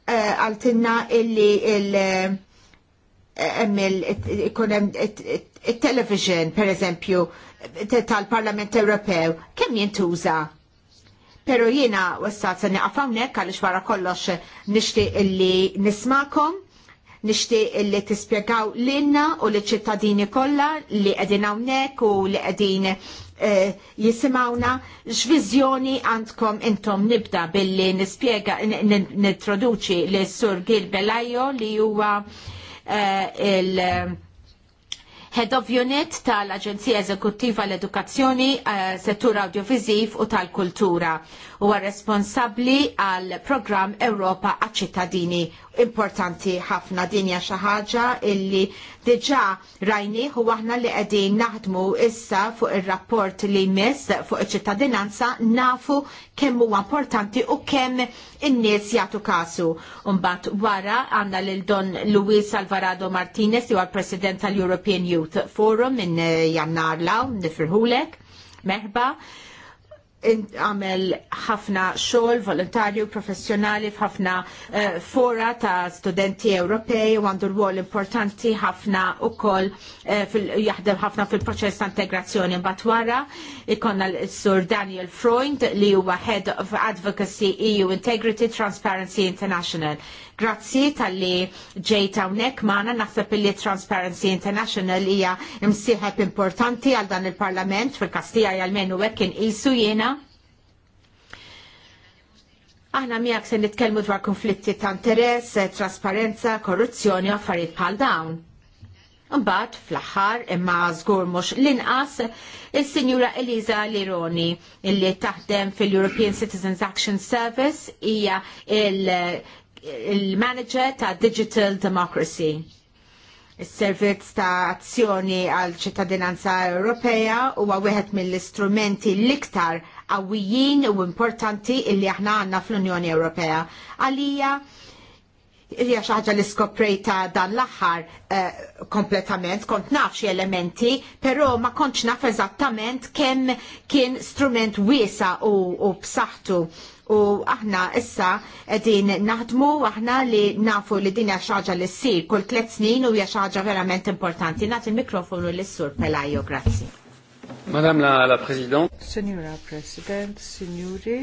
Eh, għaltinna illi il-television, eh, per eżempju, tal-Parlament Ewropew, kemm jintuża? Pero jiena wassat se naqfawnek għaliex wara kollox nixtieq illi nismakom nixtieq li tispjegaw lilna u li ċittadini kollha li qegħdin hawnhekk u li qegħdin eh, jisimawna x'viżjoni għandkom intom nibda billi nispjega nintroduċi li sur Gil Belajo li huwa eh, il Head of Unit tal-Aġenzija Eżekuttiva l-Edukazzjoni, eh, settur Audiovisiv u tal-Kultura u responsabbli għal programm Ewropa għaċ-ċittadini importanti ħafna dinja xi ħaġa illi diġà rajnieh u aħna li qegħdin naħdmu issa fuq ir-rapport li jmiss fuq iċ-ċittadinanza nafu kemm huwa importanti u kemm in-nies jagħtu kasu. Imbagħad wara għandna lil Don Luis Alvarado Martinez li huwa president tal-European Youth Forum minn Jannar Law, nifirħulek, merħba għamel ħafna xogħol volontarju professjonali f'ħafna uh, fora ta' studenti Ewropej u għandu rwol importanti ħafna ukoll uh, jaħdem ħafna fil-proċess ta' integrazzjoni mbatwara. ikonna l-sur Daniel Freund li huwa Head of Advocacy EU Integrity Transparency International Grazzi tal-li ġejta unek maħna naħseb li Transparency International hija msieħeb importanti għal dan il-Parlament fil-Kastija jgħal-menu kien isu jena. Aħna miegħek se nitkellmu dwar konflitti ta' interess, trasparenza, korruzzjoni u affarijiet bħal dawn. Mbagħad fl-aħħar imma żgur mhux l-inqas is-Sinjura Eliza Lironi illi taħdem fil-European Citizens Action Service hija il- il-manager ta' Digital Democracy il-servizz ta' azzjoni għal ċittadinanza Ewropea huwa wieħed mill-istrumenti l-iktar qawwijin u importanti illi aħna għandna fl-Unjoni Ewropea. Għalija hija xi ħaġa li skoprejta dan l-aħħar eh, kompletament, kont naf xi elementi, però ma kontx naf eżattament kemm kien strument wiesa u, u b'saħħtu u aħna issa edin naħdmu aħna li nafu li din xaġa li ssir kull tliet snin u hija xaġa verament importanti. Nat il-mikrofonu s sur Pelajo, grazzi. Madame la, la Presidente. Signora President, signori,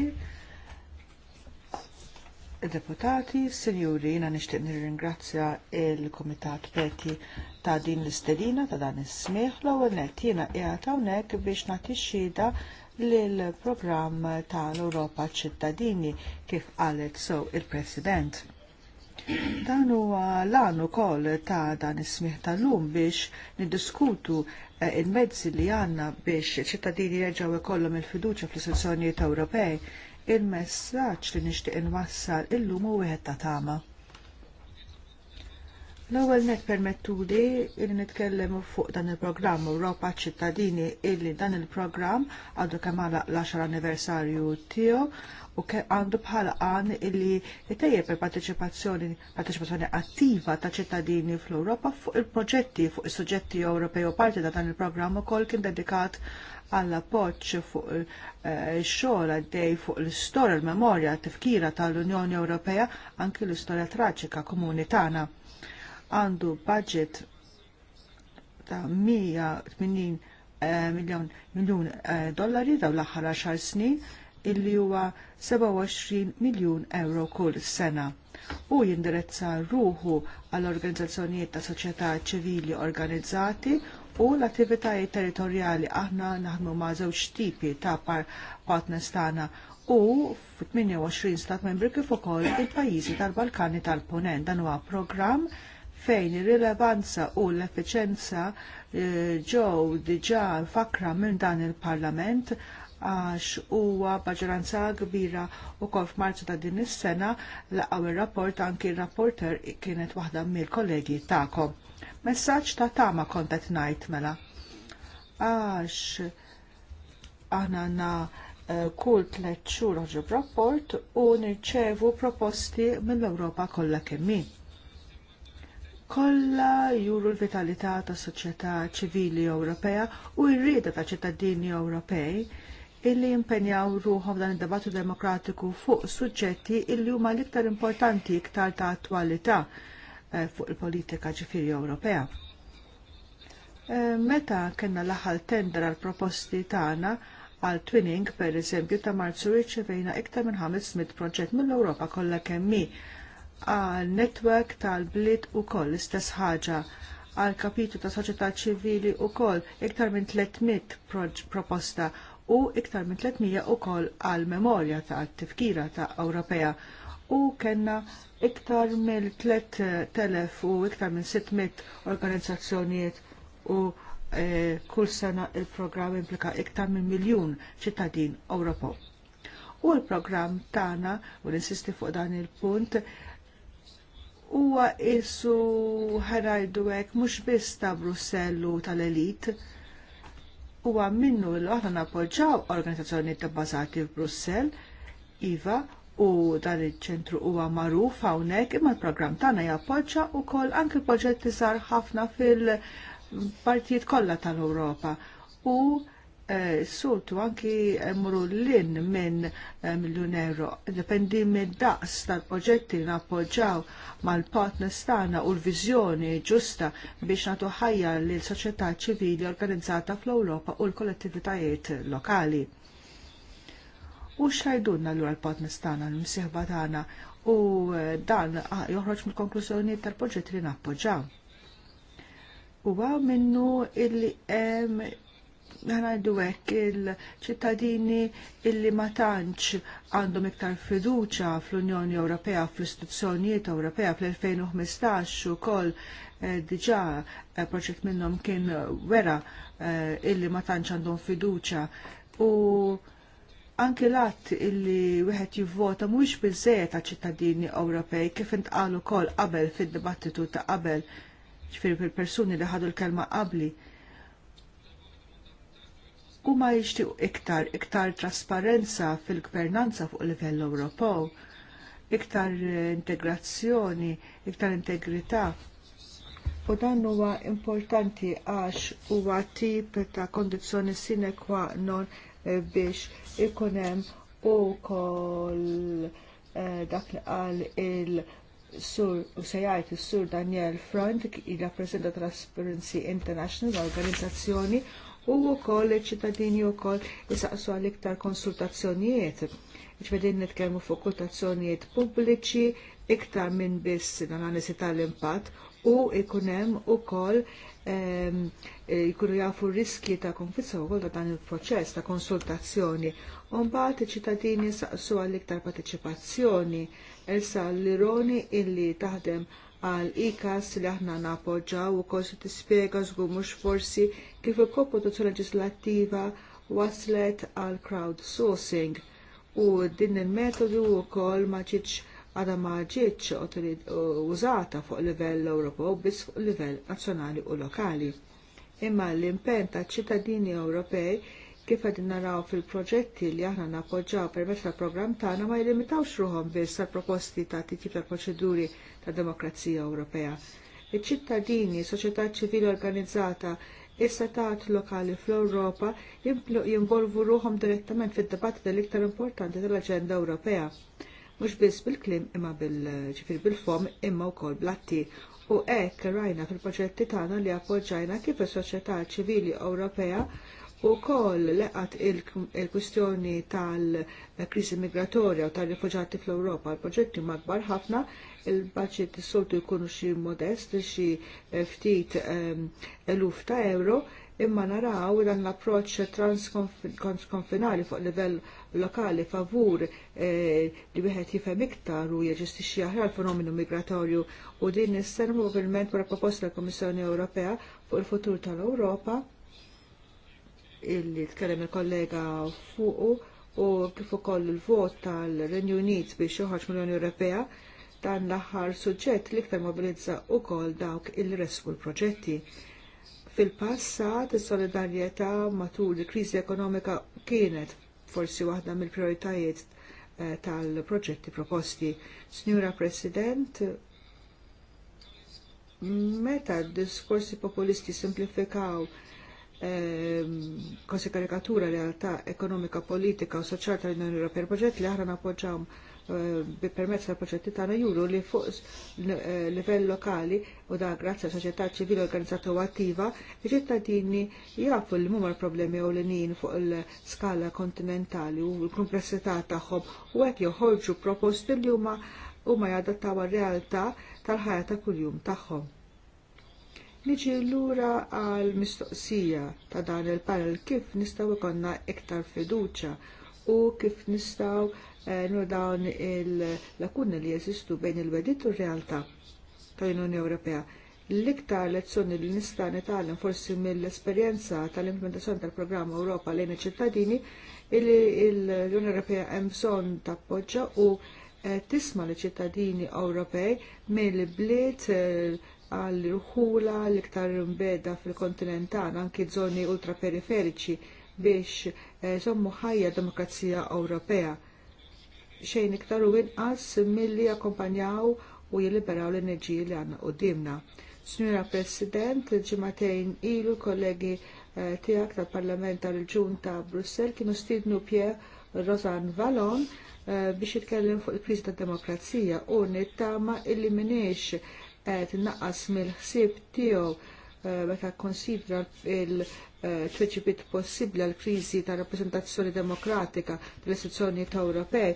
deputati, signori, jina nishtiq nirringrazzja il-Komitat Peti ta' din l-istedina ta' dan is-smieħ u ewwel nett jiena qiegħed hawnhekk biex nagħti xhieda lill-programm tal-Europa ċittadini kif qalet sew il-President. Dan huwa l-għan ukoll ta' dan is-smih tal-lum biex niddiskutu eh, il-mezzi li għandna biex ċittadini jerġgħu ikollhom il-fiduċja fl-istituzzjonijiet Ewropej il-messaġġ li nixtieq inwassal illum u wieħed ta' tama L-ewwel net permettuli li nitkellem fuq dan il-programm Europa ċittadini illi dan il-programm għandu kemm l-10 anniversarju tiegħu u għandu bħala għan illi jtejjeb il-parteċipazzjoni partecipazzjoni attiva ta' ċittadini fl-Europa fuq il-proġetti fuq is-suġġetti Ewropej u parti ta' dan il-programm ukoll kien dedikat għall appoġġ fuq ix-xogħol eh, għaddej fuq l-istorja, l-memorja, t-tifkira tal-Unjoni Ewropea anki l-istorja traġika komuni tagħna għandu budget ta' 180 eh, miljon miljon eh, dollari daw l-aħħar 10 snin illi huwa 27 miljun euro kull sena u jindirezza ruħu għall organizzazzjonijiet ta' soċjetà ċivili organizzati u l-attivitajiet territorjali aħna naħdmu ma' żewġ tipi ta' partners tagħna u f-28 stat membri kif ukoll il-pajjiżi tal-Balkani tal-Ponent dan huwa programm fejn ir-rilevanza u l-effiċenza eh, ġew diġà fakra minn dan il-Parlament għax huwa maġġoranza kbira u kol f'Marzu ta' din is-sena laqgħu ir-rapport anki r-rapporter kienet waħda mill-kollegi tagħkom. Messaġġ ta' tama kont qed ngħid mela. Għax aħna na eh, kull tliet xhur rapport u nirċevu proposti mill-Ewropa kollha kemm kollha juru l-vitalità tas soċjetà ċivili Ewropea u r-rieda ta' ċittadini Ewropej illi jimpenjaw ruħom dan id-debattu demokratiku fuq suġġetti illi huma l-iktar importanti iktar ta' attwalità eh, fuq il-politika ġifiri Ewropea. Eh, meta kena l aħħar tender għal proposti tagħna għal twinning per eżempju ta' marzu riċevejna iktar minn 500 proġett mill-Ewropa kollha kemm għal netwerk tal-bliet ukoll l-istess ħaġa għal kapitu ta' soċjetà ċivili wkoll iktar minn 300 proposta u iktar minn 300 ukoll għal memorja ta' tifkira ta' Ewropea u kellna iktar minn 3000 eh, u iktar minn 600 organizzazzjonijiet u E, kull sena il-programm implika iktar minn miljun ċittadin Ewropew. U l-programm tagħna u ninsisti fuq dan il-punt, huwa isu ħarajdu hekk mhux biss ta' Brussellu tal-elit. Huwa minnu l aħna nappoġġaw organizzazzjoni bbażati f'Brussell, iva, u dan iċ-ċentru huwa magħruf hawnhekk imma l-programm tagħna jappoġġa wkoll anke l-proġetti sar ħafna fil-partijiet kollha tal-Ewropa u Eh, S-sultu anki eh, mru l-lin minn eh, miljun euro. Dependi minn daqs tal-proġetti li nappoġġaw mal-partners tagħna u l-viżjoni ġusta biex nagħtu ħajja l soċjetà ċivili organizzata fl-Ewropa u l-kollettivitajiet lokali. U xajdunna l-għura l-partners l msihba tagħna u dan ah, joħroġ mill konklusjoni tal proġetti li nappoġġaw. Huwa minnu illi hemm ħanajdu hekk il-ċittadini illi ma tantx għandhom iktar fiduċa fl-Unjoni Ewropea, fl-istituzzjonijiet Ewropea fl-2015 u kol eh, diġa' eh, proġett minnhom kien wera eh, illi ma tantx għandhom fiduċa u anke l-att illi wieħed jivvota mhuwiex biżejjed ta' ċittadini Ewropej kif intqalu kol qabel fid-dibattitu ta' qabel ġifieri fil-persuni li ħadu l-kelma qabli u ma jixtiqu iktar iktar trasparenza fil-gvernanza fuq livell Ewropew, iktar integrazzjoni, iktar integrità. U dan huwa importanti għax huwa tip ta' kondizzjoni sine qua non eh, biex ikun hemm ukoll eh, dak li qal il- Sur u sejajt il sur Daniel Front, il-rappresenta Transparency International, l-organizzazzjoni, u wkoll iċ-ċittadini wkoll isaqsu għal iktar konsultazzjonijiet. Ġvedin nitkellmu fuq konsultazzjonijiet pubbliċi iktar minn biss l-analisi tal-impatt u ikun hemm ukoll ehm, jkunu jafu riski ta' konfizzaw u ta' dan il-proċess ta' konsultazzjoni. Umbagħad iċ-ċittadini saqsu għal iktar partiċipazzjoni, Elsa l-ironi illi taħdem għal ikas li aħna napoġġaw u kosu tispiega żgur mhux forsi kif il-komputazzju leġislattiva waslet għal crowdsourcing u din il-metodu wkoll ma ġietx għadha ma ġietx użata fuq livell Ewropew biss fuq livell nazzjonali u lokali. Imma l impenn taċ ċittadini Ewropej kif qegħdin naraw fil-proġetti li aħna nappoġġaw permezz tal-programm tagħna ma jlimitawx ruhom biss tal-proposti ta' titjib tal-proċeduri ta' demokrazija Ewropea. Iċ-ċittadini, soċjetà ċivili organizzata, is-setat lokali fl-Ewropa jinvolvu ruhom direttament fid-dibatt tal-iktar importanti tal-Aġenda Ewropea. Mhux biss bil-klim imma bil-ġifir bil-fom imma wkoll blatti. U hekk rajna fil-proġetti tagħna li appoġġajna kif is-soċjetà ċivili Ewropea u koll leqat il-kwistjoni il tal-krisi migratorja u tal-rifugġati fl-Europa. Il-proġetti magbar ħafna il-budget soltu jkunu xi modest, xi eh, ftit ehm, eluf ta' euro, imma naraw dan l-approċ transkonfinali fuq livell lokali favur eh, li wieħed jifhem iktar u jeġistixxi aħjar fenomenu migratorju u din nissermu ovvjament wara proposta l kummissjoni Ewropea fuq il-futur tal-Ewropa illi tkellem il-kollega fuqu u kif ukoll il-vot tal-Renju Unit biex joħorġ mill-Unjoni Ewropea dan l-aħħar suġġett li iktar mobilizza wkoll dawk il-respu l-proġetti. Fil-passat, is-solidarjetà matul il-kriżi ekonomika kienet forsi waħda mill-prioritajiet eh, tal-proġetti proposti. Signora President, meta diskorsi populisti simplifikaw Ehm, kosi karikatura realtà ekonomika, politika u soċjali tal-Unjoni Ewropea, proġett li aħna nappoġġawhom ehm, bi permezz tal-proġetti tagħna juru li fuq eh, livell lokali u da grazzi għal soċjetà ċivili organizzata u attiva, iċ-ċittadini jafu li u l-problemi ewlenin fuq il-skala kontinentali u l-kumplessità tagħhom u hekk joħorġu proposti li huma huma jadattaw għar-realtà tal-ħajja ta' kuljum tagħhom Niġi lura għal mistoqsija ta' dan il-panel kif nistaw ikonna iktar fiduċa u kif nistaw eh, nur dawn il-lakuni li jeżistu bejn il-wedit u r-realtà tal-Unjoni Ewropea. L-iktar lezzjoni li nista' nitgħallem forsi mill-esperjenza tal-implementazzjoni tal-programm Ewropa lejn iċ-ċittadini illi l-Unjoni Ewropea hemm bżonn tappoġġa u eh, tisma' li ċittadini Ewropej mill-bliet eh, għall-ħula l-iktar mbeda fil-kontinentan anki żoni ultraperiferiċi biex żommu eh, ħajja demokrazija Ewropea xejn iktar u inqas milli akkompanjaw u jilliberaw l-enerġiji li u dimna. Signora President, ġimatejn ilu kollegi eh, tiegħek tal-Parlament tal-Ġun ta' Brussell kienu stidnu Pierre Rosan Vallon eh, biex jitkellem fuq il kriz tad demokrazija u nittama illi minix tnaqqas mill-ħsieb tiegħu eh, meta konsidra il-tweġibit possibbli għal kriżi ta' rappreżentazzjoni demokratika tal-istituzzjonijiet Ewropej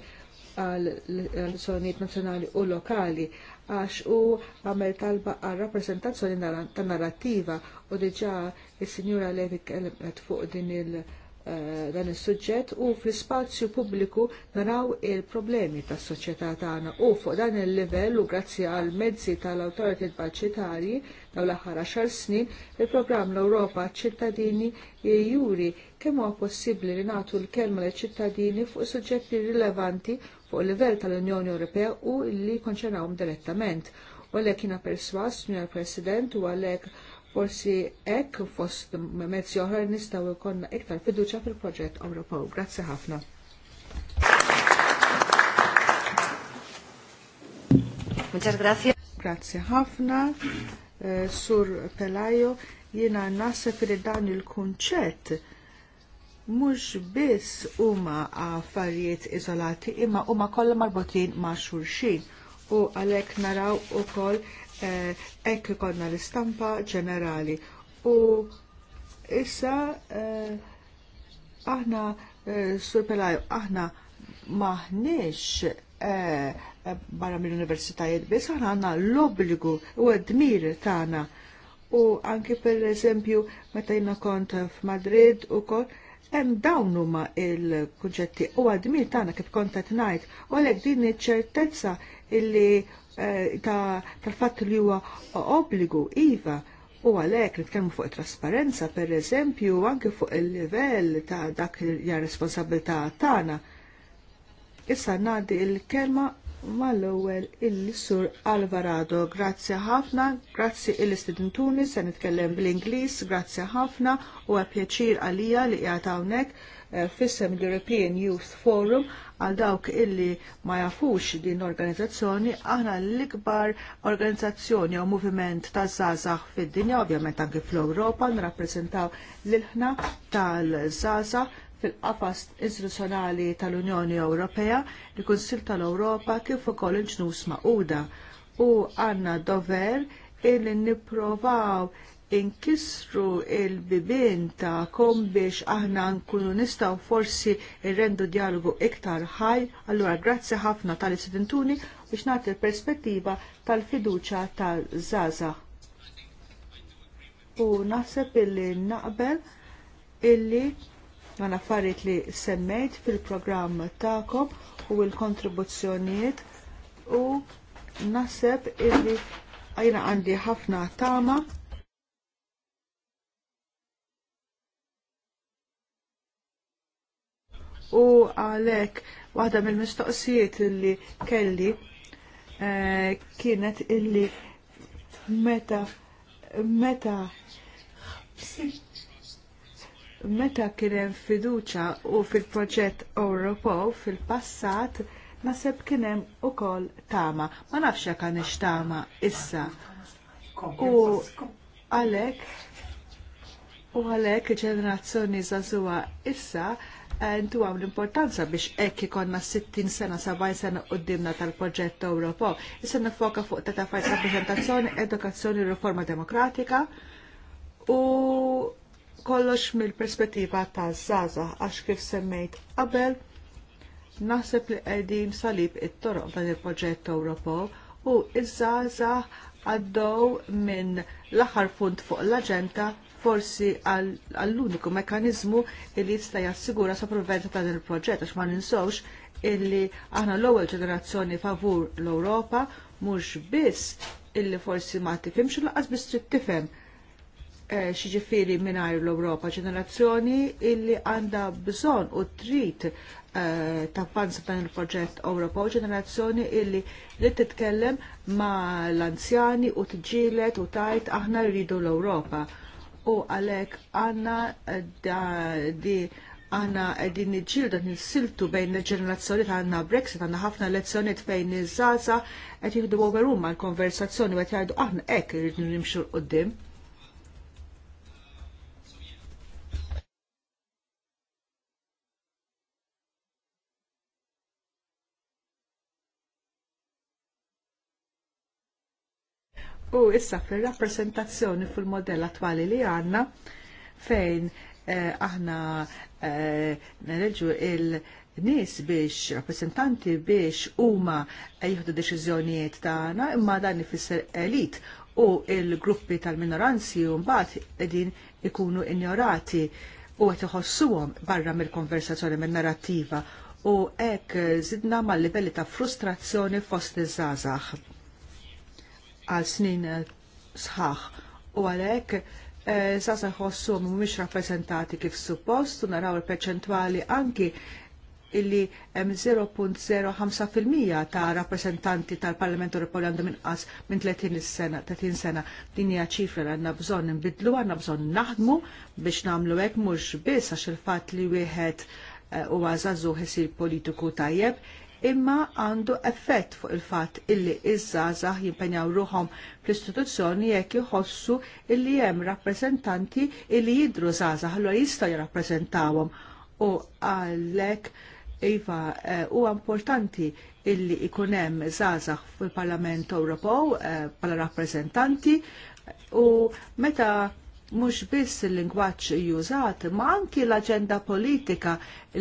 għal istituzzjonijiet nazzjonali u lokali għax u għamel talba għal rappreżentazzjoni ta' narrativa u diġà is-Sinjura Levi kellem fuq din il- Eh, dan is-suġġett u fl-ispazju pubbliku naraw il-problemi tas-soċjetà tagħna u fuq dan il-livell u grazzi għal mezzi tal-awtorità budġetarji dawn l-aħħar għaxar snin il-programm l-Ewropa ċittadini juri kemm huwa possibbli li nagħtu l-kelma l ċittadini fuq suġġetti rilevanti fuq il-livell tal-Unjoni Ewropea u li konċernawhom direttament. U għalhekk jiena perswas, President, u għalhekk Forsi hekk fost mezzi oħra nistaw ikonna iktar fiduċa fil-proġett Ewropew. Grazzi ħafna. Muchas gracias. Grazie ħafna, eh, Sur Pelajo. Jina nasib li dan il-kunċett mhux biss huma affarijiet izolati imma huma kollha marbutin ma' xulxin u għalhekk naraw ukoll hekk eh, ikollna l-istampa ġenerali. U issa eh, aħna eh, Sur pelaju, aħna maħniex barra mill-universitajiet, biss aħna għandna l-obbligu u d-dmir tagħna. U anki per eżempju meta jina kont f'Madrid u kol, hemm dawn huma il kunċetti u għadmir tagħna kif kont qed ngħid, u għalhekk din iċ-ċertezza illi eh, tal-fatt li huwa obbligu iva u għalhekk li tkellmu fuq trasparenza pereżempju anke fuq il-livell ta' dak li responsabilità tagħna. Issa ngħaddi l kelma mal-ewwel il-Sur Alvarado. Grazzi ħafna, grazzi il-istudentuni se nitkellem bl-Ingliż, grazzi ħafna u pjaċir għalija li qiegħed hawnhekk Eh, fissem l-European Youth Forum għal dawk illi ma jafux din organizzazzjoni, aħna l-ikbar organizzazzjoni u moviment ta' zazax fid-dinja, ovvjament anki fl-Europa, nirrappreżentaw l-ħna tal-zazax fil-qafas istituzzjonali tal-Unjoni Ewropea, li kunsil tal-Ewropa kif ukoll il-ġnus uda. u għandna dover illi nipprovaw inkisru il-bibin kom biex aħna nkunu nistaw forsi rendu dialogu iktar ħaj. allora grazzi ħafna tal-istudentuni biex nagħti perspettiva tal-fiduċa tal-żaza. U naħseb illi naqbel illi ma affarijiet li semmejt fil-programm ta'kom u l-kontribuzzjonijiet u naħseb illi għajna għandi ħafna tama u għalhekk waħda mill-mistoqsijiet illi kelli eh, kienet illi meta meta meta kien hemm fiduċja u fil-proġett Europo fil-passat naseb kien hemm ukoll tama. Ma nafx kan għandix tama issa. U għalek u għalek ġenerazzjoni żagħżugħa issa ntu għaw l-importanza biex ekk konna 60 sena, 70 sena qoddimna tal-proġett Ewropo. Issa nifoka fuq ta' fajta prezentazzjoni, edukazzjoni, riforma demokratika u kollox mill-perspettiva ta' zaza għax kif semmejt qabel naħseb li qegħdin salib it-toroq dan il-proġett Ewropo u iż-żaza għaddew minn l-aħħar punt fuq l-aġenda forsi għall-uniku mekanizmu li jista' jassigura sopravivenza ta' din il-proġett għax ma ninsewx illi aħna l-ewwel ġenerazzjoni favur l-Ewropa mhux biss illi forsi ma tifhimx laqas biss trid tifhem eh, xiġifieri mingħajr l-Ewropa ġenerazzjoni illi għandha bżonn u trid ta' eh, tavvanza dan il-proġett Ewropa u ġenerazzjoni illi li titkellem ma l-anzjani u tġilet u tajt aħna rridu l-Ewropa u għalhekk għanna eh, di għanna din nġilda nil-siltu bejn il-ġenerazzjoni għanna Brexit, għanna ħafna lezzjoniet fejn iż-żaza, għed jihdu overum għal konversazzjoni għed jgħidu aħna ek rridu nimxu l-qoddim. U issa fil-rappresentazzjoni fil-modell attwali li għanna fejn eh, aħna eh, il- nis biex, rappresentanti biex huma eh, jieħdu deċiżjonijiet tagħna imma dan ifisser elit u il-gruppi tal-minoranzi u mbagħad qegħdin ikunu injorati u qed iħossuhom barra mill-konversazzjoni min-narrattiva u hekk żidna eh, mal-livelli ta' frustrazzjoni fost iż-żgħażagħ għal snin eh, sħaħ u għalhekk eh, sa se ħossuhom mhumiex rappreżentati kif suppost u naraw il-perċentwali anki illi hemm 0.05% ta' rappreżentanti tal-Parlament Ewropew għandu għandhom inqas minn 30 sena, 30 sena. Din hija ċifra li għandna bżonn nbidlu, għanna bżonn naħdmu biex nagħmlu hekk mhux biss għax il-fatt li wieħed u għazazu ħesir politiku tajjeb, imma għandu effett fuq il-fatt illi iż żazax jimpenjaw ruhom fl-istituzzjoni jekk jħossu illi hemm rappreżentanti illi jidru żgħażagħ allura jistgħu jirrappreżentawhom u għalhekk Iva, eh, huwa uh, importanti illi ikun hemm żgħażagħ fil-Parlament Ewropew eh, bħala rappreżentanti u meta mhux biss il-lingwaġġ jużat, ma anki l-aġenda politika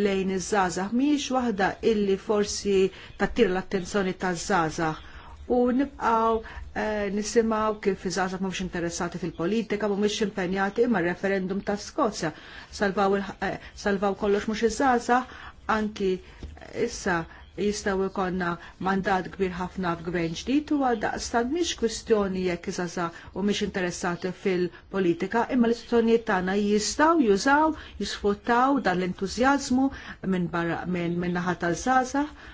lejn iż żazax mhijiex waħda illi forsi tattir l-attenzjoni taż żazax u nibqaw eh, nisimaw kif iż żazax mhumiex interessati fil-politika, mhumiex impenjati imma referendum ta' Skozja salvaw, eh, salvaw kollox mhux iż żazax anki issa jistaw ikonna mandat kbir ħafna f'gvern ġdid u għaldaqstant mhix kwistjoni jekk iżaza u mhix interessati fil-politika, imma l-istituzzjonijiet tagħna jistgħu jużaw, jisfruttaw dan l-entużjażmu minn barra minn min naħa tal-żgħażagħ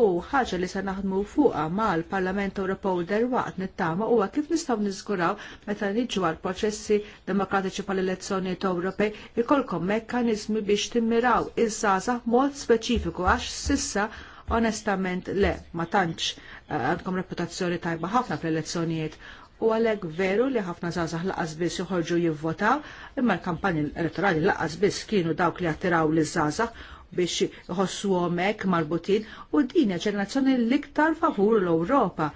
U ħaġa li se naħdmu fuqha mal-Parlament Ewropew derwaqt nittama huwa kif nistgħu niżguraw meta niġu għal proċessi demokratiċi bħall elezzjonijiet Ewropej ikolkom mekkaniżmi biex timmiraw iż-żgħażagħ mod speċifiku għax sissa Onestament, le, ma tantx eh, għandkom reputazzjoni tajba ħafna fl-elezzjonijiet u għalek veru li ħafna zazah laqas biss joħorġu jivvotaw, imma l-kampanji elettorali laqas biss kienu dawk li attiraw li zazah biex jħossu għomek marbutin u din ġenerazzjoni l-iktar favur l-Europa.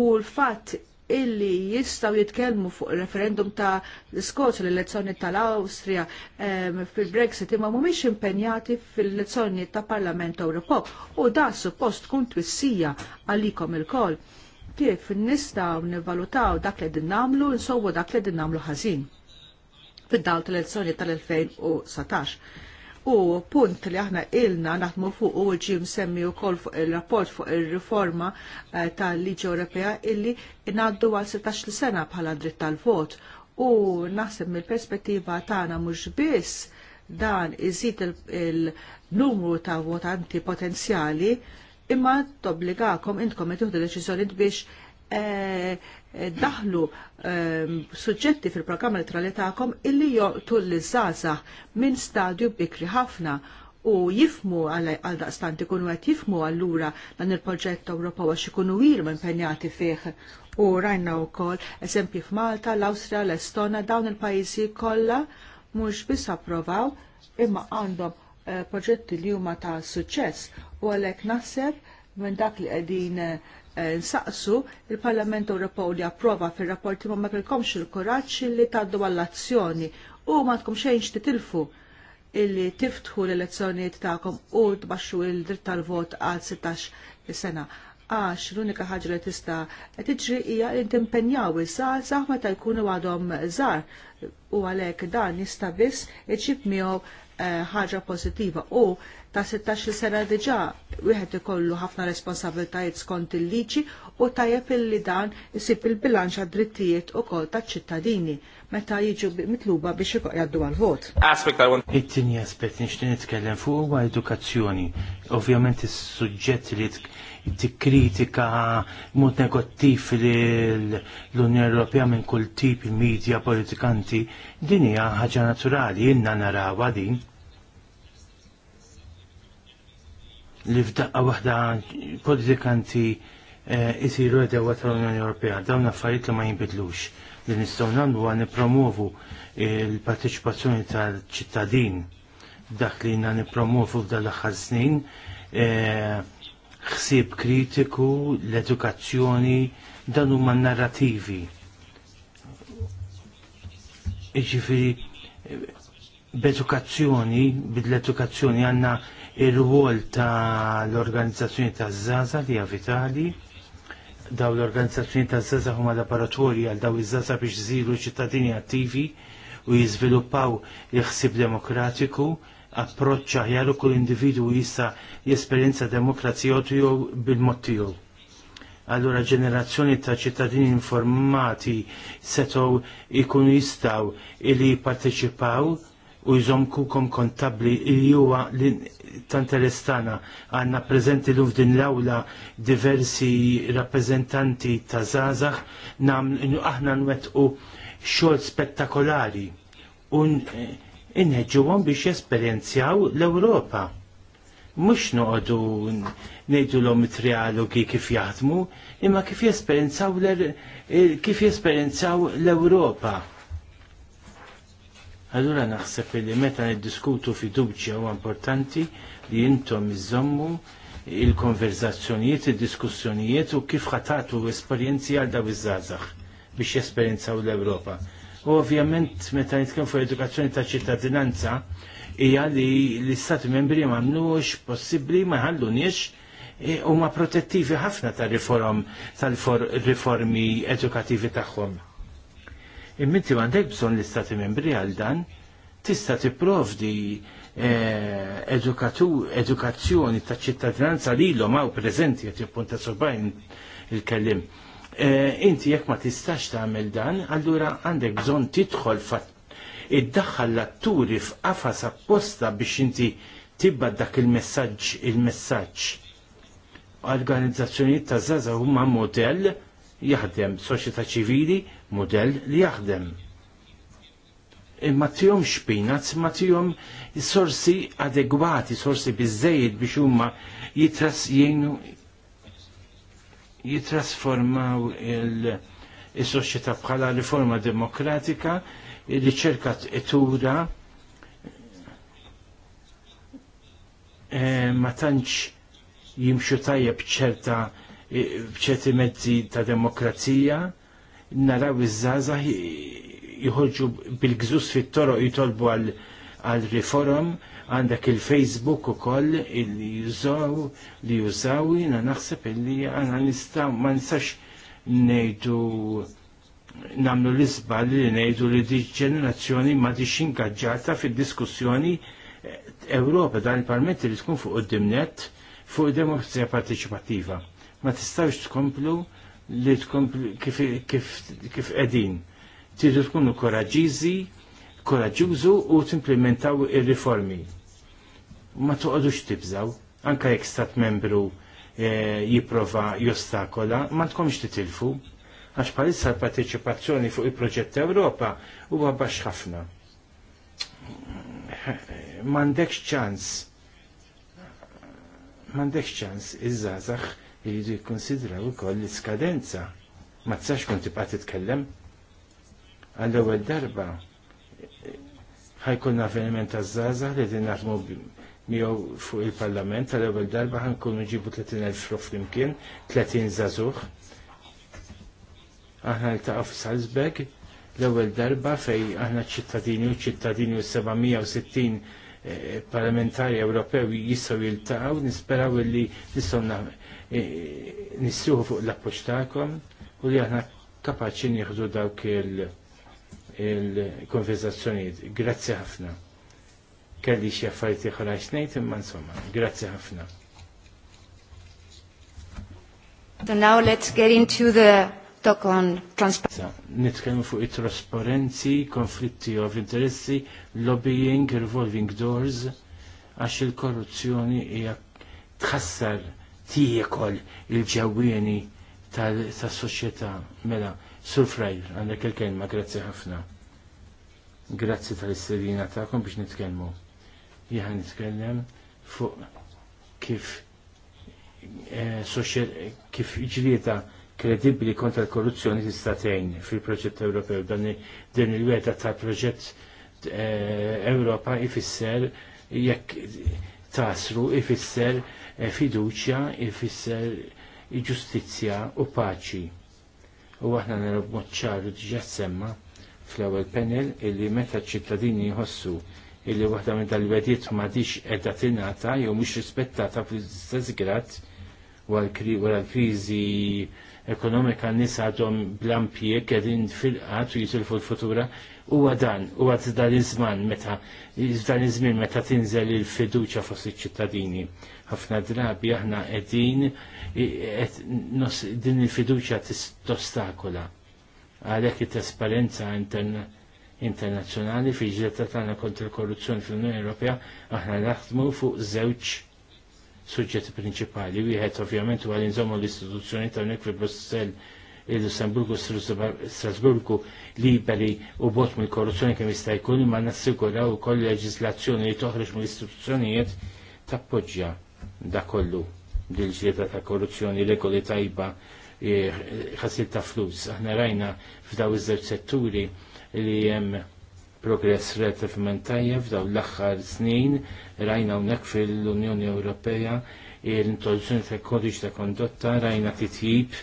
U l-fat illi jistaw jitkellmu fuq referendum ta' Skozja l-elezzjoni tal-Awstrija fil-Brexit imma mhumiex impenjati fil-elezzjoni ta' Parlament Ewropew u da suppost tkun twissija għalikom il-kol kif nistaw nivvalutaw dak li din nagħmlu insowu dak li din nagħmlu ħażin fid-dawl tal-elezzjoni tal 2017 U punt li aħna ilna naħdmu fuq u ġim semmi wkoll fuq ir rapport fuq ir riforma eh, tal-Liġi Ewropea illi ngħaddu għal 16 sena bħala dritt tal-vot. U naħseb mill-perspettiva tagħna mhux biss dan iżid il-numru ta' votanti potenzjali imma tobbligakom intkom qed tieħdu deċiżjonijiet biex eh, daħlu ehm, suġġetti fil-programm elettorali tagħkom illi joqtu l-żgħażagħ minn stadju bikri ħafna u jifmu għal daqstant ikunu qed jifmu allura dan il-proġett Ewropa għax ikunu ilhom impenjati fih. U rajna wkoll eżempju f'Malta, l austria l-Estona, dawn il-pajjiżi kollha mhux biss approvaw imma għandhom eh, proġetti li huma ta' suċċess u għalhekk naħseb minn dak li qegħdin eh, nsaqsu il-Parlament Ewropew li approva fir-rapporti ma kellkomx il-kuraġġ li tgħaddu għall-azzjoni u ma tkom xejn titilfu illi tiftħu l-elezzjonijiet tagħkom u tbaxxu l-dritt tal-vot għal 16 sena għax l-unika ħaġa li tista' tiġri hija li timpenjaw is-salsa meta jkunu għadhom żgħar u għalhekk dan jista' biss iġib miegħu eh, ħaġa pożittiva u ta' 16 sena diġà wieħed ikollu ħafna responsabiltajiet skont il-liġi u tajjeb illi dan isib il-bilanċ għad-drittijiet ukoll taċ-ċittadini meta jiġu mitluba biex jgħaddu għal-vot. It-tieni aspett nixtieq nitkellem fuq huwa edukazzjoni. Ovvjament is-suġġett li tikkritika mod negattiv l-Unjoni Ewropea minn kull tip il-medja politikanti din hija ħaġa naturali inna narawha din li f'daqqa waħda politikanti jisiru eh, edewa tal-Unjoni Ewropea. Dawn affarijiet li ma jinbidlux li nistgħu nagħmlu għan nippromovu l parteċipazzjoni tal-ċittadin dak li jina f'dan l aħħar snin eh, ħsieb kritiku, l-edukazzjoni, dan huma narrativi. Iġifieri b'edukazzjoni, bidl-edukazzjoni għandna il-wol ta' l-organizzazzjoni ta' Zaza li għavitali. daw l-organizzazzjoni ta' Zaza huma laboratorji għal daw iż-Zaza biex ziru ċittadini attivi u jiżviluppaw l-ħsib demokratiku approċċa ħjaru kull individu jista' jesperjenza demokrazija tiegħu bil mottiju tiegħu. Allura ġenerazzjoni ta' ċittadini informati setgħu jkunu jistgħu li jipparteċipaw u jżomkukom kontabli li huwa tantelestana għanna prezenti l din l-awla diversi rappresentanti ta' zazax nam aħna nwet u xol spettakolari un għom biex esperienzjaw l-Europa. Mux noqdu nejdu l-om trialogi kif jaħdmu, imma kif jesperienzaw eh, l-Europa. Allura naħseb li meta niddiskutu fiduċja huwa importanti li intom iżommu il-konverzazzjonijiet, il-diskussjonijiet u kif ħatatu esperjenzi għal daw iż-żgħażagħ biex jesperjenzaw l-Ewropa. U ovvjament meta nitkellmu fuq edukazzjoni ta' ċittadinanza hija li l-Istati membri ma għamlux possibbli ma u e, huma protettivi ħafna tal tal-riformi edukativi tagħhom imminti għandek bżon l-istati membri għal dan, tista tipprovdi eh, edukazzjoni ta' ċittadinanza li l-om għaw prezenti għet jippunta sobajn il-kellim. Eh, inti jekk ma tistax tagħmel dan, allura għandek bżon tidħol id-daħħal l-atturi f'qafas apposta biex inti tibba dak il-messaġġ il-messaġġ. Organizzazzjonijiet ta' Zaza huma model jaħdem soċjetà ċivili modell li jaħdem. Imma tijom xpinaz, ma tijom sorsi adegwati, sorsi bizzejed biex huma jitras jienu jitrasformaw il-soċjetà il bħala riforma demokratika li ċerkat etura e, eh, ma tantx jimxu tajjeb ċerta bċerti eh, mezzi ta' demokrazija naraw iż-żazah jħorġu bil-gżus fit-toroq jitolbu għal reform għandek il-Facebook u koll li jużaw li jużaw jina naħseb illi għana nistaw ma nistax nejdu namlu l isbal li nejdu li di ġenerazzjoni ma di xingaġġata fil-diskussjoni eh, Ewropa dan il-parlament li tkun fuq id-dimnet fuq id-demokrazija partiċipativa. Ma tistawx tkomplu li tkun kif, kif, kif edin. Tidu tkunu koraġizi, koraġużu u timplementaw il-riformi. Ma toqodux tibżaw, anka jek stat membru e, eh, jiprofa jostakola, ma tkomx titilfu, għax palissa l-parteċipazzjoni fuq il-proġett Ewropa huwa baxx ħafna. M'għandekx ċans. M'għandekx ċans iż-żazax jiridu jikkonsidraw ukoll l-iskadenza. Ma tsax kun tibqa' titkellem. Għall-ewwel darba ħajkun avveniment taż-żgħażagħ li din naħdmu miegħu fuq il-Parlament għall ewwel darba ħankunu ġibu 30,000 ruħ flimkien, 30 żagħżugħ. Aħna ltaqgħu f'Salzburg l-ewwel darba fej aħna ċittadini u ċittadini u 760 eh, parlamentari Ewropew jistgħu jiltaqgħu nisperaw li nistgħu E, nissuħu fuq l-appoġġ tagħkom u li aħna kapaċi nieħdu dawk il konverzazzjoniet grazzi ħafna. Kelli xie affarijiet ieħor ngħid imma insomma, grazzi ħafna. So now let's get into the talk on transparency. Nitkellmu fuq it-trasparenzi, konflitti of interessi, lobbying, revolving doors, għax il-korruzzjoni hija tħassar tiekol il ġawieni tas-soċjetà. Mela, sur għandek il-kelma, grazzi ħafna. Grazzi tal-istedina ta'kom biex nitkellmu. jħan nitkellem fuq kif eh, kif ġrieta kredibli kontra l-korruzzjoni tista' tgħin fil-proġett Ewropew dan il weta tal-proġett eh, Ewropa ifisser jekk tasru ifisser E fiduċja ifisser ġustizzja u paċi. U aħna nerob moċċaru ċaru diġà semma fl-ewwel panel illi meta ċittadini jħossu illi waħda minn tal-wedijiet m'għadix qiegħda tingħata jew mhux rispettata fl-istess grat wara l-kriżi ekonomika n għadhom blampijek qegħdin fil-qatt u jitilfu l-futura huwa dan, huwa dan iż meta dan iż-żmien meta tinżel il-fiduċja fos iċ-ċittadini. Ħafna drabi aħna qegħdin din il-fiduċja tistostakola. Għalhekk it-trasparenza internazzjonali fi ġletta tagħna kontra l-korruzzjoni fl-Unjoni Ewropea aħna naħdmu fuq żewġ suġġetti prinċipali. Wieħed ovvjament huwa li nżommu l-istituzzjoni tal-nek fi Brussell il-Lussemburgu, Strasburgu liberi u bot mill korruzzjoni kemm jista' jkun imma nassiguraw ukoll leġislazzjoni li toħroġ mill-istituzzjonijiet tappoġġja da kollu dil-ġlieda ta' korruzzjoni regoli tajba e, ħasil ta' flus. Aħna rajna f'daw iż-żewġ setturi li hemm progress relativament tajjeb f'daw l-aħħar snin rajna hawnhekk fil-Unjoni Ewropea l-introduzzjoni ta' kodiċ ta' kondotta rajna titjib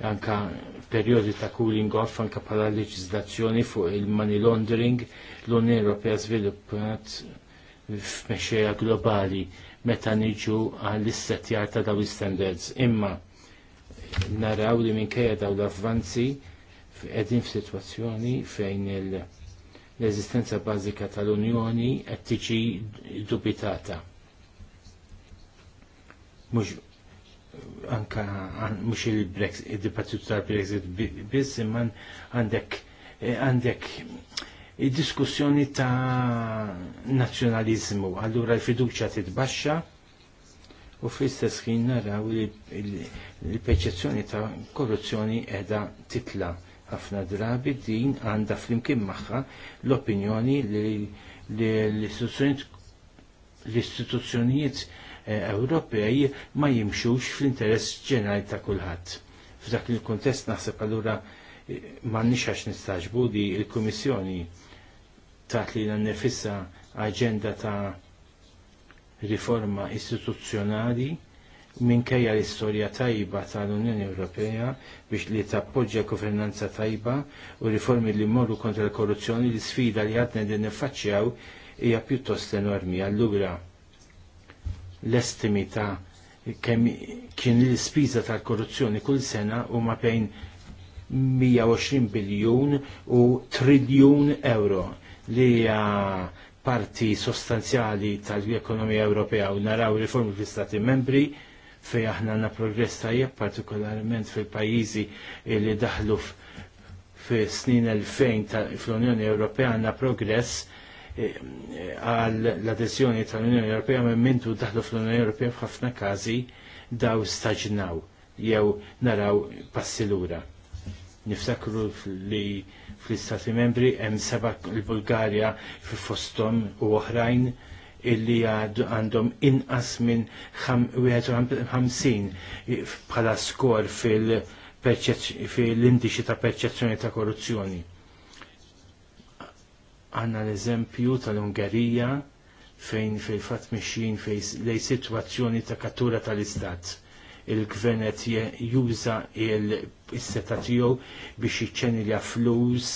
anka periodi ta' cooling off anka pala leġizlazzjoni fuq il-money laundering l-Unjoni Ewropea żviluppat f'mexxejja globali meta niġu għall issettjar ta' dawn standards. Imma naraw li minkejja daw l-avvanzi qegħdin f'sitwazzjoni fejn l-eżistenza bażika tal-Unjoni qed tiġi dubitata. Mhux anka mhux il-Dipartit tal-Brexit biss imma għandek eh, għandek diskussjoni ta' nazzjonaliżmu, allura l-fiduċja titbaxxa u fl-istess ħin naraw li l-perċezzjoni ta' korruzzjoni qiegħda titla' ħafna drabi din għandha flimkien magħha l-opinjoni li l-istituzzjonijiet Ewropej ma jimxux fl-interess ġenerali ta' kulħadd. F'dak il-kuntest naħseb allura eh, m'għandniex għax nistaġbu li l-Kummissjoni taħt li nifissa aġenda ta' riforma istituzzjonali minkejja l-istorja tajba tal-Unjoni Ewropea biex li tappoġġja governanza tajba u riformi li morru kontra l-korruzzjoni li sfida li għadna din niffaċċjaw hija pjuttost enormi. Allura l-estimi ta' kemm kien l-ispiża tal-korruzzjoni kull sena huma bejn 120 biljun u triljun euro li hija parti sostanzjali tal-ekonomija Ewropea u naraw riformi fl-Istati membri fej aħna na progress tajjeb partikolarment fil-pajjiżi li daħlu f snin 2000 fl-Unjoni Ewropea għandna progress għal l-adesjoni tal-Unjoni Ewropea minn mintu daħlu fl-Unjoni Ewropea f'ħafna każi daw staġnaw jew naraw passi lura. Niftakru li fl-Istati Membri hemm seba' l-Bulgarja fi u oħrajn illi għandhom inqas minn 51 bħala skor fil-indiċi ta' perċezzjoni ta' korruzzjoni Għanna l-eżempju tal-Ungerija fejn fil-fat mixin fejn lej situazzjoni ta' kattura tal-istat. Il-gvern qed juża il-seta tiegħu biex jiċċenilja flus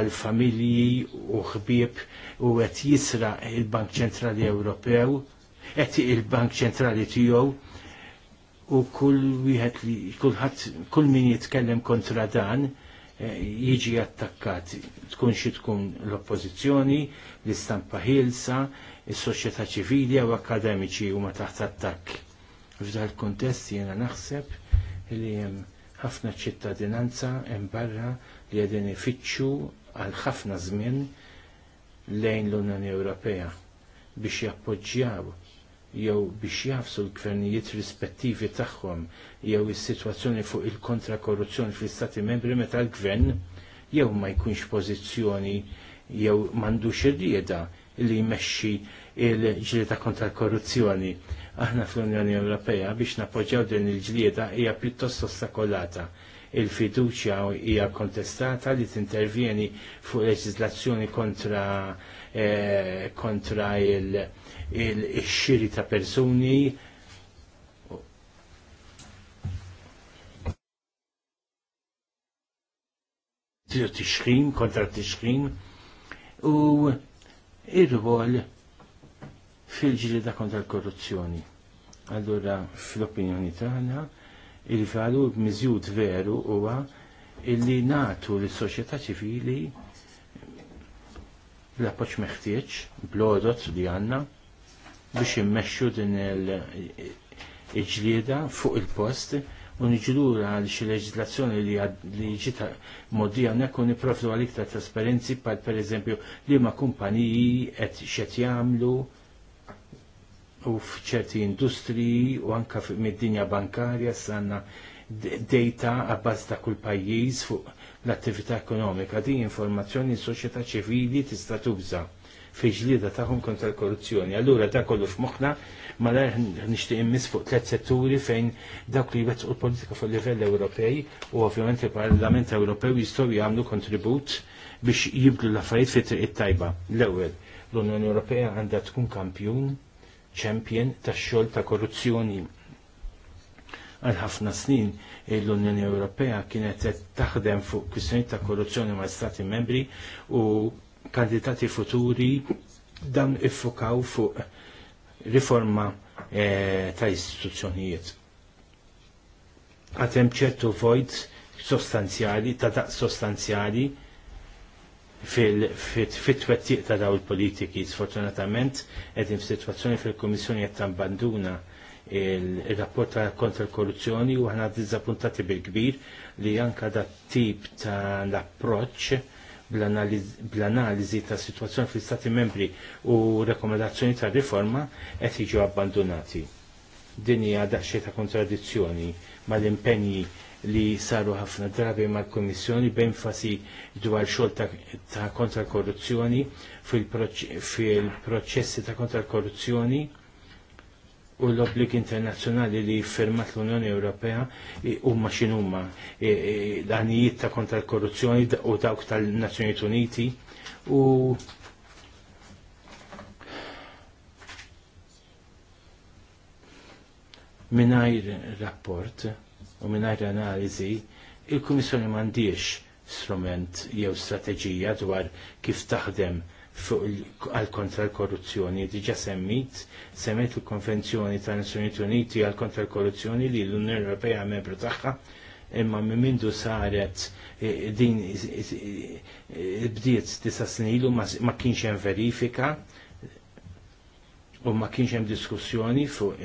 għal familji u ħbieb u qed jisra il-Bank Ċentrali Ewropew, qed il-Bank Ċentrali tiegħu u kull wieħed li kulħadd kull min jitkellem kontra dan Eh, jiġi attakkat. Tkun xi tkun l-oppożizzjoni, l-istampa ħilsa, is-soċjetà ċivili u akademiċi huma taħt attakk. F'dal kuntest jiena naħseb li hemm ħafna ċittadinanza hemm barra li qegħdin ifittxu għal ħafna żmien lejn l-Unjoni Ewropea biex jappoġġjaw jew biex jafsu l-gvernijiet rispettivi tagħhom jew is-sitwazzjoni fuq il-kontra korruzzjoni fl-Istati membri meta l-gvern jew ma jkunx pożizzjoni jew m'għandux ir-rieda li jmexxi il-ġlieda kontra l-korruzzjoni. Aħna fl-Unjoni Ewropea biex napoġġaw din il-ġlieda hija pjuttost ostakolata il-fiduċja hija kontestata li tintervjeni fuq leġiżlazzjoni kontra, eh, kontra il- il-xiri ta' persuni tixħim, kontra tixħim u ir-rwol fil-ġilida kontra l-korruzzjoni. Allora, fl-opinjoni tagħna, il-valur miżjud veru huwa illi natu l soċjetà ċivili l-appoċ meħtieġ, blodot li għanna, biex immexxu din il-ġlieda fuq il-post u niġlura għal xi leġislazzjoni li ġiet modija hawnhekk u niprofdu għal iktar trasparenzi bħal pereżempju li ma kumpaniji qed xed jagħmlu u f'ċerti industriji u anka mid-dinja bankarja s-sanna data għabbaż ta' kull pajjiż fuq l-attività ekonomika. Di informazzjoni s-soċjetà ċivili tista' tuża fi ġlida tagħhom kontra l-korruzzjoni. Allura ta' kollu ma la' nixtieq immiss fuq tliet setturi fejn dak li jwettqu l-politika fuq livell Ewropej u ovvjament il-Parlament Ewropew jistgħu jagħmlu kontribut biex jibdlu l-affarijiet fi triq tajba. L-ewwel, l-Unjoni Ewropea għandha tkun kampjun, champion tax-xogħol ta' korruzzjoni għal ħafna snin l-Unjoni Ewropea kienet taħdem fuq kwistjoni ta' korruzzjoni ma' stati membri u kandidati futuri dan iffokaw fuq riforma eh, ta' istituzzjonijiet. Għatem ċertu vojt sostanzjali, ta' daq sostanzjali fil-twettiq ta' daw il-politiki. Sfortunatament, edin f-situazzjoni fil-Komissjoni qed tambanduna il-rapport ta' kontra l-korruzzjoni u għana dizzapuntati bil-kbir li janka da' tip ta' l-approċ bl-analiżi ta' situazzjoni fl-Istati membri u rekomendazzjoni ta' riforma qed jiġu abbandonati. Din hija daqsxejn ta' kontradizzjoni mal-impenji li saru ħafna drabi mal-Komissjoni b'enfasi dwar xogħol ta', ta kontra korruzzjoni fil-proċessi fil ta' kontra korruzzjoni u l-obbligi internazzjonali li firmat l-Unjoni Ewropea huma x'inhuma l-għanijiet ta' kontra l-korruzzjoni u dawk tal-Nazzjonijiet Uniti u minajr rapport u minajr analizi il-Kummissjoni mandiex strument jew strateġija dwar kif taħdem għal kontra l-korruzzjoni. Diġa semmit, semmit il-Konvenzjoni ta' nazzjonijiet Uniti għal kontra l-korruzzjoni li l-Unjoni Ewropea membru tagħha imma mimindu saret e, din e, e, bdiet disa snilu ma kienx hemm verifika u ma kienx hemm diskussjoni fuq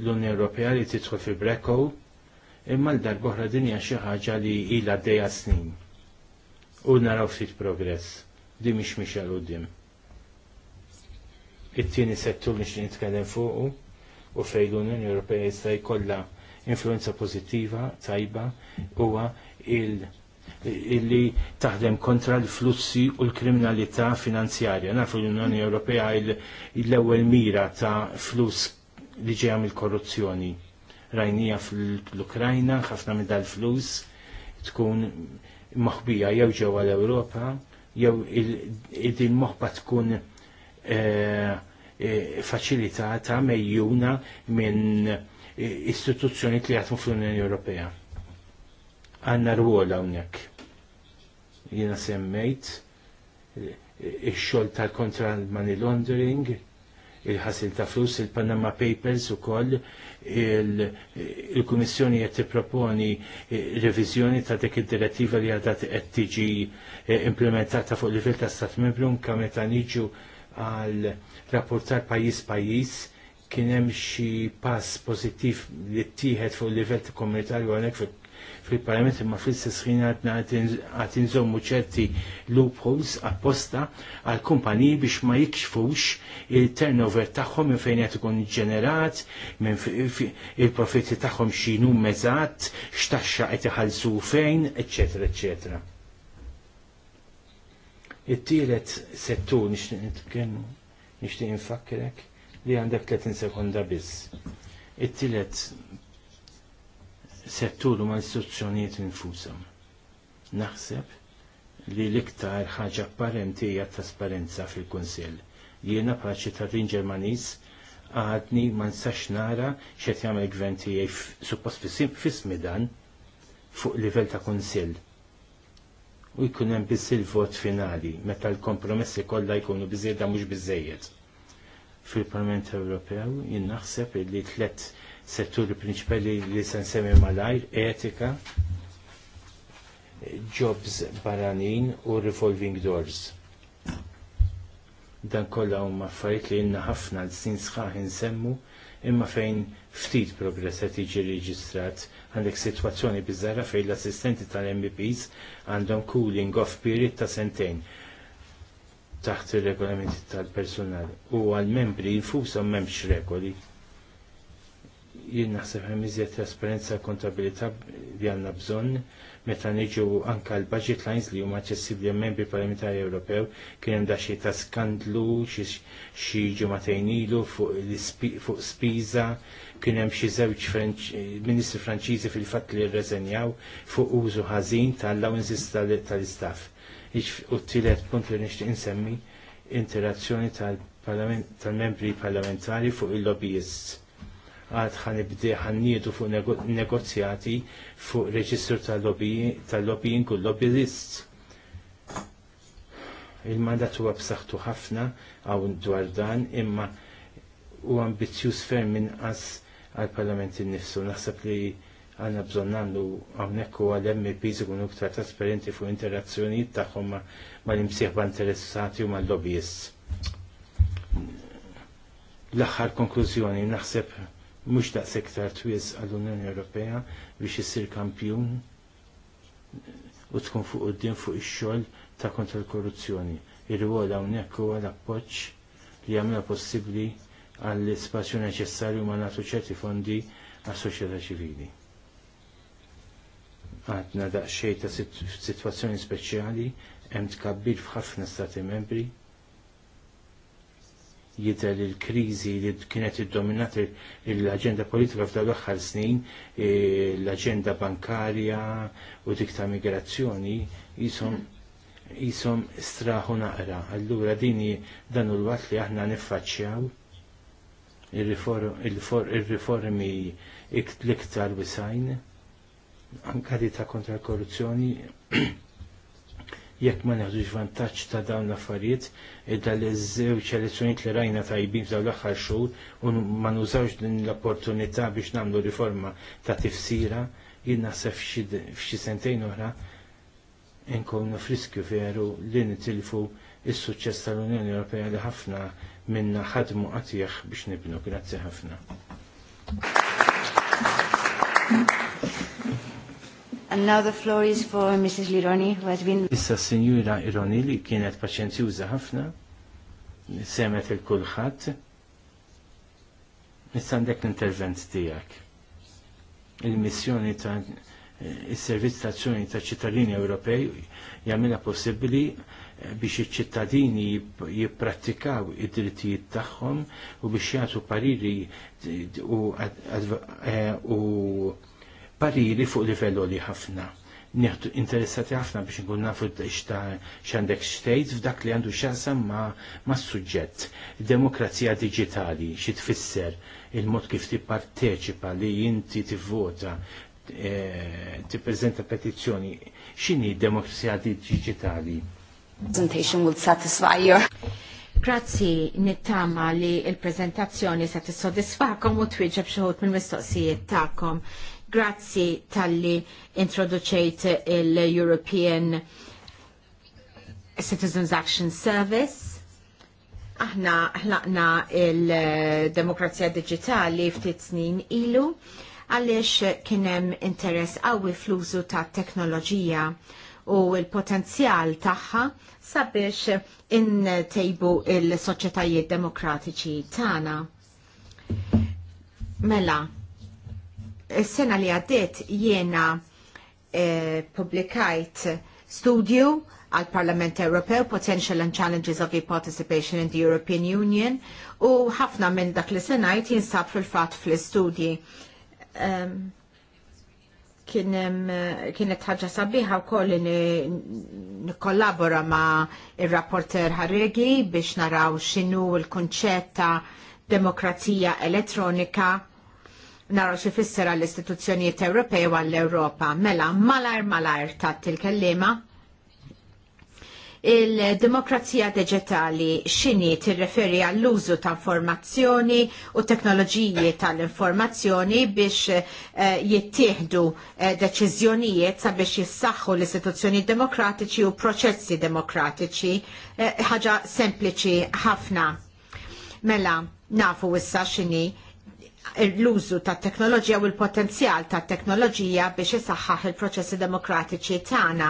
l-Unjoni Ewropea li tidħol fi Breko imma l-darbohra dinja xi ħaġa li ilha dejja snin u naraw ftit progress di mhix mhix għal quddiem. It-tieni settur li nitkellem fuq u fejn l-Unjoni Ewropea jista' jkollha influenza pożittiva tajba huwa il illi taħdem kontra l-flussi u l-kriminalità finanzjarja. Nafu l-Unjoni Ewropea l-ewwel mira ta' flus li ġejja mill-korruzzjoni. Rajnija fl-Ukrajna, ħafna minn dal-flus tkun maħbija jew ġewwa l-Ewropa jew din moħba tkun eh, eh, faċilitata mejjuna minn eh, istituzzjoni li għatmu fl-Unjoni Ewropea. Għanna rwol hawnhekk. Jiena semmejt ix-xogħol tal-kontra l-money laundering, il-ħasil ta' flus, il-Panama Papers u koll, il-Kummissjoni qed tipproponi eh, reviżjoni ta' dik id-direttiva li għadha qed tiġi eh, implementata fuq livell ta' Stat Membru anke meta niġu għal rapportar pajjiż pajjiż kien hemm xi pass pożittiv li ttieħed fuq livell komunitarju għalhekk fil-parlament imma fil istess ħin għad inżommu ċerti loopholes apposta għal kumpaniji biex ma jikxfux il-turnover tagħhom minn fejn qed ikun ġenerat, minn il-profitti tagħhom x'inhu mezzat, x'taxxa qed iħallsu fejn, eċċetera, eċċetera. It-tielet settur nixtieq nitkellmu, nixtieq infakkerek li għandek 30 sekonda biss. il tielet settur u ma' istituzzjonijiet infusam. Naħseb li l-iktar ħaġa apparenti hija trasparenza fil-Kunsill. Jiena bħal ċittadin Ġermaniż għadni ma nsax nara x'qed jagħmel gvern tiegħi suppost fismi dan fuq livell ta' Kunsill. U jkun hemm biss il-vot finali meta l-kompromessi kollha jkunu biżejda mhux biżejjed. Fil-Parlament Ewropew jien naħseb li tliet setturi principali li se nsemmi malajr, etika, jobs baranin u revolving doors. Dan kollha huma affarijiet li jenna ħafna l-snin sħaħ insemmu imma fejn ftit progress qed reġistrat għandek sitwazzjoni biżara fejn l-assistenti tal-MBPs għandhom cooling off period ta' sentejn taħt ir regolamenti tal-personal u għal-membri jinfushom m'hemmx regoli jien naħseb hemm iżjed trasparenza kontabilità li għandna bżonn meta niġu anka l-budget lines li huma aċċessibbli membri parlamentari Ewropew kien hemm daxxi ta' skandlu xi ġimagħtejn ilu fuq spiża kien hemm xi żewġ ministri Franċiżi fil-fatt li rreżenjaw fuq użu ħażin tal-allowances tal-istaff. U t-tielet punt li nixtieq insemmi interazzjoni tal-membri parlamentari fuq il-lobbyists għad għan ħanniedu fuq negozjati fuq reġistru tal-lobbying u lobbyist. Il-mandat huwa b'saħħtu ħafna għaw dwar dan imma u ambizzjuż ferm inqas għal-Parlament innifsu. Naħseb li għanna bżon namlu għamnek u għal-MPs ikunu iktar trasparenti fuq interazzjonijiet tagħhom mal-imsieħba interessati u mal-lobbyists l-axħar konklużjoni naħseb mhux ta' sektar twiz għall-Unjoni Ewropea biex issir kampjun u tkun fuq din fuq ix-xogħol ta' kontra l-korruzzjoni. il rwol hawnhekk huwa l-appoġġ li jagħmilha possibbli għall spazju neċessarju ma nagħtu ċerti fondi għas-soċjetà ċivili. Għadna daqsxejn ta' situazzjoni speċjali hemm tkabbir f'ħafna stati membri jidher il-kriżi li kienet iddominat l-aġenda politika f'dawn l-aħħar snin, e, l-aġenda bankarja u dik ta' migrazzjoni jisom jisom straħu naqra. Allura dini dan u l-wat li aħna niffaċċjaw il-riformi l-iktar wisajn, anka li ta' kontra l-korruzzjoni *clears throat* jekk ma neħdux vantaġġ ta' dawn l-affarijiet idda li żewġ elezzjonijiet li rajna tajbin f'dawn l-aħħar xhur u ma nużawx din l-opportunità biex nagħmlu riforma ta' tifsira jien naħseb f'xi sentejn oħra nkunu friskju veru li nitilfu is-suċċess tal-Unjoni Ewropea li ħafna minna ħadmu qatih biex nibnu. Grazzi ħafna. And now the floor is for Mrs. Lironi, who has been... Issa signora Ironi li kienet paċenzjuża ħafna, semet il-kulħat, issa l-intervent tijak. Il-missjoni ta' il-servizz ta' azzjoni ta' ċittadini Ewropej jagħmilha possibbli biex iċ-ċittadini jipprattikaw id-drittijiet tagħhom u biex jagħtu pariri u eh, pariri fuq livello li ħafna. Nieħdu interessati ħafna biex nkun nafu x'għandek xtejt f'dak li għandu x'jaqsam ma' suġġett. Demokrazija digitali xi tfisser il-mod kif tipparteċipa li inti tivvota e, tippreżenta petizzjoni x'inhi demokrazija digitali. Presentation will satisfy you. Grazzi nittama li il-prezentazzjoni se tissodisfakom u twiġeb xi ħut mill-mistoqsijiet tagħkom. Grazzi tal-li introduċejt il-European Citizens Action Service. Aħna ħlaqna il-demokrazija digitali ftit snin ilu għaliex kienem interess qawwi fl-użu ta' teknoloġija u l-potenzjal tagħha sabiex intejbu il-soċjetajiet demokratiċi tagħna. Mela, s-sena li għaddiet jiena eh, publikajt studju għal Parlament Ewropew Potential and Challenges of E-Participation in the European Union u ħafna minn dak li senajt jinsab fil-fat fl-istudji. Eh, kienet ħagġa sabiħa wkoll li nikkollabora ma' ir-rapporter Ħarregi biex naraw x'inhu l-kunċett ta' demokrazija elettronika naro xie fissera għall-istituzzjonijiet Ewropej u għall-Ewropa. Mela, malar malar ta' il-kellima. Il-demokrazija digitali xini tirreferi għall-użu ta' informazzjoni u teknoloġiji tal-informazzjoni biex eh, jittieħdu eh, deċiżjonijiet sabiex jissaħħu l-istituzzjoni demokratiċi u proċessi demokratiċi. Eh, ħaġa sempliċi ħafna. Mela, nafu issa xini l-użu ta' teknoloġija u l-potenzjal ta' teknoloġija biex jisaxħaħ il-proċessi demokratiċi tagħna.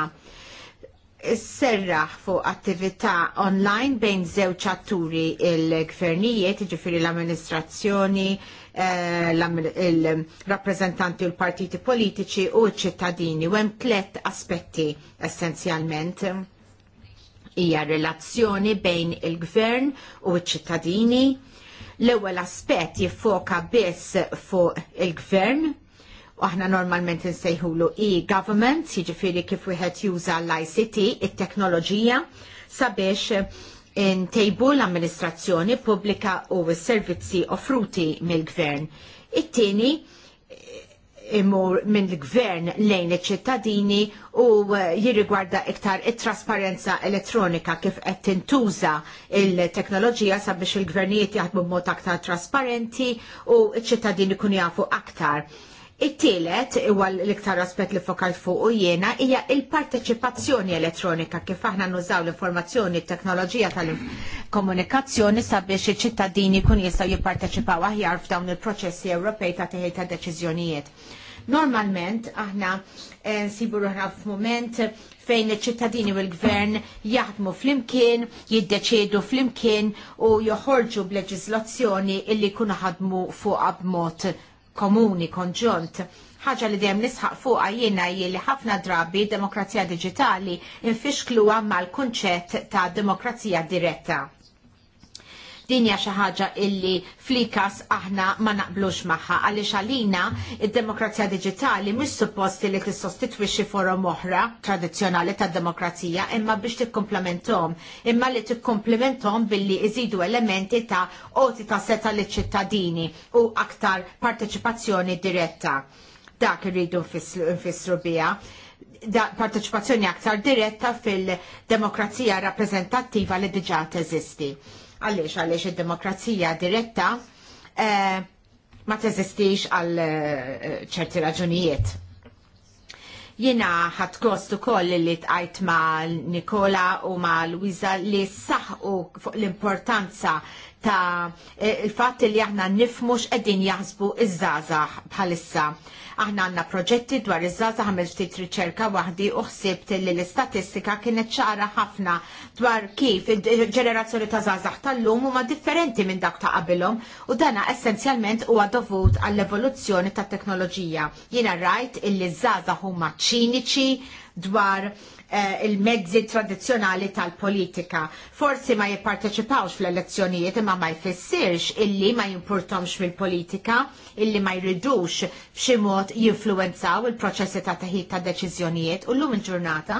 Serraħ fuq attività online bejn żewġ atturi il-gvernijiet, ġifiri l-amministrazzjoni, eh, il-rappresentanti u l-partiti politiċi u ċittadini, u hemm tliet aspetti essenzjalment hija relazzjoni bejn il-gvern u ċ-ċittadini, L-ewwel aspett jiffoka biss fuq il-gvern u aħna normalment nsejħulu e-government, jiġifieri kif wieħed juża l-ICT, it-teknoloġija sabiex ntejbu l-amministrazzjoni pubblika u s-servizzi offruti mill-gvern. It-tieni imur minn l-gvern lejn iċ-ċittadini u eh, jirrigwarda iktar it-trasparenza elettronika kif qed tintuża il-teknoloġija sabiex il-gvernijiet jaħdmu b'mod aktar trasparenti u iċ ċittadini kun jafu aktar. It-tielet huwa l-iktar aspett li fokalt fuq u jiena hija il-parteċipazzjoni elettronika kif aħna nużaw l-informazzjoni t-teknoloġija tal-komunikazzjoni sabiex iċ-ċittadini kun jistgħu jipparteċipaw aħjar f'dawn il-proċessi Ewropej ta' teħil ta' deċiżjonijiet. Normalment aħna eh, nsibu ruħna f'mument fejn iċ-ċittadini u l-gvern jaħdmu fl-imkien, jiddeċedu fl-imkien u joħorġu b'leġislazzjoni illi kunu ħadmu fuq b'mod komuni, konġunt. ħaġa li dejjem nisħaq fuqha għajjina li ħafna drabi demokrazija diġitali infixkluha mal-kunċett ta' demokrazija diretta Din hija xi ħaġa illi flikas aħna ma naqblux magħha għaliex għalina id-demokrazija diġitali mhux supposti li tissostitwixxi forom oħra tradizzjonali tad-demokrazija imma biex tikkomplementhom, imma li tikkomplementhom billi iżidu elementi ta' oti ta' seta' li ċittadini u aktar parteċipazzjoni diretta. Dak irridu nfissru biha da parteċipazzjoni aktar diretta fil-demokrazija rappreżentattiva li diġà teżisti. Għaliex, għaliex id-demokrazija diretta eh, ma teżistix għal eh, ċerti raġunijiet. Jena ħat kost u koll li tqajt ma Nikola u ma Luisa li saħu fuq l-importanza ta' e, il fat li aħna nifmux qegħdin jaħsbu iż-żgħażagħ bħalissa. Aħna għandna proġetti dwar iż-żgħażagħ għamil ftit riċerka waħdi u ħsibt li l-istatistika kienet ċara ħafna dwar kif il-ġenerazzjoni ta' żgħażagħ tal-lum huma differenti minn dak ta' qabilhom u dana essenzjalment huwa dovut għall-evoluzzjoni tat teknoloġija. Jiena rajt illi żgħażagħ huma ċiniċi dwar Eh, il-mezzi tradizzjonali tal-politika. Forsi ma jipparteċipawx fl-elezzjonijiet imma ma jfissirx illi ma jimpurtomx mill-politika, illi ma jridux b'xi mod jinfluenzaw il-proċessi ta' taħid ta' deċiżjonijiet u llum il-ġurnata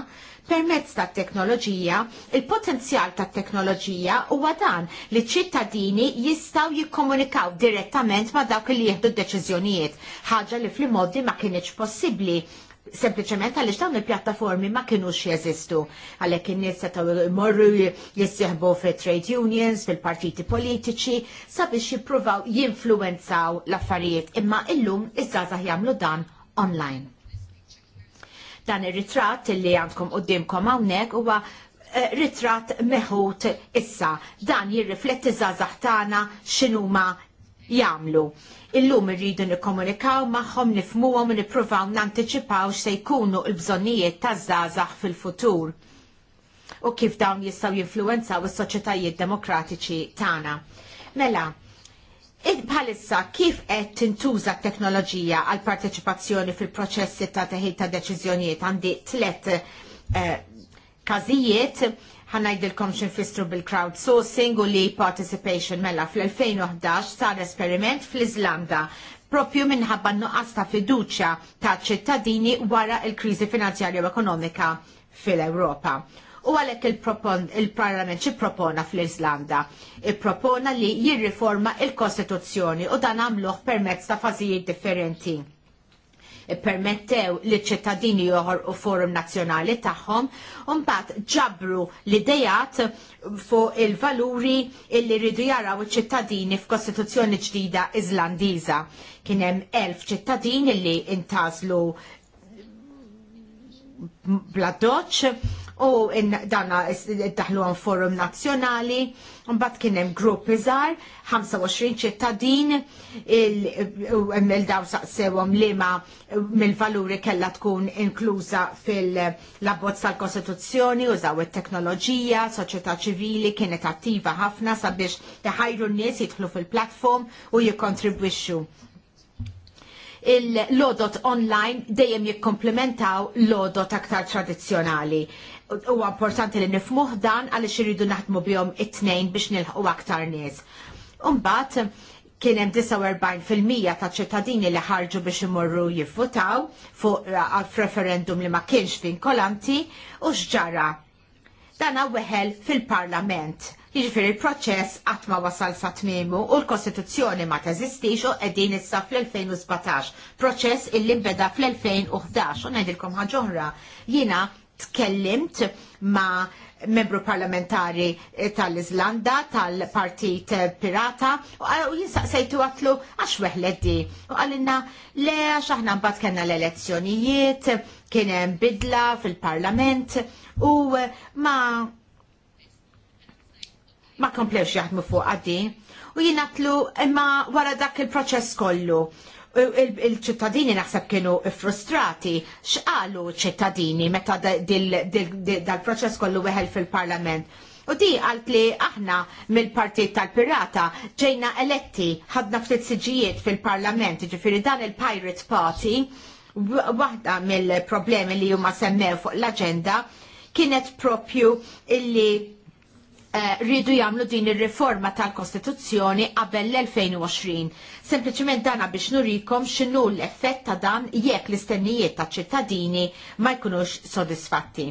permezz ta' teknoloġija, il-potenzjal ta' teknoloġija huwa dan li ċittadini jistaw jikkomunikaw direttament ma' dawk li jieħdu d deċiżjonijiet, ħaġa li fl-modi ma kinitx possibbli sempliciment għalix dawn il-pjattaformi ma kienux jeżistu għalek in-nies setgħu jmorru jissieħbu fi trade unions, fil-partiti politiċi sabiex jippruvaw jinfluwenzaw l-affarijiet imma illum iż-żgħażagħ jagħmlu dan online. Dan ir-ritratt li għandkom qudiemkom hawnhekk huwa eh, ritratt meħut issa. Dan jirrifletti żgħażagħ tagħna x'inhuma Jamlu Illum irridu nikkomunikaw magħhom nifmuhom u nippruvaw nanticipaw x'se jkunu l-bżonnijiet taż-żgħażagħ fil-futur u kif dawn jistgħu jinfluwenzaw is-soċjetajiet demokratiċi tagħna. Mela, Bħalissa kif qed tintuża t-teknoloġija għal parteċipazzjoni fil-proċessi ta' teħid ta' deċiżjonijiet għandi tlet eh, każijiet ħanajdilkom xinfistru bil-crowdsourcing u li participation mela fl-2011 sar esperiment fl-Izlanda propju minħabba nuqqas ta' fiduċja ta' ċittadini wara il-kriżi finanzjarja u ekonomika fil-Ewropa. U għalek il-Parlament il propona fl-Islanda. Ippropona li jirriforma il-Kostituzzjoni u dan għamluħ permezz ta' fażijiet differenti permettew li ċittadini joħor u forum nazzjonali tagħhom, u ġabru l-idejat fuq il-valuri illi rridu jaraw iċ-ċittadini f'Kostituzzjoni ġdida Iżlandiża. Kien hemm elf ċittadini li intażlu bla u dana daħlu għan forum nazjonali, bat kienem grupp iżar, 25 ċittadin, il-daw saqsewom li ma mill-valuri kella tkun inkluża fil-labbozz tal-Kostituzzjoni, użaw it-teknoloġija, soċjetà ċivili kienet attiva ħafna sabiex iħajru n-nies jidħlu fil-platform u jikkontribwixxu il-lodot online dejjem jikkomplementaw lodot aktar tradizzjonali huwa importanti li nifmuh dan għaliex iridu naħdmu bihom it-tnejn biex nilħu aktar nies. Umbagħad kien hemm 49% ta' ċittadini li ħarġu biex imorru jivvutaw fuq eh, referendum li ma kienx vinkolanti u x'ġara. Dan weħel fil-Parlament. Jiġifieri il-proċess qatt ma wasal sa tmiemu u l-Kostituzzjoni ma teżistix u qegħdin issa fl-2017. Proċess illi nbeda fl-2011 u ngħidilkom ħaġa oħra. Jiena tkellimt ma' membru parlamentari tal-Iżlanda, tal-Partit Pirata, u jinsaqsejtu għatlu għax weħleddi. U għalina le għax aħna mbagħad kellna l-elezzjonijiet, kien hemm bidla fil-Parlament u ma ma komplewx jaħdmu fuq għaddi. U jinatlu imma wara dak il-proċess kollu il-ċittadini naħseb kienu frustrati x'qalu ċittadini meta dal-proċess kollu weħel fil-parlament. U di għalt li aħna mill-partit tal-pirata ġejna eletti ħadna ftit siġijiet fil-parlament, ġifiri dan il-Pirate Party, waħda mill-problemi li huma semmew fuq l-agenda, kienet propju illi Eh, rridu jagħmlu din ir-riforma tal-Kostituzzjoni qabel l-2020. Sempliċiment dana biex nurikom x'inhu l-effett ta' dan jekk l-istennijiet ta' ċittadini ma jkunux sodisfatti.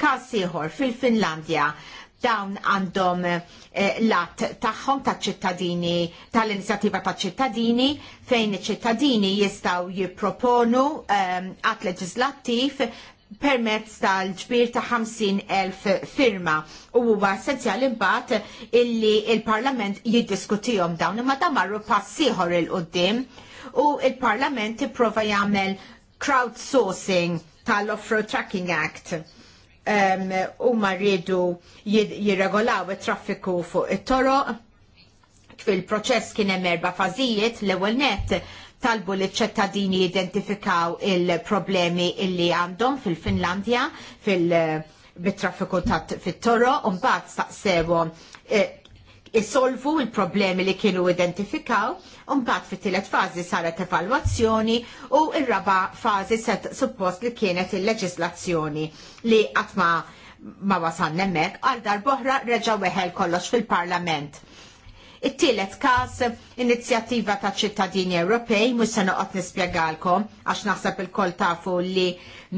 Każ ieħor fil-Finlandja dawn għandhom eh, lat tagħhom ta' ċittadini tal-inizjattiva ta' ċittadini fejn iċ-ċittadini jistgħu jipproponu għat ehm, leġislattiv permezz tal-ġbir ta' 50.000 firma u huwa essenzjali mbagħad illi il-Parlament jiddiskutihom dawn imma dan marru pass ieħor il qudiem u il-Parlament ipprova jagħmel crowdsourcing tal offro Tracking Act u ma rridu jirregolaw it-traffiku fuq it-toroq fil-proċess kien hemm erba' fażijiet l-ewwel nett talbu li t-ċettadini identifikaw il-problemi illi għandhom fil-Finlandja fil-traffiku eh, fit-toro un bat staqsewu eh, isolvu il-problemi li kienu identifikaw, bat fit tielet fazi saret evalwazzjoni u il-raba fazi set suppost li kienet il-leġislazzjoni li għatma ma wasan nemmek għal darboħra reġa weħel kollox fil-parlament. It-tielet każ inizjattiva ta' ċittadini Ewropej, mhux se noqgħod nispjegalkom għax naħseb il-kol tafu li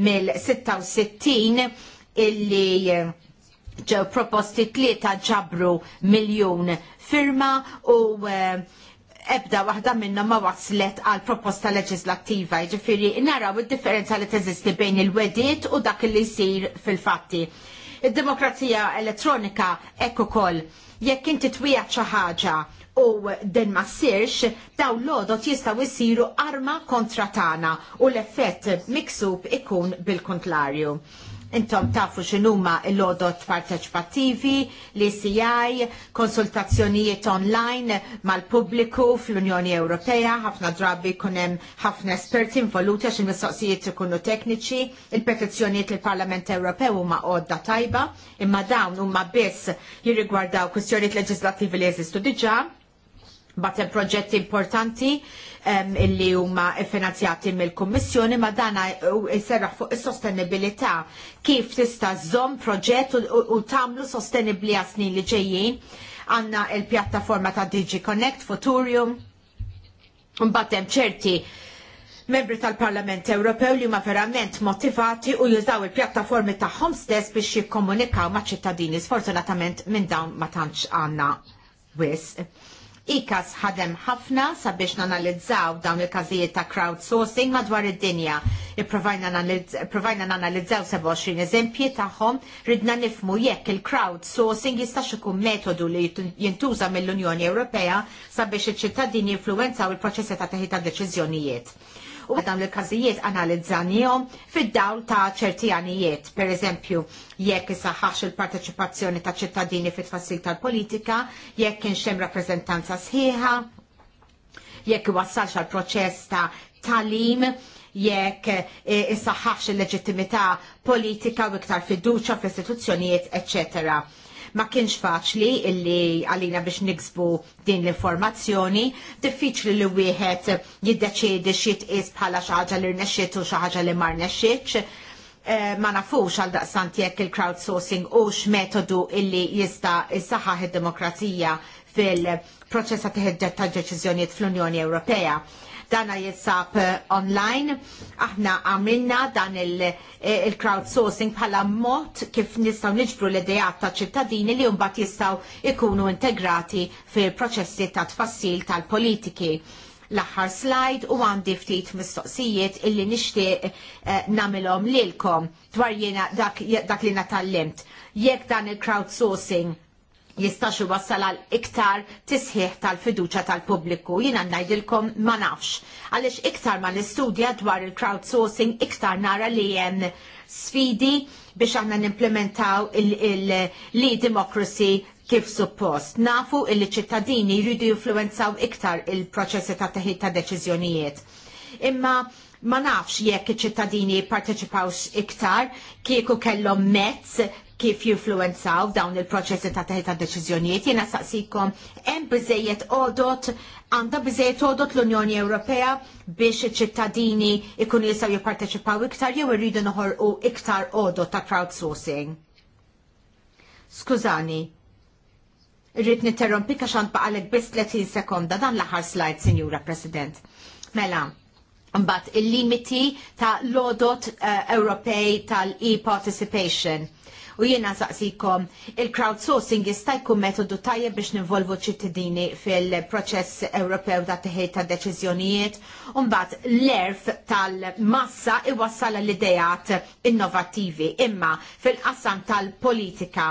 mill-66 illi eh, ġew proposti tlieta ġabru miljun firma u eh, ebda waħda minna ma waslet għal proposta leġislattiva, ġifiri naraw il-differenza li teżisti bejn il-wedit u dak li jisir fil-fatti. Id-demokrazija elettronika ekku kol jekk inti twieqa xi ħaġa u din ma ssirx, dawn l-odot jistgħu jsiru arma kontra tagħna u l-effett miksub ikun bil-kontlarju. Intom tafu x'inhuma l lodot parteċipattivi, l-ECI, konsultazzjonijiet online mal-pubbliku fl-Unjoni Ewropea, ħafna drabi kunem ħafna esperti involuti għax il-mistoqsijiet ikunu tekniċi, il-petizzjonijiet il-Parlament Ewropew huma għodda tajba, imma dawn huma biss jirrigwardaw kwistjonijiet leġislattivi li jeżistu diġà, Batem proġetti importanti um, illi huma finanzjati mill-Kummissjoni ma dana jserraħ fuq is-sostenibilità kif tista' żomm proġett u, u, u tagħmlu sostenibbli għas snin li ġejjin għandna l-pjattaforma ta' Digi Connect Futurium Mbagħad hemm ċerti membri tal-Parlament Ewropew li huma verament motivati u jużaw il-pjattaformi ta' stess biex jikkomunikaw maċ ċittadini. Sfortunatament minn dawn ma tantx għandna wisq. Ikas ħadem ħafna sabiex nanalizzaw dawn il-każijiet ta' crowdsourcing madwar id-dinja. Provajna nanalizzaw 27 eżempji tagħhom ridna nifmu jekk il-crowdsourcing jistax ikun metodu li jintuża mill-Unjoni Ewropea sabiex iċ-ċittadini jinfluwenzaw il-proċessi ta' teħita deċiżjonijiet u dawn il-każijiet analizzanijom fid-dawl ta' ċerti għanijiet. Per eżempju, jekk isaħħax il-parteċipazzjoni ta' ċittadini fit-tfassil tal-politika, jekk kienx hemm rappreżentanza sħiħa, jekk wassalx għal proċess ta' talim, jekk eh, isaħħax il-leġittimità politika u iktar fiduċa fl-istituzzjonijiet, eccetera Ma kienx faċli illi għalina biex niksbu din l-informazzjoni, diffiċli li wieħed jiddeċiedi is bħala xi ħaġa li rnexxiet u xi ħaġa li ma rnexxietx. Eh, ma nafux għal daqsant jekk il-crowdsourcing u x-metodu illi jista jissaħħaħ id-demokrazija fil proċessa teħedġet ta' deċiżjonijiet fl-Unjoni Ewropea dana jessab eh, online. Aħna għamilna dan il-crowdsourcing il eh, bħala mod kif nistaw niġbru l-idejat ta' ċittadini li jumbat jistaw ikunu integrati fil-proċessi ta' tfassil tal-politiki l-aħħar slide u għandi ftit mistoqsijiet illi nixtieq eh, namilhom lilkom dwar jiena dak, dak li natallimt. Jekk dan il-crowdsourcing jistax iwassal għal iktar tisħiħ tal-fiduċa tal-pubbliku. Jina ngħidilkom ma nafx. Għaliex iktar ma nistudja dwar il-crowdsourcing iktar nara li hemm sfidi biex aħna nimplementaw il-democracy kif suppost. Nafu il-ċittadini jridu influenzaw iktar il-proċessi ta' teħid ta' deċiżjonijiet. Imma ma nafx jekk iċ-ċittadini jipparteċipawx iktar kieku kellhom mezz kif jinfluenzaw dawn il-proċessi ta' ta' deċiżjonijiet. Jiena saqsikom hemm biżejjed odot għandha biżejjed odot l-Unjoni Ewropea biex iċ-ċittadini ikunu jistgħu jipparteċipaw iktar jew irridu noħorqu iktar odot ta' crowdsourcing. Skużani, irrid nitterrompi għax għand baqalek biss 30 sekonda dan l-aħħar slide, Sinjura President. Mela, mbagħad il-limiti ta' l-odot eh, Ewropej tal-e-participation U jiena saqsikom il-crowdsourcing jista' jkun metodu tajjeb biex nivolvu ċittadini fil-proċess Ewropew ta' teħid ta' deċiżjonijiet u mbagħad l-erf tal-massa iwassal l-idejat innovattivi imma fil-qassam tal-politika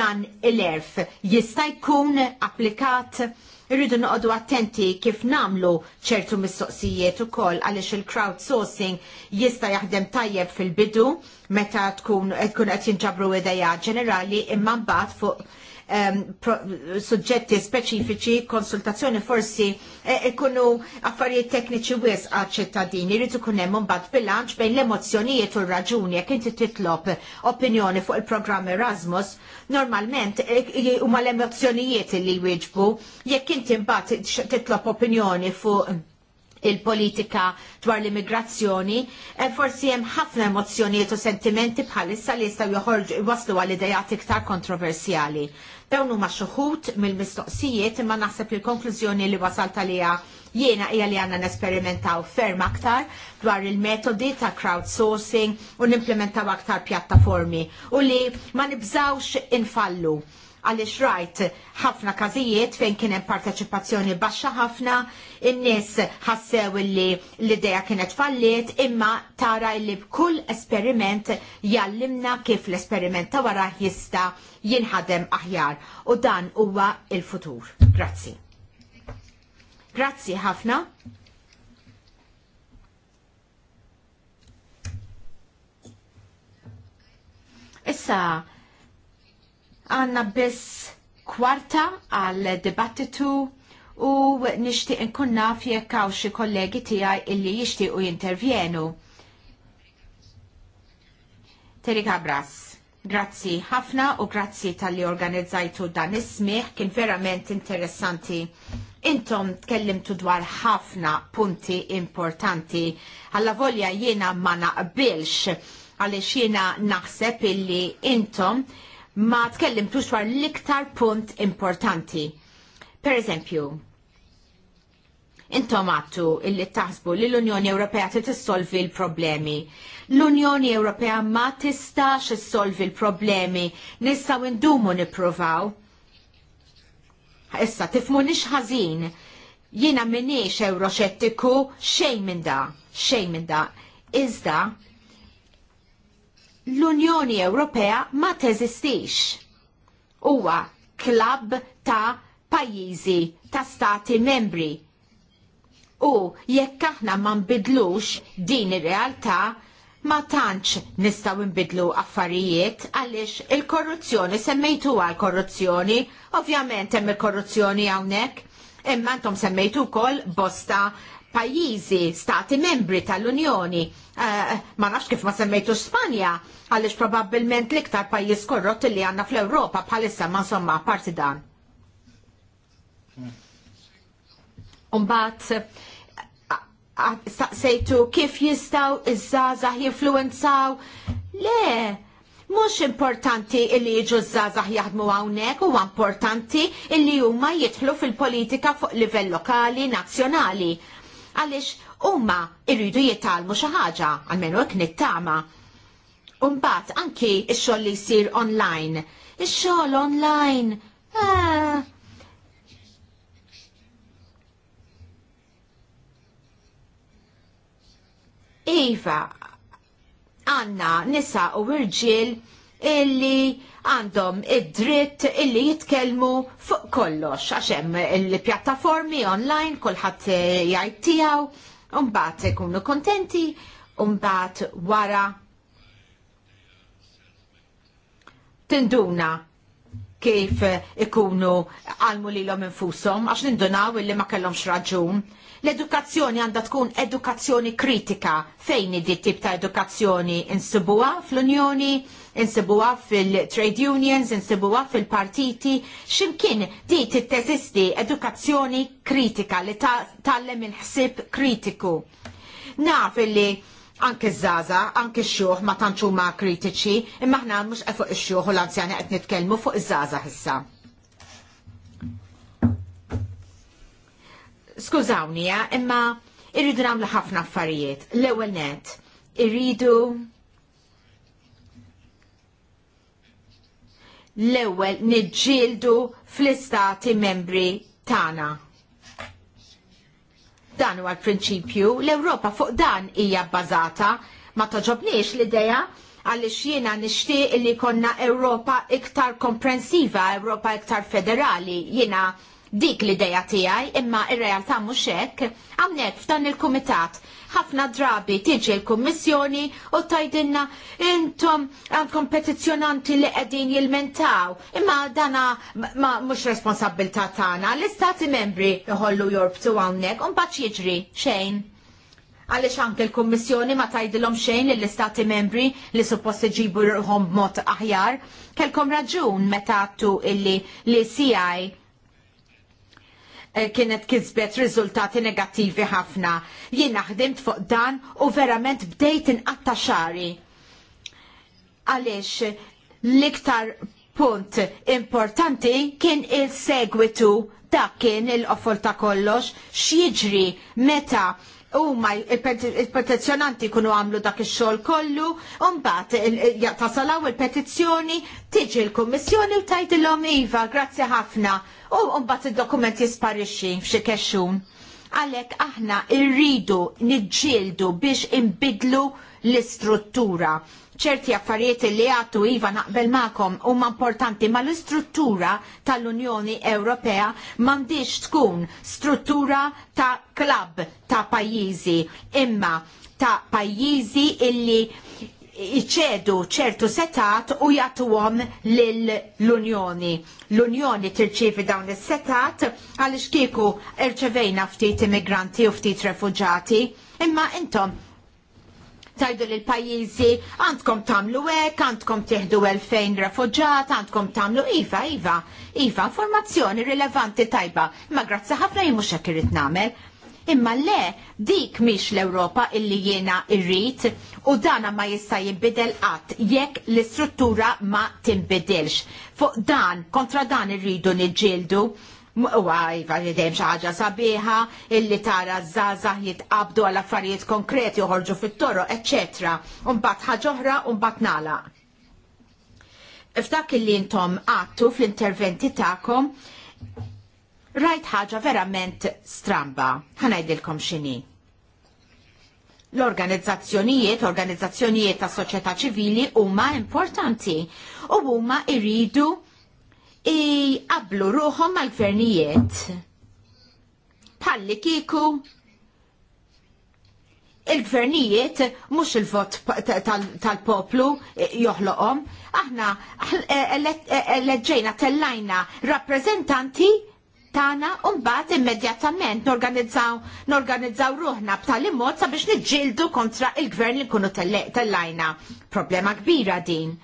dan l-erf jista' jkun applikat Irridu noqogħdu attenti kif namlu ċertu mistoqsijiet ukoll għaliex il-crowdsourcing jista' jaħdem tajjeb fil-bidu meta tkun qed jinġabru idea ġenerali imma mbagħad fuq suġġetti speċifiċi, konsultazzjoni forsi e, ikunu affarijiet tekniċi wis għal ċittadini, rridu kun hemm bad bilanċ bejn l emozjonijiet u r-raġuni jekk inti titlob opinjoni fuq il-programm Erasmus, normalment e, e, huma l emozjonijiet li jwieġbu jekk inti mbagħad titlob opinjoni fuq il-politika dwar l-immigrazzjoni, eh, forsi hemm ħafna emozzjonijiet u sentimenti bħalissa li jistgħu joħorġu jwaslu għal idejat iktar kontroversjali. Dawn huma xuħut mill-mistoqsijiet imma naħseb il konklużjoni li wasalt għaliha jiena hija li għandna nesperimentaw ferm aktar dwar il-metodi ta' crowdsourcing u nimplementaw aktar pjattaformi u li ma nibżawx infallu għaliex rajt ħafna każijiet fejn kien hemm parteċipazzjoni baxxa ħafna, in-nies ħassew li l-idea kienet falliet, imma tara li b'kull esperiment jallimna kif l-esperiment ta' wara jista' jinħadem aħjar. U dan huwa il-futur. Grazzi. Grazzi ħafna. Issa għanna biss kwarta għal dibattitu u nishtiq nkun naf jekk hawn xi kollegi tiegħi illi jixtiequ jintervjenu. Terry Cabras, grazzi ħafna u grazzi tal-li organizzajtu dan ismiħ kien verament interessanti. Intom tkellimtu dwar ħafna punti importanti. Alla volja jiena ma naqbilx għaliex jiena naħseb illi intom ma tkellim dwar l-iktar punt importanti. Per eżempju, intom għattu illi taħsbu li l-Unjoni Ewropea trid tissolvi l-problemi. L-Unjoni Ewropea ma tistax issolvi l-problemi, nistgħu indumu nippruvaw. Issa tifmu nix ħażin, jiena minniex euroċettiku xejn minn da, xejn minn da. Iżda l-Unjoni Ewropea ma teżistix. Huwa klabb ta' pajjiżi ta' stati membri. U jekk aħna ma nbidlux din ir-realtà, ma tantx nistgħu nbidlu affarijiet għaliex il-korruzzjoni semmejtu għal korruzzjoni, ovvjament hemm il-korruzzjoni hawnhekk, imma intom semmejtu wkoll bosta pajjiżi, stati membri tal-Unjoni. Eh, ma nafx kif ma semmejtu Spanja, għaliex probabbilment l-iktar pajjiż korrotti li għandna fl-Ewropa bħalissa ma somma parti dan. Umbat, sejtu kif jistaw iż-żazah jinfluenzaw? Le, mux importanti illi jiġu żazah jaħdmu hawnhekk huwa importanti illi huma jidħlu fil-politika fuq livell lokali, nazzjonali għaliex huma irridu jitalmu xi ħaġa, għalmenu hekk nittama. Umbat anki x-xogħol li jsir online. Ix-xogħol online. Ah. Iva, għanna nisa u irġiel illi għandhom id-dritt illi jitkellmu fuq kollox għax hemm il-pjattaformi online kulħadd jgħid tiegħu u mbagħad ikunu kontenti u mbagħad wara tinduna kif ikunu għalmu li l-om infusom, għax nindunaw illi ma kellom raġun. L-edukazzjoni għanda tkun edukazzjoni kritika, fejn id tip ta' edukazzjoni insibuwa fl-Unjoni, insibuha fil-trade unions, insibuha fil-partiti, ximkien di titteżisti edukazzjoni kritika li tallem il-ħsib kritiku. Naf li anke zaza, anke xuħ ma tanċu ma kritiċi, imma ħna mux fuq xuħ u l-anzjani għet nitkelmu fuq zaza hissa. Skużawni, imma irridu namlu ħafna affarijiet. L-ewel net, irridu l-ewwel niġġieldu fl-istati membri tagħna. Dan huwa l-prinċipju, l-Ewropa fuq dan hija bbażata, ma toġobniex l-idea għaliex jiena nixtieq li konna Ewropa iktar komprensiva, Ewropa iktar federali, jiena dik l-ideja tiegħi, imma ir-realtà mhux hekk, hawnhekk f'dan il-kumitat ħafna drabi tiġi l-Kummissjoni u tajdinna intom għandkom petizzjonanti li qegħdin jilmentaw. Imma dana ma mhux responsabilità tagħna. L-istati membri jħollu jorbtu hawnhekk u mbagħad jiġri xejn għalix anke l-Kommissjoni ma tajdilhom xejn lill-Istati membri li suppost iġibu rħom mot aħjar. Kelkom raġun meta għattu illi li CI Eh, kienet kisbet riżultati negattivi ħafna. Jiena ħdimt fuq dan u verament bdejt inqatta xari. Għaliex l-iktar punt importanti kien il-segwitu dak kien il-qofol ta' kollox x'jiġri meta huma il petizjonanti kunu għamlu dak ix-xogħol kollu, un mbagħad tasalaw il-petizzjoni, tiġi l-Kummissjoni u tgħidilhom iva, grazzi ħafna, u mbagħad id-dokument jisparixi f'xi kexxun. Għalhekk aħna rridu niġġieldu biex imbidlu l-istruttura ċerti affarijiet li għattu iva naqbel ma'kom huma importanti ma l-istruttura tal-Unjoni Ewropea m'għandix tkun struttura ta' klab ta' pajjiżi imma ta' pajjiżi illi iċedu ċertu setat u jatuhom l-Unjoni. L-Unjoni tirċievi dawn is-setat għaliex kieku irċevejna ftit immigranti u ftit refugġati. imma intom tajdu lil pajjiżi għandkom tagħmlu hekk, għandkom tieħdu elfejn refuġat, għandkom tagħmlu iva, iva, iva, informazzjoni rilevanti tajba, imma grazzi ħafna jien mhux hekk nagħmel. Imma le, dik mhix l-Ewropa illi jiena irrit u dana ma jista' jinbidel qatt jekk l-istruttura ma timbidelx. Fuq dan, kontra dan irridu niġġieldu għajva li dem xaġa sabiħa, illi tara zazah jitqabdu għal affarijiet konkreti uħorġu fit-toro, ecc. Umbat ħagħuħra, umbat nala. F'dak illi intom għattu fl-interventi ta'kom, rajt ħaġa verament stramba, ħanajdilkom xini. L-organizzazzjonijiet, organizzazzjonijiet ta' soċjetà ċivili huma importanti u huma iridu qablu ruħom mal-gvernijiet. Palli kiku il-gvernijiet mhux il-vot tal-poplu eh, joħloqhom. Aħna eh, eh, leġġejna tellajna rappreżentanti tana unbat immedjatament norganizzaw ruħna b'tali mod sabiex niġġieldu kontra il-gvern li kunu tellajna. Problema kbira din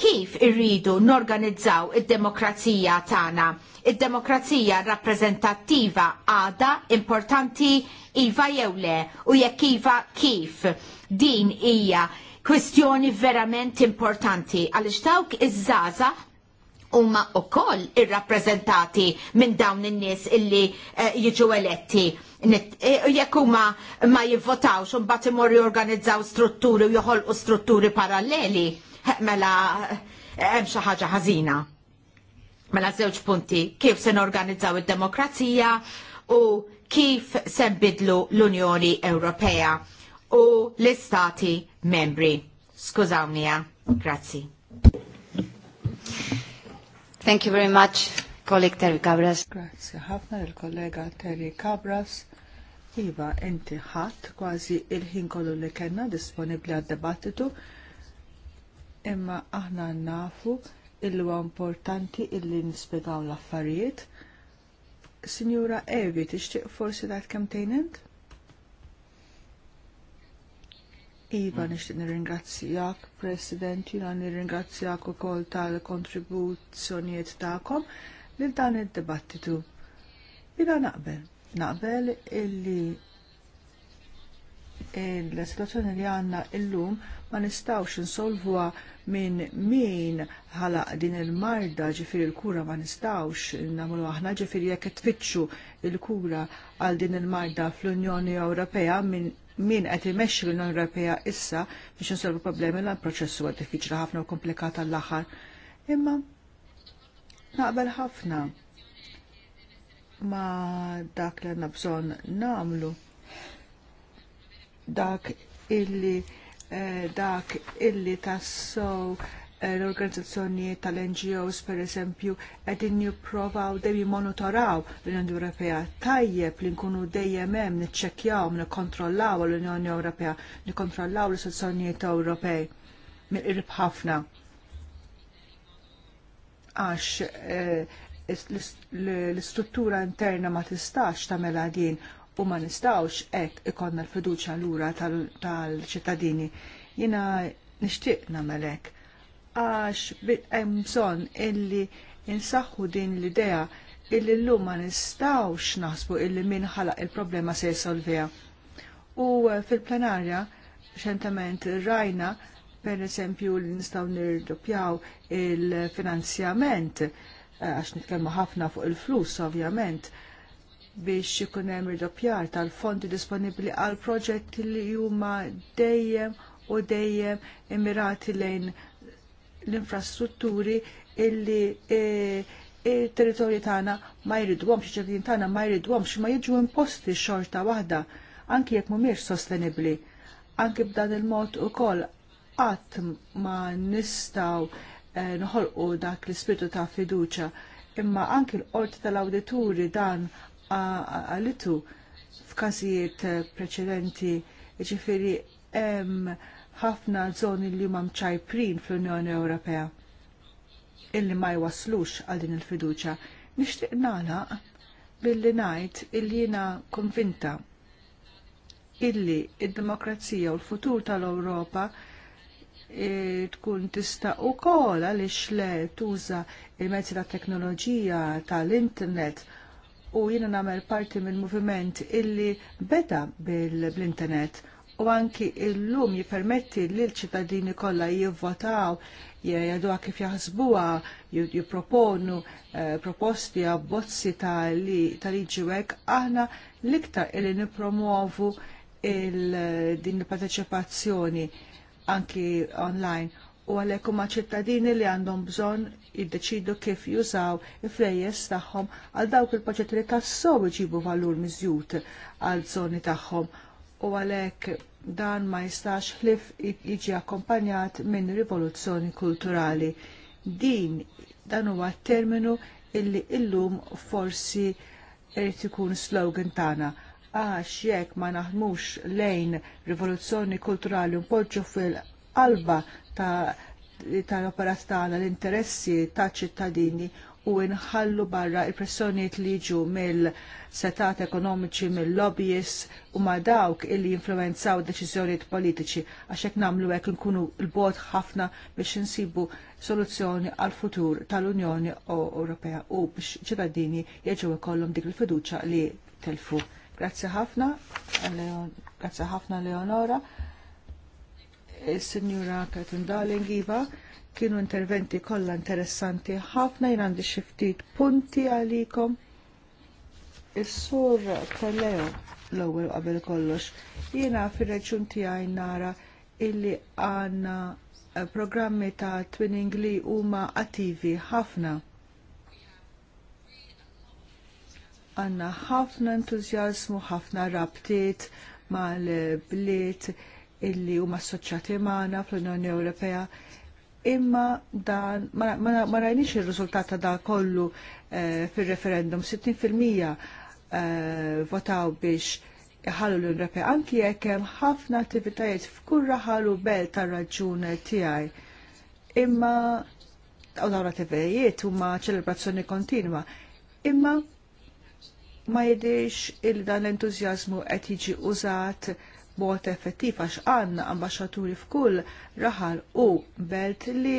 kif irridu norganizzaw id-demokrazija tagħna. Id-demokrazija rappreżentattiva għada importanti iva jew le u jekk iva kif. Din hija kwistjoni verament importanti għaliex dawk iż-żaża huma wkoll irrappreżentati minn dawn in-nies illi eh, jiġu eletti. Eh, jekk huma ma jivvotawx imbagħad imorru jorganizzaw strutturi u joħolqu strutturi paralleli, mela eh, hemm xi ħaġa ħażina. Mela żewġ punti kif se norganizzaw id-demokrazija u kif se nbidlu l-Unjoni Ewropea u l-Istati membri. Skużawni, grazzi. Thank you very much, colleague Terry Cabras. Grazie ħafna il-kollega Terry Cabras. Iva, inti ħadd kważi il-ħin kollu li kellna disponibbli għad-debattitu, imma aħna nafu il huwa importanti illi nispjegaw l-affarijiet. Signora Evi, tixtieq forsi dat kemm tejnent? Iva, nishtiq nirringrazzjak, President, jina nirringrazzjak u kol tal-kontribuzzjoniet ta'kom lil dan id-dibattitu. Jina naqbel, naqbel illi il-situazzjoni li għanna illum ma nistawx insolvuha minn min ħalaq din il-marda ġifir il-kura ma nistawx namlu aħna ġifir jekk tfittxu il-kura għal din il-marda fl-Unjoni Ewropea minn min qed imexxi l-Unjoni Ewropea issa biex insolvu problemi l proċess huwa diffiċli ħafna u komplikat għall-aħħar. Imma naqbel ħafna ma dak li għandna bżonn nagħmlu dak illi eh, dak illi tassow l-organizzazzjoni tal-NGOs per eżempju qegħdin jipprovaw dejjem monitoraw l-Unjoni Ewropea tajjeb li nkunu dejjem hemm niċċekkjaw nikkontrollaw l-Unjoni Ewropea, nikkontrollaw l-istituzzjonijiet Ewropej mill-qrib ħafna. Għax eh, l-istruttura interna ma tistax tagħmel din u ma nistawx hekk ikonna l-fiduċa lura tal-ċittadini. Jiena nixtieq nagħmel hekk għax hemm bżonn illi insaħħu din l-idea illi llum ma nistawx naħsbu illi min ħalaq il-problema se jsolvija. U eh, fil-plenarja, xentament rajna, per esempio li nistaw nirdoppjaw il-finanzjament, eh, għax nitkellmu ħafna fuq il-flus, ovvjament, biex ikun hemm irdoppjar tal-fondi disponibbli għal proġetti li huma dejjem u dejjem immirati lejn l-infrastrutturi illi il-territorju e, e, tagħna ma jridhomx, iċ-ċittadin tagħna ma jridhomx ma jiġu imposti xorta waħda anki jekk mhumiex sostenibbli. Anki b'dan il-mod ukoll qatt ma nistgħu e, noħolqu dak l-ispirtu ta' fiduċa imma anki l-qorti tal-awdituri dan għalitu f'każijiet preċedenti jiġifieri hemm ħafna żoni li huma mċajprin fl-Unjoni Ewropea illi ma jwaslux għal din il-fiduċa. Nixtieq nagħlaq billi ngħid illi jiena konvinta illi il demokrazija u l-futur tal-Ewropa e, tkun tista' ukoll għaliex le tuża il-mezzi ta' teknoloġija tal-internet u jiena nagħmel parti mill movement illi beda bil-internet u anki il-lum jipermetti li l-ċittadini kollha jivvotaw jgħidu kif jaħsbuha jipproponu eh, proposti għall-bozzi ta' liġi għek, aħna l-iktar li nippromuovu din il-parteċipazzjoni anki online u għalhekk huma ċittadini li għandhom bżonn jiddeċidu kif jużaw il frejjes tagħhom għal dawk il-proġetti li tassow iġibu valur miżjud għal żoni tagħhom u għalhekk dan ma jistax ħlif jiġi akkompanjat minn rivoluzzjoni kulturali. Din dan huwa terminu illi illum forsi irid ikun slogan tagħna għax jekk ma naħmux lejn rivoluzzjoni kulturali mpoġġu fil-qalba tal-operat tagħna l-interessi ta' ċittadini ta u nħallu barra i pressjoniet li jiġu mill-setat ekonomiċi, mill-lobbies u ma dawk illi influenzaw deċiżjonijiet politiċi għax hekk nagħmlu hekk nkunu l-bot ħafna biex insibu soluzzjoni għal futur tal-Unjoni Ewropea u biex ċittadini jeġgħu ikollhom dik il-fiduċja li telfu. Grazzi ħafna, grazzi ħafna Leonora, is-Sinjura eh, Katrin Darling Iva Kienu interventi kollha interessanti ħafna jien għandi xi ftit punti għalikom. Is-sur Teleo l-ewwel qabel kollox. Jiena fir-reġjun tiegħi nara illi għandna eh, programmi ta' twinning li huma attivi ħafna. għanna ħafna entuzjazmu, ħafna rabtiet mal-bliet illi huma assoċjati magħna fl-Unjoni Ewropea imma dan ma rajniex ir-riżultat ta' da kollu eh, fir-referendum 60% eh, votaw biex ħallu l-Unrepe anki jekk hemm ħafna attivitajiet f'kurra ħallu bel tar-raġun tiegħi. Imma dawn l-attivitajiet huma ċelebrazzjoni kontinwa. Imma ma jidhirx il dan l-entużjażmu qed jiġi użat b'mod effettiv għax għandna ambasċaturi f'kull raħal u belt li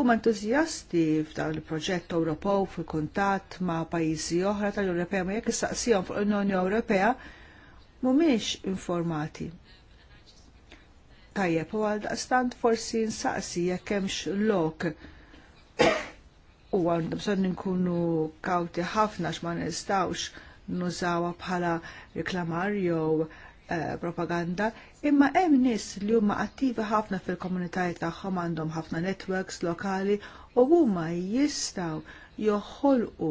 huma entużjasti f'dan il-proġett Ewropew fil-kuntatt ma' pajjiżi oħra tal-Ewropea ma jekk issaqsihom fuq l-Unjoni Ewropea mhumiex informati. Tajjeb u għal daqstant forsi nsaqsi jekk hemmx lok u għandu bżon nkunu kawti ħafna x'ma nistawx nużawha bħala reklamar jew Eh, propaganda, imma hemm nies li huma attivi ħafna fil-komunitajiet tagħhom għandhom ħafna networks lokali u huma jistgħu joħolqu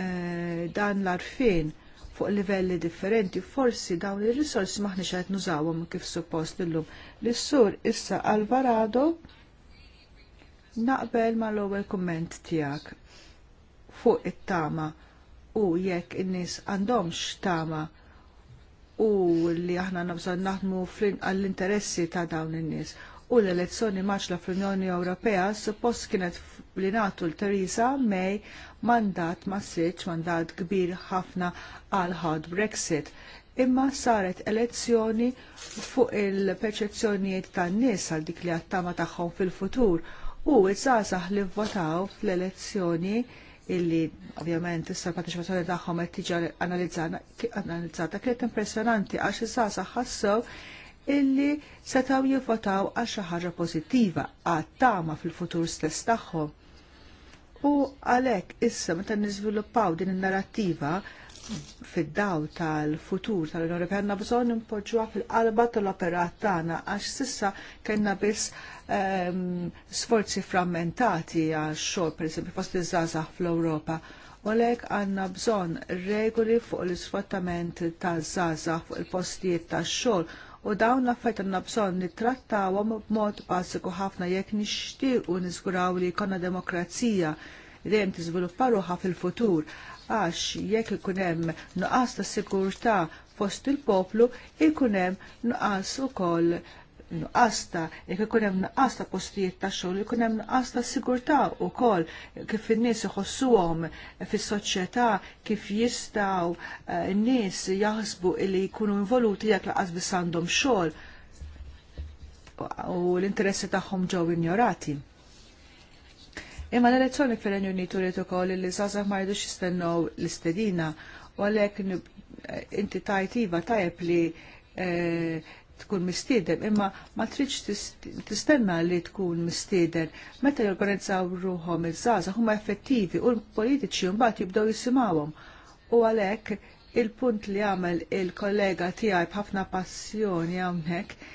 eh, dan l-arfin fuq livelli differenti, forsi dawn ir-risorsi maħniex qed nużawhom kif suppost illum. L-sur issa Alvarado naqbel mal-ewwel kumment tiegħek fuq it-tama u jekk in-nies għandhomx tama u li aħna nabżan naħdmu għall-interessi ta' dawn in-nies. U l-elezzjoni maċla fl-Unjoni Ewropea suppost kienet li nagħtu l teresa May mandat ma' mandat kbir ħafna għal ħad Brexit. Imma saret elezzjoni fuq il-perċezzjonijiet tan-nies għal dik li għattama tagħhom fil-futur u it żgħażagħ li votaw fl-elezzjoni illi ovvjament issa l partiċipazzjoni tagħhom qed tiġi analizzata kienet impressjonanti għax iż-żgħażagħ ħassew illi setgħu jivvotaw għal xi ħaġa pożittiva għad tama fil-futur stess tagħhom. U għalhekk issa meta niżviluppaw din in-narrattiva fid-daw tal-futur tal-Unjoni Ewropea għandna bżonn nimpoġġuha fil-qalba tal-operat tagħna għax sissa kellna biss ehm, sforzi frammentati għax xogħol pereżempju fost iż-żgħażagħ fl-Ewropa. U għalhekk għandna bżonn regoli fuq l-isfattament taż-żgħażagħ fuq il-postijiet tax xogħol u dawn l-affajt għanna bżon nittrattawhom b'mod basiku ħafna jekk nixtiequ niżguraw li jkollna demokrazija li dejjem tiżviluppa ruħha fil-futur għax jekk ikun hemm nuqqas ta' sigurtà fost il-poplu ikun hemm nuqqas ukoll nuqqas ta' jekk ikun hemm nuqqas ta' postijiet ta' xogħol ikun hemm nuqqas ta' sigurtà wkoll kif in-nies iħossuhom fis-soċjetà kif jistgħu eh, n-nies jaħsbu li jkunu involuti jekk laqas biss għandhom xogħol u l-interessi tagħhom ġew injorati. Imma l-elezzjoni fil-Renju Unitu li ukoll li żgħażagħ ma jridux jistennew l-istedina u għalhekk eh, inti tajtiva iva tajjeb li eh, tkun mistieden, imma ma tridx tistenna li tkun mistieden. Meta jorganizzaw ruhom iż-żgħażagħ huma effettivi u l-politiċi mbagħad jibdew jisimgħuhom. U għalhekk il-punt li għamel il-kollega tiegħi b'ħafna passjoni hawnhekk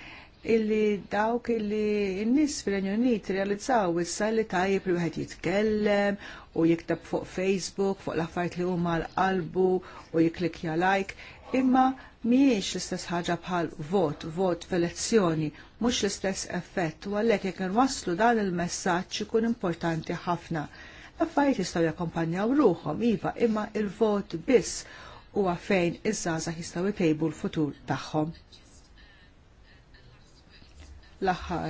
illi dawk illi n-nis fil-Renju Unit realizzaw issa li tajjeb li wieħed jitkellem u jikteb fuq Facebook fuq l-affarijiet li huma l-qalbu u jiklikja like imma miex l-istess ħaġa bħal vot, vot f'elezzjoni, mhux l-istess effett, u għalhekk jekk inwasslu dan il-messaġġ ikun importanti ħafna. Affarijiet jistgħu jakkompanjaw ruhom iva, imma il-vot biss huwa fejn iż-żgħażagħ jistgħu jtejbu l-futur tagħhom. L-aħħar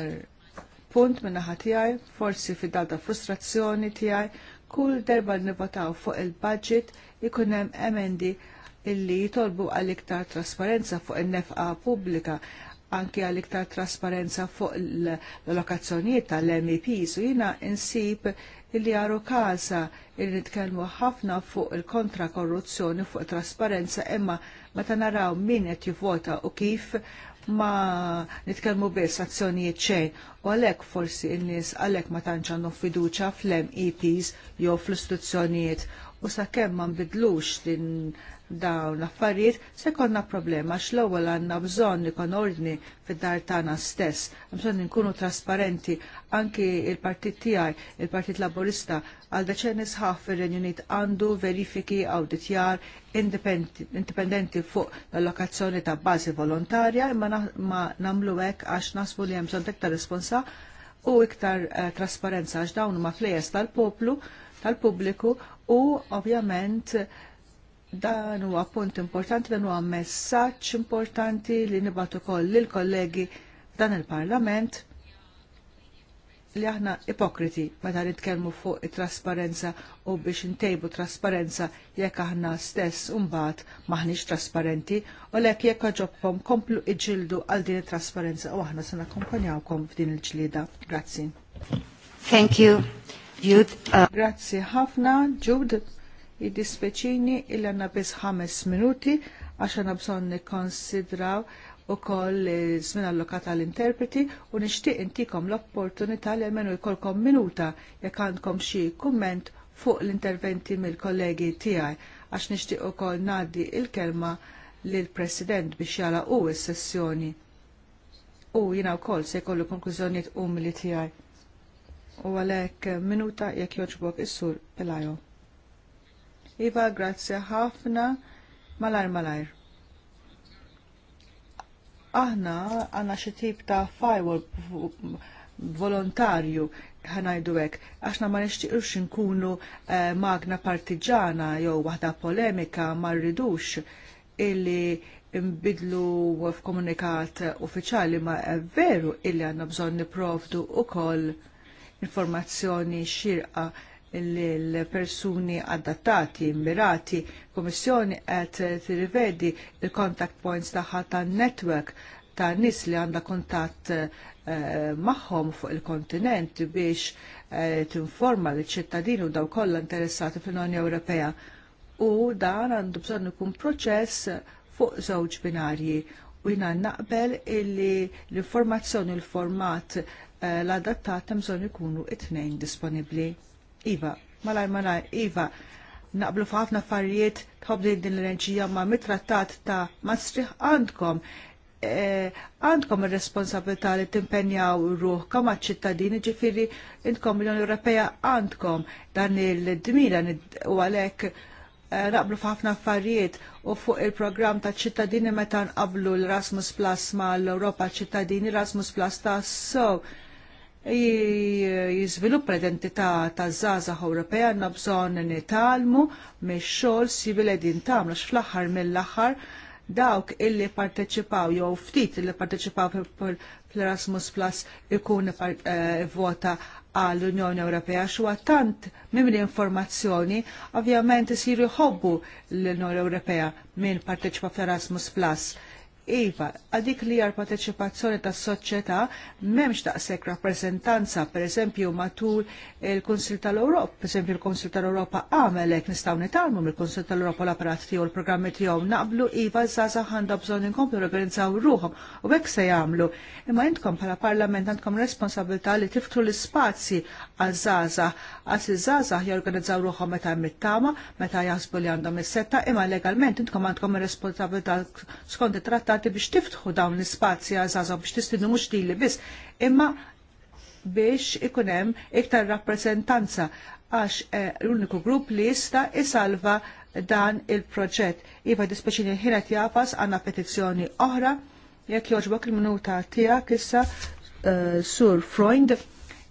punt minn naħa tiegħi, forsi fid-dal ta' frustrazzjoni tiegħi, kull darba nivotaw fuq il-budget ikun hemm emendi illi jitolbu għal iktar trasparenza fuq in-nefqa pubblika anki għal iktar trasparenza fuq l-lokazzjonijiet tal-MEPs u jina insib illi għaru kaza illi nitkellmu ħafna fuq il-kontra korruzzjoni fuq trasparenza imma meta naraw min qed jivvota u kif ma nitkellmu biss azzjonijiet xejn u għalhekk forsi n-nies għalhekk ma tantx għandhom fiduċja fl-MEPs jew fl-istituzzjonijiet u sakemm ma nbidlux din dawn l-affarijiet se konna problema għax l-ewwel għandna bżonn ikon ordni fid-dar tagħna stess. Bżonn inkunu trasparenti anki il-partit tiegħi, il-Partit Laburista, għal deċenni sħaf fir-Renju Unit għandu verifiki awditjar indipendenti fuq l-allokazzjoni ta' bażi volontarja imma ma nagħmlu hekk għax nasbu li hemm bżonn iktar responsa u iktar eh, trasparenza għax dawn ma flejes tal-poplu tal-pubbliku u ovvjament dan huwa punt importanti, dan huwa messaġġ importanti li nibgħatu ukoll lill kollegi dan il-Parlament li aħna ipokriti meta nitkellmu fuq it-trasparenza u biex ntejbu trasparenza jekk aħna stess mbagħad maħniex trasparenti u lek jekk ġobkom komplu iġildu għal din it-trasparenza u aħna se nakkompanjawkom f'din il-ġlieda. Grazzi. Thank you. Jud. Uh, Grazzi ħafna, Jud. Id-dispeċini il-għanna bis ħames minuti għax għanna bżon nikonsidraw u koll zmin allokata l-interpreti u nishtiq intikom l-opportunità li għalmenu jkolkom minuta jekk għandkom xi kumment fuq l-interventi mill-kollegi tiegħi għax nishtiq u koll nadi il-kelma lill-President biex jala u s-sessjoni. U jina u koll se jkollu konklużjoniet u li tiegħi u għalek minuta jekk joġbok is-sur Pelajo. Iva, grazzi ħafna, malajr malajr. Aħna għanna xi tip ta' firewall volontarju ħanajdu hekk, għaxna ma nixtiequx inkunu eh, magna partiġana jew waħda polemika ma rridux illi nbidlu f'komunikat uffiċjali ma veru illi għandna bżonn niprovdu ukoll informazzjoni xirqa l-persuni adattati, immirati, Komissjoni qed rivedi il-contact points taħħa ta' network ta' nis li għandha kuntatt eh, magħhom fuq il-kontinent biex eh, tinforma l ċittadini u daw kollha interessati fl-Unjoni Ewropea. U dan għandu bżonn ikun proċess fuq żewġ binarji u jina naqbel illi l-informazzjoni l-format Eh, l-adattata mżon ikunu it-tnejn disponibli. Iva, malaj malaj, Iva, naqblu f'ħafna affarijiet tħobdi din l-enerġija ma' mitrattat ta' Maastricht għandkom eh, għandkom il-responsabilità li timpenjaw ruħ għad ċittadini ġifiri intkom l-Unjoni Ewropea għandkom dan il-dmira u għalek eh, naqblu f'ħafna affarijiet u fuq il-programm ta' ċittadini meta nqablu l-Rasmus Plus ma' l-Europa ċittadini, Rasmus Plus ta' so jizviluppa l-identità taż-żgħażagħ Ewropea għandna bżonn nitalmu mix-xogħol sibil qegħdin tagħmlu fl-aħħar mill-aħħar dawk illi parteċipaw jew ftit illi parteċipaw fl-Erasmus Plus ikun eh, vota għall-Unjoni Ewropea huwa tant minn informazzjoni ovvjament isiru jħobbu l-Unjoni Ewropea minn parteċipa fl-Erasmus Plus Iva, għadik li għar parteċipazzjoni tas soċjetà memx daqshekk rappreżentanza, pereżempju matul il konsil tal per eżempju, il konsil tal europa għamelek nistgħu nitalmu mill konsil tal europa l-apparat tiegħu l-programmi tiegħu naqblu iva żgħażagħ għandha bżonn inkomplu organizzaw ruħhom u hekk se jagħmlu. Imma intkom bħala parlament għandkom responsabilità li tiftu l-ispazji għal żgħażagħ għas iż-żgħażagħ jorganizzaw ruħhom meta mittama, meta jaħsbu li għandhom is-setta, imma legalment intkom għandkom responsabilità skont it-trattat importanti biex tiftħu dawn l-ispazji għazaza biex tistinu mux li biss, imma biex ikunem iktar rappresentanza għax eh, l-uniku grupp li jista isalva dan il-proġett. Iva dispeċini ħinet jafas għanna petizzjoni oħra, jekk joġbok il-minuta tija issa eh, sur Freund.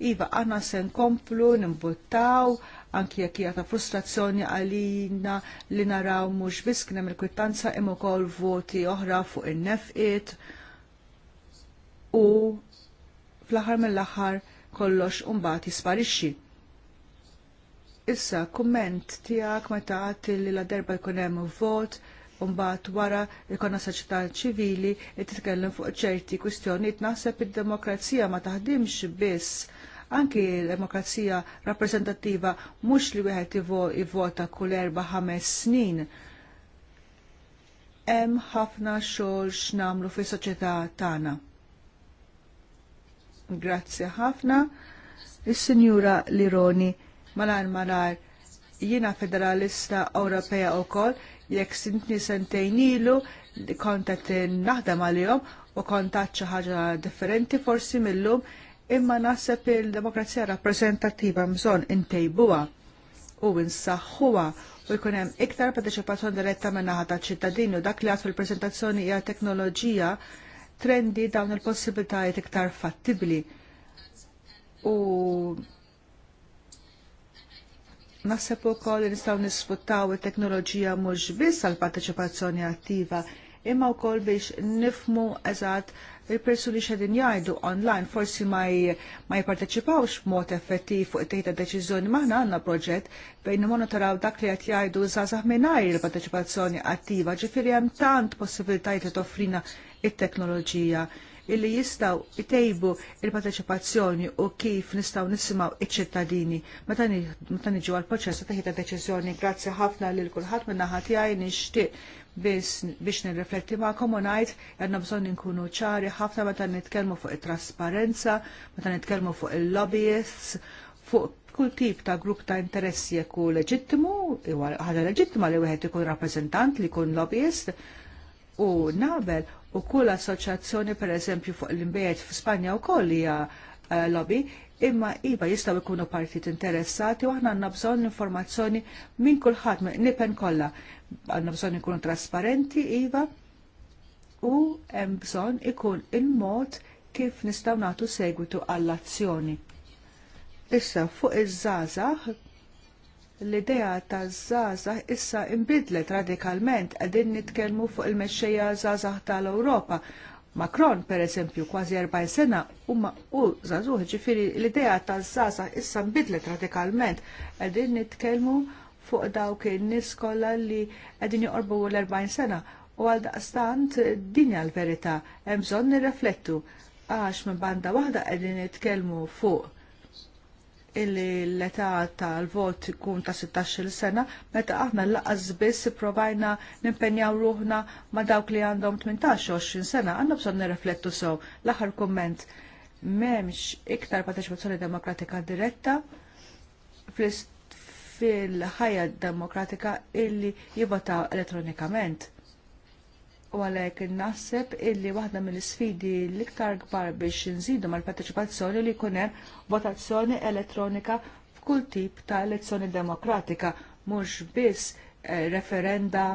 Iva għanna sen komplu, nimbuttaw, anki jekk hija ta' frustrazzjoni għalina li naraw mhux biss kien hemm il-kwittanza imma wkoll voti oħra fuq in-nefqiet u fl-aħħar mill-aħħar kollox mbagħad jisparixxi. Issa, kumment tiegħek meta għati li la darba jkun hemm vot, mbagħad wara ikonna soċjetà ċivili li titkellem fuq ċerti kwistjonijiet naħseb id-demokrazija ma taħdimx biss Anki l-demokrazija rappresentativa mhux li wieħed ivvota kull erba' ħames snin. Hemm ħafna xogħol x'namlu fis-soċjetà tagħna. Grazzi ħafna. Is-Sinjura Lironi malar malar jiena federalista Ewropea wkoll jekk sintni sentejn ilu qed naħdem għalihom u kontat xi ħaġa differenti forsi millum imma naħseb il-demokrazija rappreżentattiva mżon intejbuha u insaħħuwa u jkun hemm iktar partecipazzjoni diretta minn naħa taċ-ċittadini u dak li għad fil prezentazzjoni hija teknoloġija trendi dawn il-possibilitajiet iktar fattibli. U naħseb ukoll li nistgħu nisfruttaw it-teknoloġija mhux biss għall parteċipazzjoni attiva imma wkoll biex nifmu eżatt il-persuni xedin jajdu online forsi ma jipparteċipawx mod effettiv fuq it-tejta deċiżjoni maħna għanna proġett bejn monitoraw dak li qed jgħidu zazah mingħajr il-parteċipazzjoni attiva, ġifieri hemm tant possibilitajt li toffrina il teknoloġija illi jistaw itejbu il-parteċipazzjoni u kif nistaw nisimaw iċ-ċittadini. Meta niġu għal-proċess ta' ħita deċiżjoni, grazzi ħafna lil kulħadd minna ħati għaj nixtieq biex nirrifletti ma'kom u ngħid għandna bżonn inkunu ċari ħafna meta nitkellmu fuq it-trasparenza, meta nitkellmu fuq il-lobbyists, fuq kull tip ta' grupp ta' interessi jekku leġittimu, ħaġa leġittima li wieħed ikun rappreżentant li jkun lobbyist u nabel u kull assoċjazzjoni pereżempju fuq l-imbejjed f'Spanja wkoll hija eh, lobby imma iva jistgħu jkunu partit interessati u aħna għandna bżonn informazzjoni minn kulħadd nipen kollha. Għandna bżonn ikunu trasparenti iva u hemm bżonn ikun il-mod kif nistgħu nagħtu segwitu għall-azzjoni. Issa fuq iż-żgħażagħ l-idea ta' zaza issa imbidlet radikalment għadin nitkelmu fuq il-mexxejja zazax tal-Ewropa Macron, per eżempju, kważi 40 sena, umma u zazuħ ġifiri l-idea ta' sasa issa nbidlet radikalment. Għedin nitkelmu fuq dawk il-nis kollha li qegħdin jorbu l-40 sena u għal daqstant din għal verità hemm bżonn nirreflettu għax minn banda waħda qegħdin nitkelmu fuq illi l-età tal-vot kun ta' 16 sena, meta aħna laqqas biss provajna nimpenjaw ruħna ma' dawk li għandhom 18-20 sena, għanna bżonn nirriflettu sew. L-aħħar komment, m'hemmx iktar partecipazzjoni demokratika diretta fil-ħajja demokratika illi jivvotaw elettronikament u għalhekk naħseb illi waħda mill-isfidi l-iktar kbar biex nżidu mal-parteċipazzjoni li jkun hemm votazzjoni elettronika f'kull tip ta' elezzjoni demokratika mhux biss eh, referenda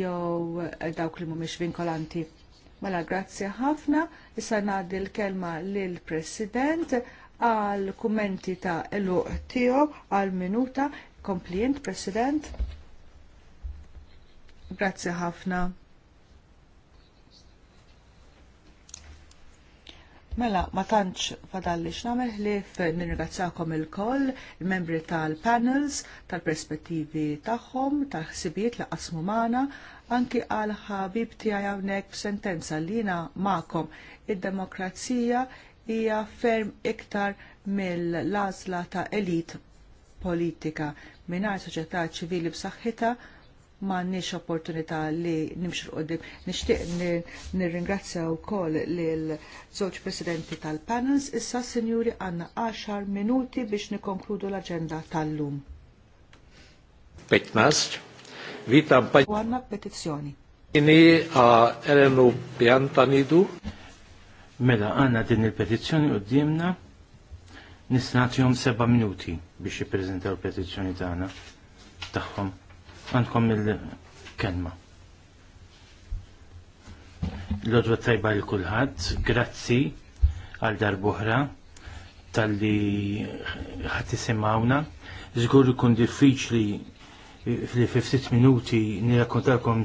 jew eh, dawk li mhumiex vinkolanti. Mela grazzi ħafna, issa ngħaddi l-kelma lill President għal kummenti ta' eluq tiegħu għal minuta komplient President. Grazzi ħafna. Mela, ma tantx fadalli x'namel ħlief nirgazzakom il-koll, il-membri tal-panels, tal-perspettivi tagħhom, tal-ħsibijiet la' qasmu magħna, anki għal ħabib tiegħi hawnhekk b'sentenza li jiena magħkom id-demokrazija hija ferm iktar mill-għażla ta' elit politika mingħajr soċjetà ċivili b'saħħitha m'għandniex opportunità li nimxu qoddim. Nixtieq nirringrazzja wkoll lil żewġ presidenti tal-panels issa sinjuri għandna 10 minuti biex nikonkludu l-aġenda tal-lum. Petnast, vita Għanna petizzjoni. Inni Elenu nidu. Mela għanna din il-petizzjoni qoddimna nisnatjom seba' minuti biex jippreżentaw il-petizzjoni tagħna tagħhom għandkom il-kelma. L-odwa tajba l-kulħadd, grazzi għal darbuħra tal-li ħat Zgur ikun diffiċli li fi minuti nirrakkontakom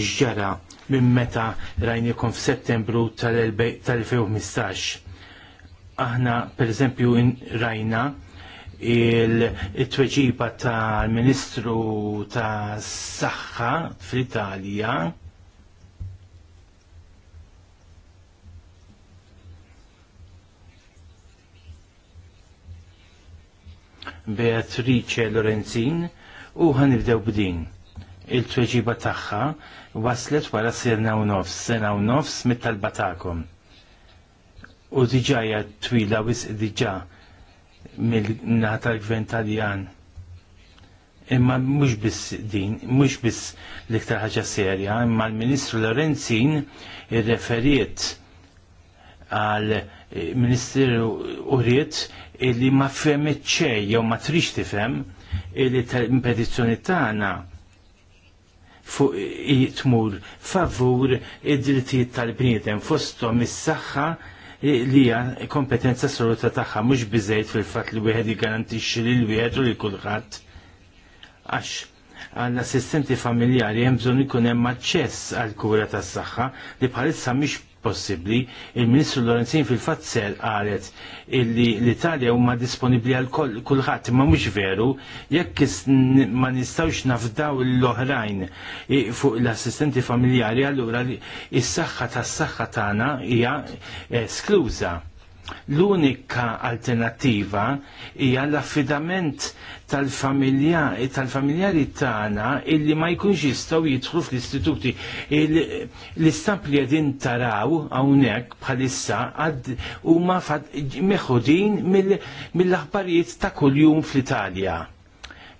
x'ġara minn meta rajnikom f'Settembru tal-2015. Aħna per eżempju rajna il-tweġiba tal-Ministru ta' Saħħa fl-Italja Beatrice Lorenzin u ħanibdew b'din. Il-tweġiba tagħha waslet wara sena u nofs, sena u nofs mit-talba tagħkom. U diġà hija twila wisq diġà mill-nata l-gvern taljan. Imma mhux biss din, mhux biss l-iktar ħaġa serja, imma l-Ministru Lorenzin referiet għal eh, Ministeru Uriet illi ma femmet ċej jew ma trix tifhem illi tal impedizjoni tagħna fuq jitmur favur id-drittijiet tal-bniedem fosthom is-saħħa li għan kompetenza soluta tagħha mhux biżejt fil-fatt li wieħed jiggarantixxi lil wieħed u lil kulħadd. Għax għall-assistenti familjari hemm bżonn ikun hemm aċċess għall kura tas-saħħa li bħalissa mhix possibbli. Il-Ministru Lorenzin fil-fatt ser qalet illi l-Italja huma disponibbli għal kulħadd, ma mhux veru jekk ma nistgħux nafdaw l-oħrajn fuq l-assistenti familjari allura is-saħħa tas-saħħa tagħna hija eskluża. Eh, L-unika alternativa hija l-affidament tal-familjari tal tagħna illi ma jkunx jistgħu jidħlu fl-istituti. L-istamp li qegħdin taraw hawnhekk bħalissa għad huma meħudin mill-aħbarijiet ta' kuljum fl-Italja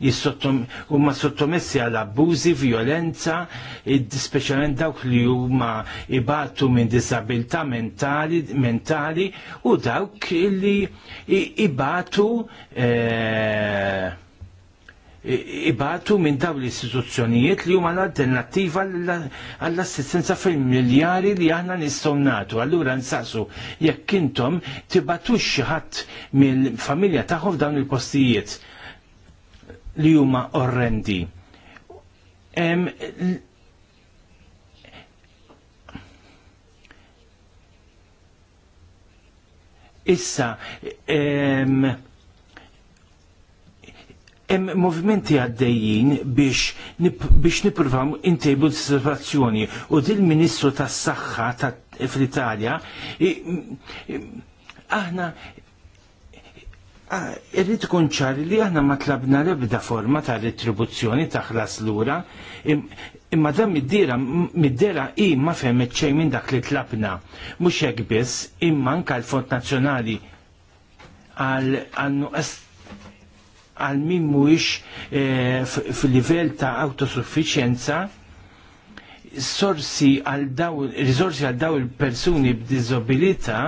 huma sottomessi għal abbużi, violenza, speċjalment dawk li huma ibatu minn disabilità mentali, mentali u dawk li ibatu e, ibatu minn dawn l-istituzzjonijiet li huma l-alternattiva għall-assistenza familjari li aħna nistgħu nagħtu. Allura nsaqsu jekk intom tibatux xi ħadd mill-familja tagħhom f'dawn il-postijiet li huma orrendi. Em, issa em, hemm movimenti għaddejjin biex biex nippruvaw intejbu l-situazzjoni u dil-Ministru tas-Saħħa fl-Italja aħna Ah, irrid ikun ċari li aħna ma tlabna l-ebda forma ta' retribuzzjoni ta' ħlas lura, imma dan mid-dira mid i ma fehmet ċej minn dak li tlabna. Mhux hekk biss, imma anke l-Fond Nazzjonali għal min mhuwiex eh, fil-livell ta' autosuffiċjenza sorsi għal daw, rizorsi għal daw il-persuni b'dizabilita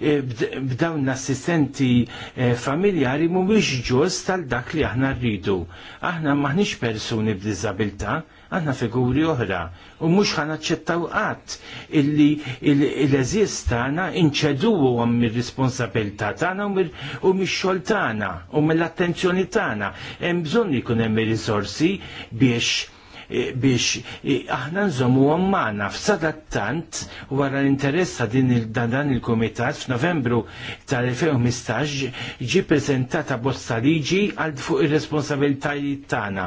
Eh, b'dawn l-assistenti eh, familjari mhumiex ġust tal dak li aħna rridu. Aħna maħniex persuni b'diżabilità, aħna figuri oħra u mhux aċċettaw qatt illi l-eżiż tagħna inċeduhom mir-responsabilità tagħna u mix-xogħol tagħna u mill-attenzjoni tagħna. Hemm bżonn jkun hemm ir-risorsi biex Eh, biex eh, aħna nżomu għammana f'sadattant wara l-interess ta' il dan il-komitat f'Novembru tal-2015 ġi prezentata bosta liġi għal fuq ir-responsabiltajiet tagħna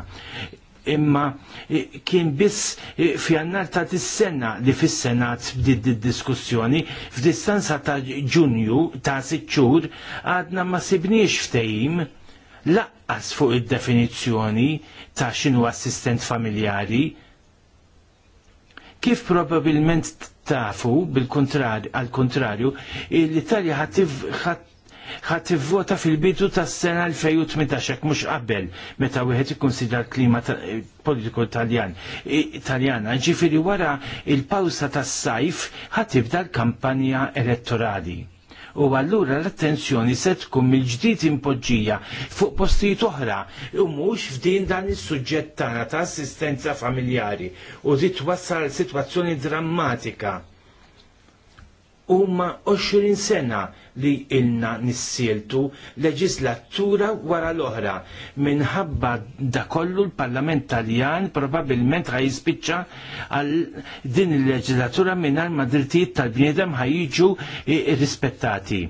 imma eh, kien biss fjannar ta' tis-sena li fis-senat bdiet id-diskussjoni f'distanza ta' ġunju ta' siċċur għadna ma sibniex ftehim laqqas fuq id-definizzjoni ta' xinu assistent familjari. Kif probabilment tafu bil- għal-kontrarju, l-Italja ħat vota fil-bidu tas sena 2018 mhux qabel meta wieħed ikkonsidra l-klima politiku italjan. Taljana, ġifiri wara il ta' tas-sajf ħat l-kampanja elettorali u allura l-attenzjoni se tkun mill-ġdid impoġġija fuq postijiet oħra u mhux f'din dan is-suġġett tagħna ta' assistenza familjari u di twassal situazzjoni drammatika huma 20 sena li ilna nissieltu leġislatura wara l-oħra. Minħabba da kollu l-Parlament Taljan probabilment ħaj jispiċċa għal din il-leġislatura mingħajr madrittijiet tal-bniedem ħajġu rispettati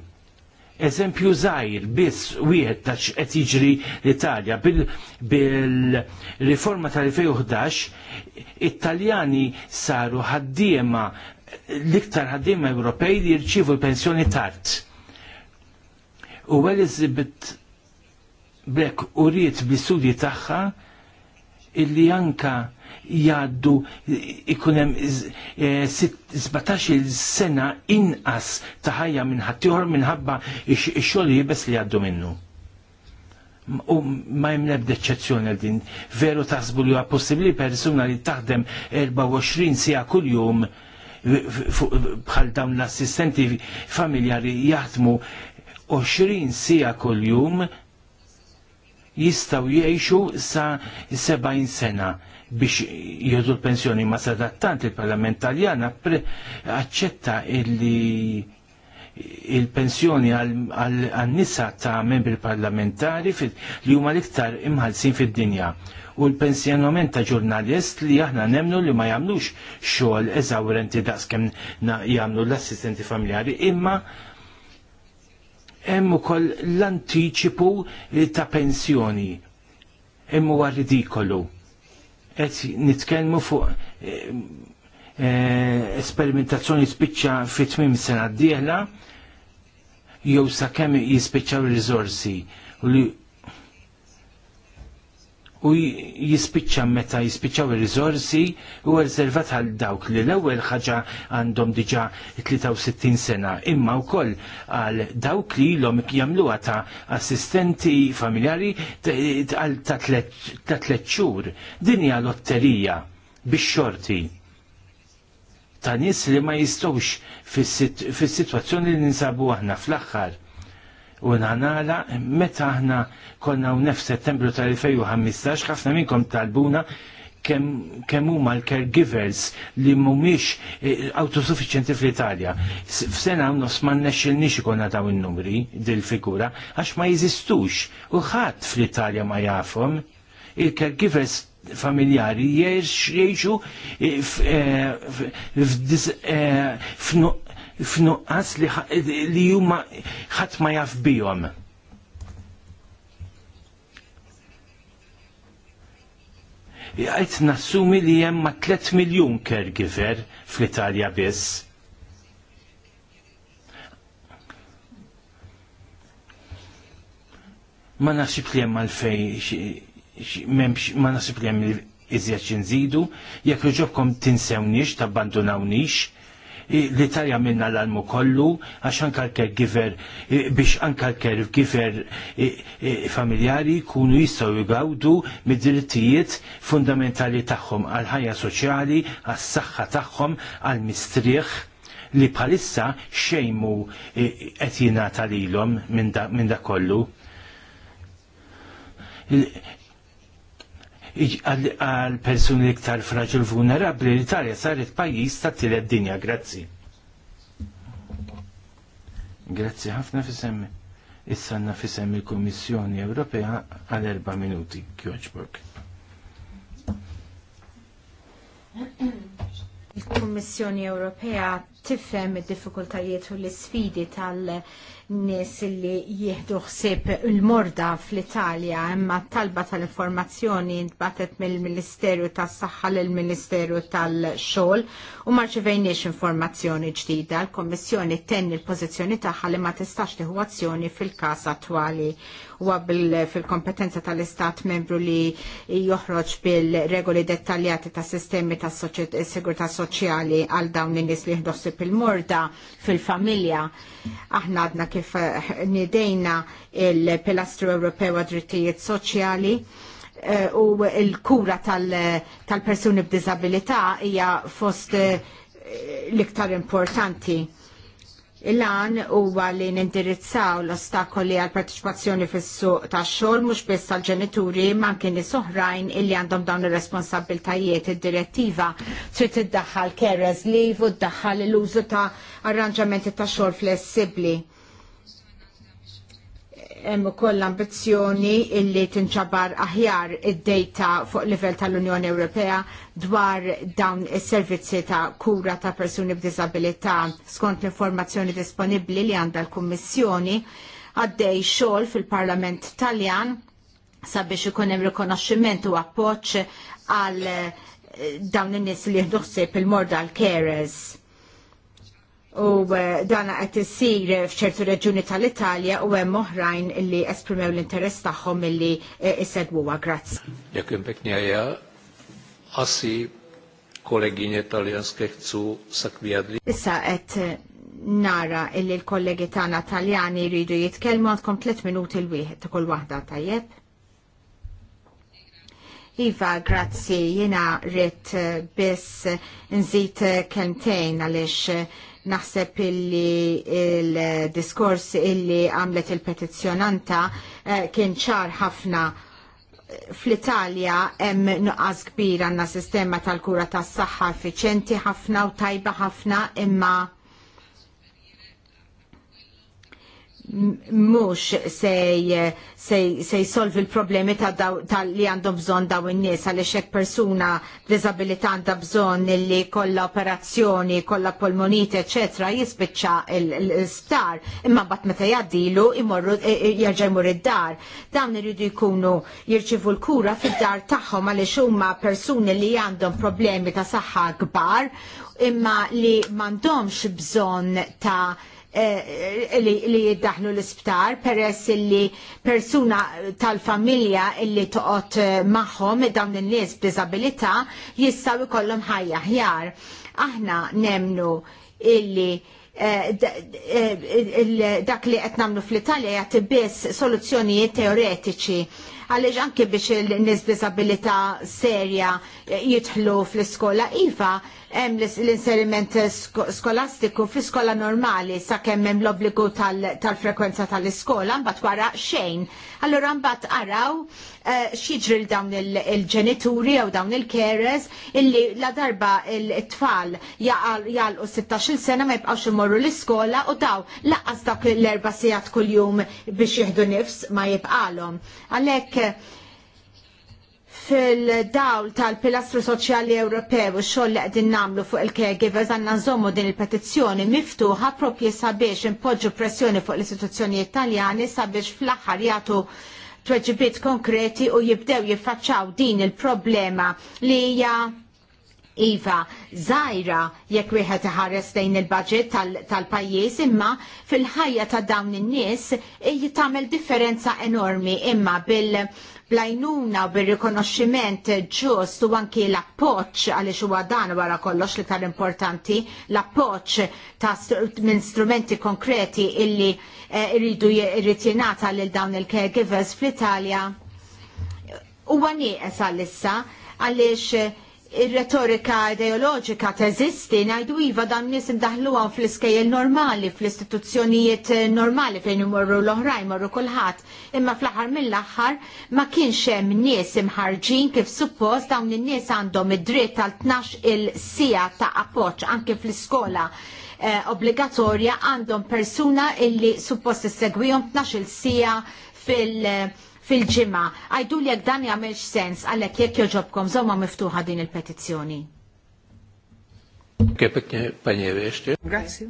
eżempju zaħir biss wieħed taċ qed jiġri l-Italja bil-riforma bil tal-2011 it-Taljani saru ħaddiema l-iktar ħaddim Ewropej li jirċivu l-pensjoni tard. U Elizabeth Black uriet bl-istudji tagħha illi anka jaddu ikunem 17 sena inqas ta' ħajja minn ħaddieħor minħabba x-xogħol jibes li jaddu minnu. U ma jem nebda eċċezzjoni għal din. Veru taħsbu li huwa possibbli persuna li taħdem 24 sija kuljum jum bħal dawn l-assistenti familjari jaħdmu 20 sija kuljum jistaw jiexu sa 70 sena biex jodu l-pensjoni ma sadattant il-Parlament Taljana accetta illi il-pensjoni għal-nisa ta' membri parlamentari li huma l-iktar imħalsin fid-dinja u l-pensjonament ta' ġurnalist li aħna nemnu li ma jagħmlux xogħol eżawrenti daqskemm jagħmlu l-assistenti familjari imma hemm ukoll l-antiċipu eh, ta' pensjoni hemm huwa ridikolu. Qed nitkellmu fuq eh, eh, esperimentazzjoni spiċċa fit tmim sena d-dieħla jew sakemm jispiċċaw riżorsi u jispiċċa meta jispiċċaw ir rizorsi u riservat għal dawk li l-ewwel ħaġa għandhom diġà 63 sena imma wkoll għal dawk li l-om jagħmluha ta' assistenti familjari għal ta' tliet xhur. Din hija lotterija bix-xorti ta' nies li ma jistgħux fis-sitwazzjoni li ninsabu aħna fl-aħħar U nanala meta aħna konna u nef settembru tal-2015, ħafna minnkom talbuna kemm kem huma l-caregivers li mhumiex eh, autosuffiċjenti fl-Italja. F'sena nofs ma nnexxilniex ikolna daw in-numri dil-figura għax ma jeżistux u ħadd fl-Italja ma jafhom. Il-caregivers familjari jiexu eh, eh, f'nuqqas f'nuqqas li huma ħadd ma jaf bihom. Għajt nassumi li jem ma 3 miljon caregiver fl-Italja biss. Ma nasib li jem għalfej, ma nasib li jem iżjed nżidu, jekk joġobkom tinsewniex, tabbandonawnix l-Italja minna l-almu kollu għax anka l-caregiver biex anka l-caregiver familjari kunu jistaw jgawdu mid-drittijiet fundamentali tagħhom għal-ħajja soċjali, għas-saħħa tagħhom, għal-mistrieħ li bħalissa xejmu qed jingħata lilhom minn da kollu għal persuni iktar fraġil vulnerabli l-Italja saret pajis ta' tielet dinja, grazzi. Grazzi ħafna fissemmi. issanna fisem il-Kummissjoni Ewropea għal erba' minuti Kjoċbork. Il-Kummissjoni Ewropea tifhem id-diffikultajiet u l-isfidi tal-nies li jieħdu ħsieb il-morda fl-Italja imma talba tal-informazzjoni ntbatet mill-Ministeru tas-Saħħa lill ministeru tal-Xogħol u ma rċevejniex informazzjoni ġdida. L-Kommissjoni tenni l-pożizzjoni tagħha li ma tistax tieħu azzjoni fil-każ attwali huwa fil-kompetenza tal-Istat membru li joħroġ bil-regoli dettaljati ta' sistemi ta' sigurtà soċjali għal dawn in-nies li ħsieb ħsieb il-morda fil-familja. Aħna għadna kif eh, nidejna il-Pilastru Ewropew għad-drittijiet soċjali eh, u il-kura tal-persuni b'diżabilità hija fost eh, l-iktar importanti Il-lan huwa li nindirizzaw l-ostakoli għal parteċipazzjoni fis-suq tax-xogħol mhux biss tal-ġenituri ma kien nies oħrajn illi għandhom dawn ir-responsabbiltajiet id-direttiva trid tiddaħħal carers leave u ddaħħal l-użu ta' arranġamenti ta' xogħol flessibbli hemm ukoll ambizzjoni illi tinġabar aħjar id-data fuq livell tal-Unjoni Ewropea dwar dawn is-servizzi ta' kura ta' persuni b'diżabilità skont l-informazzjoni disponibbli li għandha l-Kummissjoni għaddej xogħol fil-Parlament Taljan sabiex ikun hemm rikonoxximent u appoġġ għal eh, dawn in-nies li jieħdu ħsieb il mortal carers u eh, dana qed sir f'ċertu reġuni tal-Italja u għem moħrajn li esprimew l-interess tagħhom illi eh, isegwuha. Grazzi. Dziękuję pięknie. Ja asi kolleginie taljanske chcą sakwiadli. Issa għet eh, nara illi l-kollegi tagħna Taljani jridu jitkellmu għandkom 3 minuti l-wieħed ta' kull waħda tajjeb. Iva, grazzi, jena rrit bis nżit kelmtejn għalix Naħseb illi il-diskors illi għamlet il-petizzjonanta eh, kien ċar ħafna fl-Italja hemm nuqqas kbir għandna sistema tal-kura tas-saħħa effiċenti ħafna u tajba ħafna imma mux se, se, jisolvi l-problemi ta, ta' li għandhom bżon daw in-nies għaliex hekk persuna b'diżabilità għandha bżonn li kollha operazzjoni, kollha polmonite, eċetera, jispiċċa l-sptar, imma mbagħad meta jgħaddilu imorru e, e, jerġa' jmur id-dar. Dawn iridu jkunu jirċivu l-kura fid-dar tagħhom għaliex huma persuni li għandhom problemi ta' saħħa kbar imma li m'għandhomx bżonn ta' Eh, li jiddaħnu l-isptar peress li persuna tal-familja illi toqot eh, maħħom dawn il-nies b'disabilità jistaw ikollhom ħajja ħjar. Aħna nemnu illi eh, dak li qed nagħmlu fl-Italja jagħti biss soluzzjonijiet teoretiċi għaliex anke biex il nis disabilita serja jidħlu fl-iskola iva hemm l-inseriment skolastiku fl-iskola normali sakemm hemm l-obbligu tal-frekwenza tal-iskola mbagħad wara xejn. Allura mbagħad araw eh, x'jiġri dawn il-ġenituri jew dawn il-keres illi la darba il-tfal jgħalqu 16 sena ma jibqgħux imorru l-iskola u daw laqqas dak l-erba' sigħat kuljum biex jieħdu nifs ma jibqalhom. Għalhekk għalhekk fil-dawl tal-pilastru soċjali Ewropew u xoll li qegħdin nagħmlu fuq il-caregivers għandna nżommu din il-petizzjoni miftuħa propju sabiex impoġġu pressjoni fuq l-istituzzjonijiet Taljani sabiex fl-aħħar jagħtu tweġibiet konkreti u jibdew jiffaċċaw din il-problema li hija Iva, zaħira jekk wieħed iħares lejn il-budget tal-pajjiż tal imma fil-ħajja ta' dawn in-nies tagħmel differenza enormi imma bil blajnuna u bil-rikonoxximent ġust u anki l-appoċ għaliex huwa dan wara kollox li tal importanti l-appoċ ta' minn strumenti konkreti illi eh, irridu eh, irritinata lil dawn il-caregivers fl-Italja huwa nieqes għalissa għaliex eh, ir-retorika ideoloġika teżisti ngħidu iva dan nies imdaħluhom fl-iskejjel normali, fl-istituzzjonijiet normali fejn imorru l-oħrajn imorru kulħadd. Imma fl-aħħar mill-aħħar ma kienx hemm nies imħarġin kif suppost dawn in-nies għandhom id-dritt għal tnax il-sija ta' appoġġ anke fl-iskola eh, obbligatorja għandhom persuna illi suppost issegwihom 12 il sija fil- fil-ġimma. Għajdu li dan jgħamilx sens għalek jek joġobkom zomma miftuħa din il-petizzjoni. Grazie.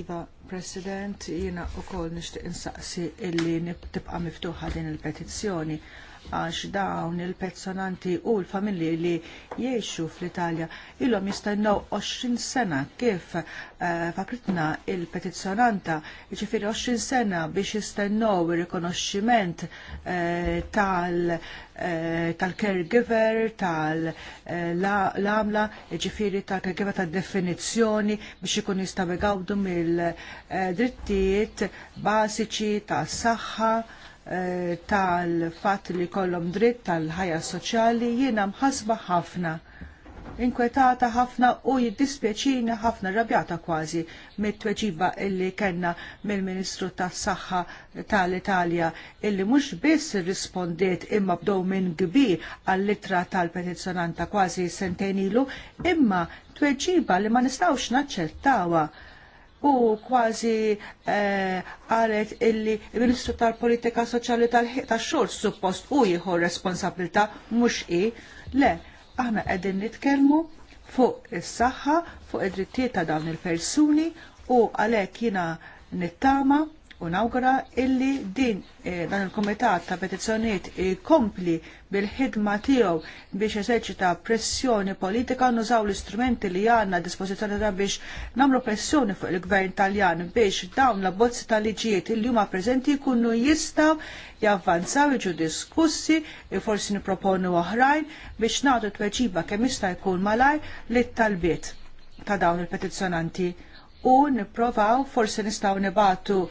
Iva, President, jina u kol nishtiq insaqsi illi tibqa miftuħa din il-petizzjoni għax dawn il-pezzonanti u l-familji li jiexu fl-Italja ilhom jistennew 20 sena kif uh, fakritna il-petizzjonanta jiġifieri 20 sena biex jistennew ir-rikonoxximent uh, tal- eh, tal-caregiver, tal-għamla, ġifiri tal-caregiver tal-definizjoni biex ikun jistaw għawdu mill-drittijiet basiċi tal-saxħa, Eh, tal-fat li kollom dritt tal-ħajja soċjali jiena mħasba ħafna inkwetata ħafna u jiddispjaċina ħafna rabjata kważi mit-tweġiba illi kenna mill-Ministru tas-Saħħa tal-Italja illi mhux biss rispondiet imma bdow minn kbir għall ittra tal-petizzjonanta kważi sentejn ilu imma tweġiba li ma nistgħux naċċettawha u kważi għalet eh, illi il-Ministru tal-Politika Soċjali tal-Xogħol suppost u jieħu responsabilta mhux i. Le, aħna qegħdin nitkellmu fuq is-saħħa, fuq id-drittijiet ta' dawn il-persuni u għalhekk jiena nittama' u illi din eh, dan il-Komitat ta' Petizzjonijiet ikompli bil-ħidma tiegħu biex eżerċita pressjoni politika nużaw l-istrumenti li għandna dispożizzjoni ta' biex nagħmlu pressjoni fuq il-Gvern Taljan biex dawn l-abbozzi ta' liġijiet li huma preżenti jkunu jistgħu javvanzaw iġu diskussi, e forsi niproponu oħrajn biex nagħtu tweġiba kemm jista' jkun malaj li talbiet ta' dawn il-petizzjonanti u nipprovaw forsi nistgħu nibatu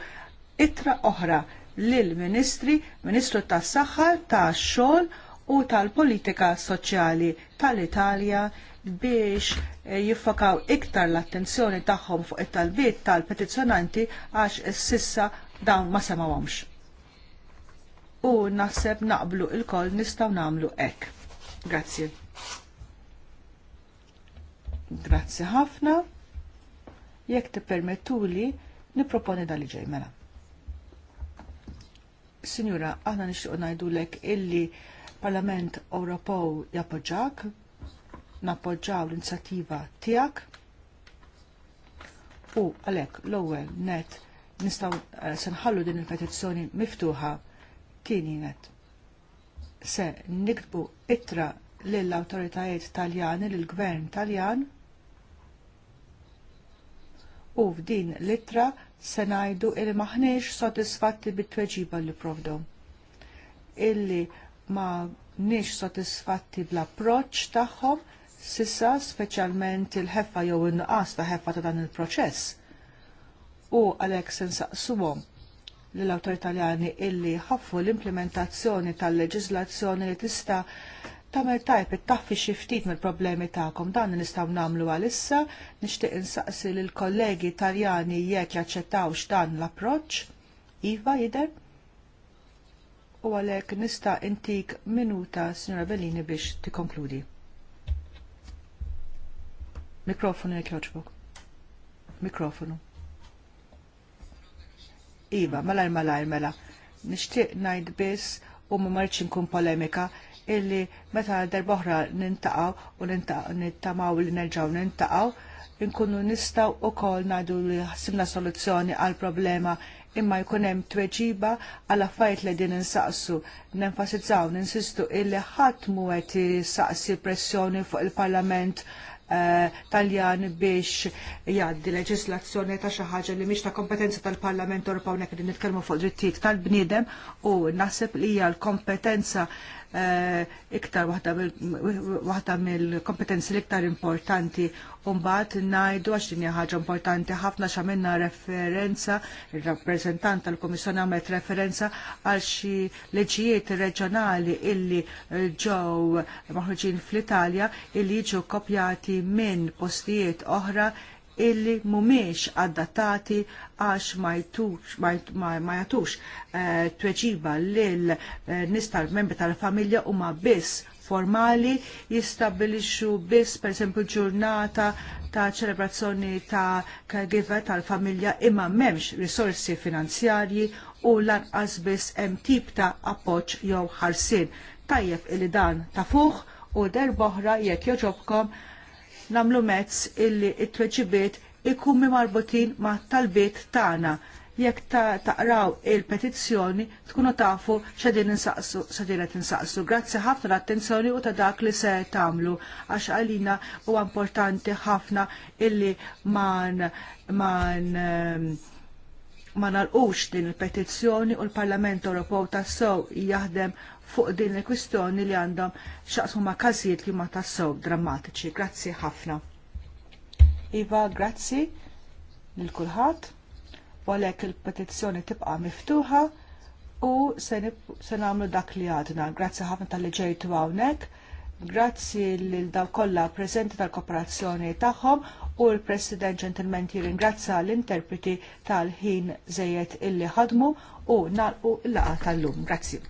ittra oħra lill ministri Ministru tas-Saħħa, tax-Xogħol u tal-Politika Soċjali tal-Italja biex eh, jiffokaw iktar l-attenzjoni tagħhom fuq it-talbiet tal-petizzjonanti għax sissa dawn ma semawhomx. U naħseb naqblu il-koll nistgħu nagħmlu hekk. Grazzi. Grazzi ħafna. Jekk tippermettuli, niproponi dal-ġej mela. Sinjura, aħna nixtiequ ngħidulek illi Parlament Ewropew jappoġġak, nappoġġaw l-inizjattiva tiegħek u għalhekk l-ewwel net nistgħu eh, se nħallu din il-petizzjoni miftuħa tieni net. Se nikbu ittra lill awtoritajiet Taljani lill gvern Taljan u f'din l-ittra se ngħidu illi maħniex sodisfatti bit-tweġiba li provdu. Illi ma nix sodisfatti bl-approċċ tagħhom sissa speċjalment il-ħeffa jew il-nuqas ta' ħeffa ta' dan il-proċess. U għalhekk se l lill-awtoritaljani illi ħaffu l-implementazzjoni tal-leġiżlazzjoni li tista' tamer tajb it-taffi xi ftit mill-problemi tagħkom dan nistgħu nagħmlu għalissa, nixtieq insaqsi l kollegi Taljani jekk jaċċettawx dan l-approċċ. Iva jidher? U għalhekk nista' intik minuta, Sinjora Bellini, biex tikkonkludi. Mikrofonu jekk joġbok. Mikrofonu. Iva, malajr malajr mela. Nixtieq ngħid biss u ma marċin kun polemika illi meta darboħra nintaqaw u nittamaw li nerġaw nintaqaw inkunu nistaw u kol nadu li ħsibna soluzzjoni għal problema imma jkun hemm tweġiba għal affarijiet li din insaqsu. Nenfasizzaw, ninsistu illi ħadd mhu qed saqsi pressjoni fuq il-Parlament eh, Taljan biex jgħaddi leġislazzjoni ta' xi ħaġa li mhix ta' kompetenza tal-Parlament Ewropew nek li nitkellmu fuq drittijiet tal-bniedem u naħseb li hija l-kompetenza Eh, iktar waħda mill-kompetenzi l-iktar importanti Umbat najdu għax dinja ħaġa importanti ħafna xamenna referenza, il-rappresentant tal-Komissjoni għamet referenza għal xi leġijiet reġjonali illi ġew maħruġin fl-Italja illi jiġu kopjati minn postijiet oħra illi mumiex adattati għax ma jatux eh, tweġiba lil eh, nista membri tal-familja u ma biss formali jistabilixu biss per esempio ġurnata ta' ċelebrazzjoni ta' caregiver tal-familja imma memx risorsi finanzjarji u lanqas biss hemm tip ta' appoġġ jew ħarsien. Tajjeb illi dan ta' fuq u derboħra jekk joġobkom namlu mezz illi it-tweġibiet ikummi marbutin ma' talbiet tagħna jekk taqraw il-petizzjoni tkunu tafu xedin insaqsu, xedin qed insaqsu. Grazzi ħafna l-attenzjoni u ta' dak li se tagħmlu għax għalina huwa importanti ħafna illi man man ehm, ma nalqux din il-petizzjoni u l-Parlament Ewropew tassew jaħdem fuq din il-kwistjoni li għandhom xaqsmu ma' każijiet li ma tassew drammatiċi. Grazzi ħafna. Iva, grazzi lil kulħadd u għalek il-petizzjoni tibqa' miftuħa u se nagħmlu dak li għadna. Grazzi ħafna tal-li ġejtu hawnhekk. Grazzi lil daw kollha preżenti tal-kooperazzjoni tagħhom u l-President Ġentilmenti ringrazza l-interpreti tal-ħin żejjed illi ħadmu u nalqu l-laqa tal-lum. Grazzi.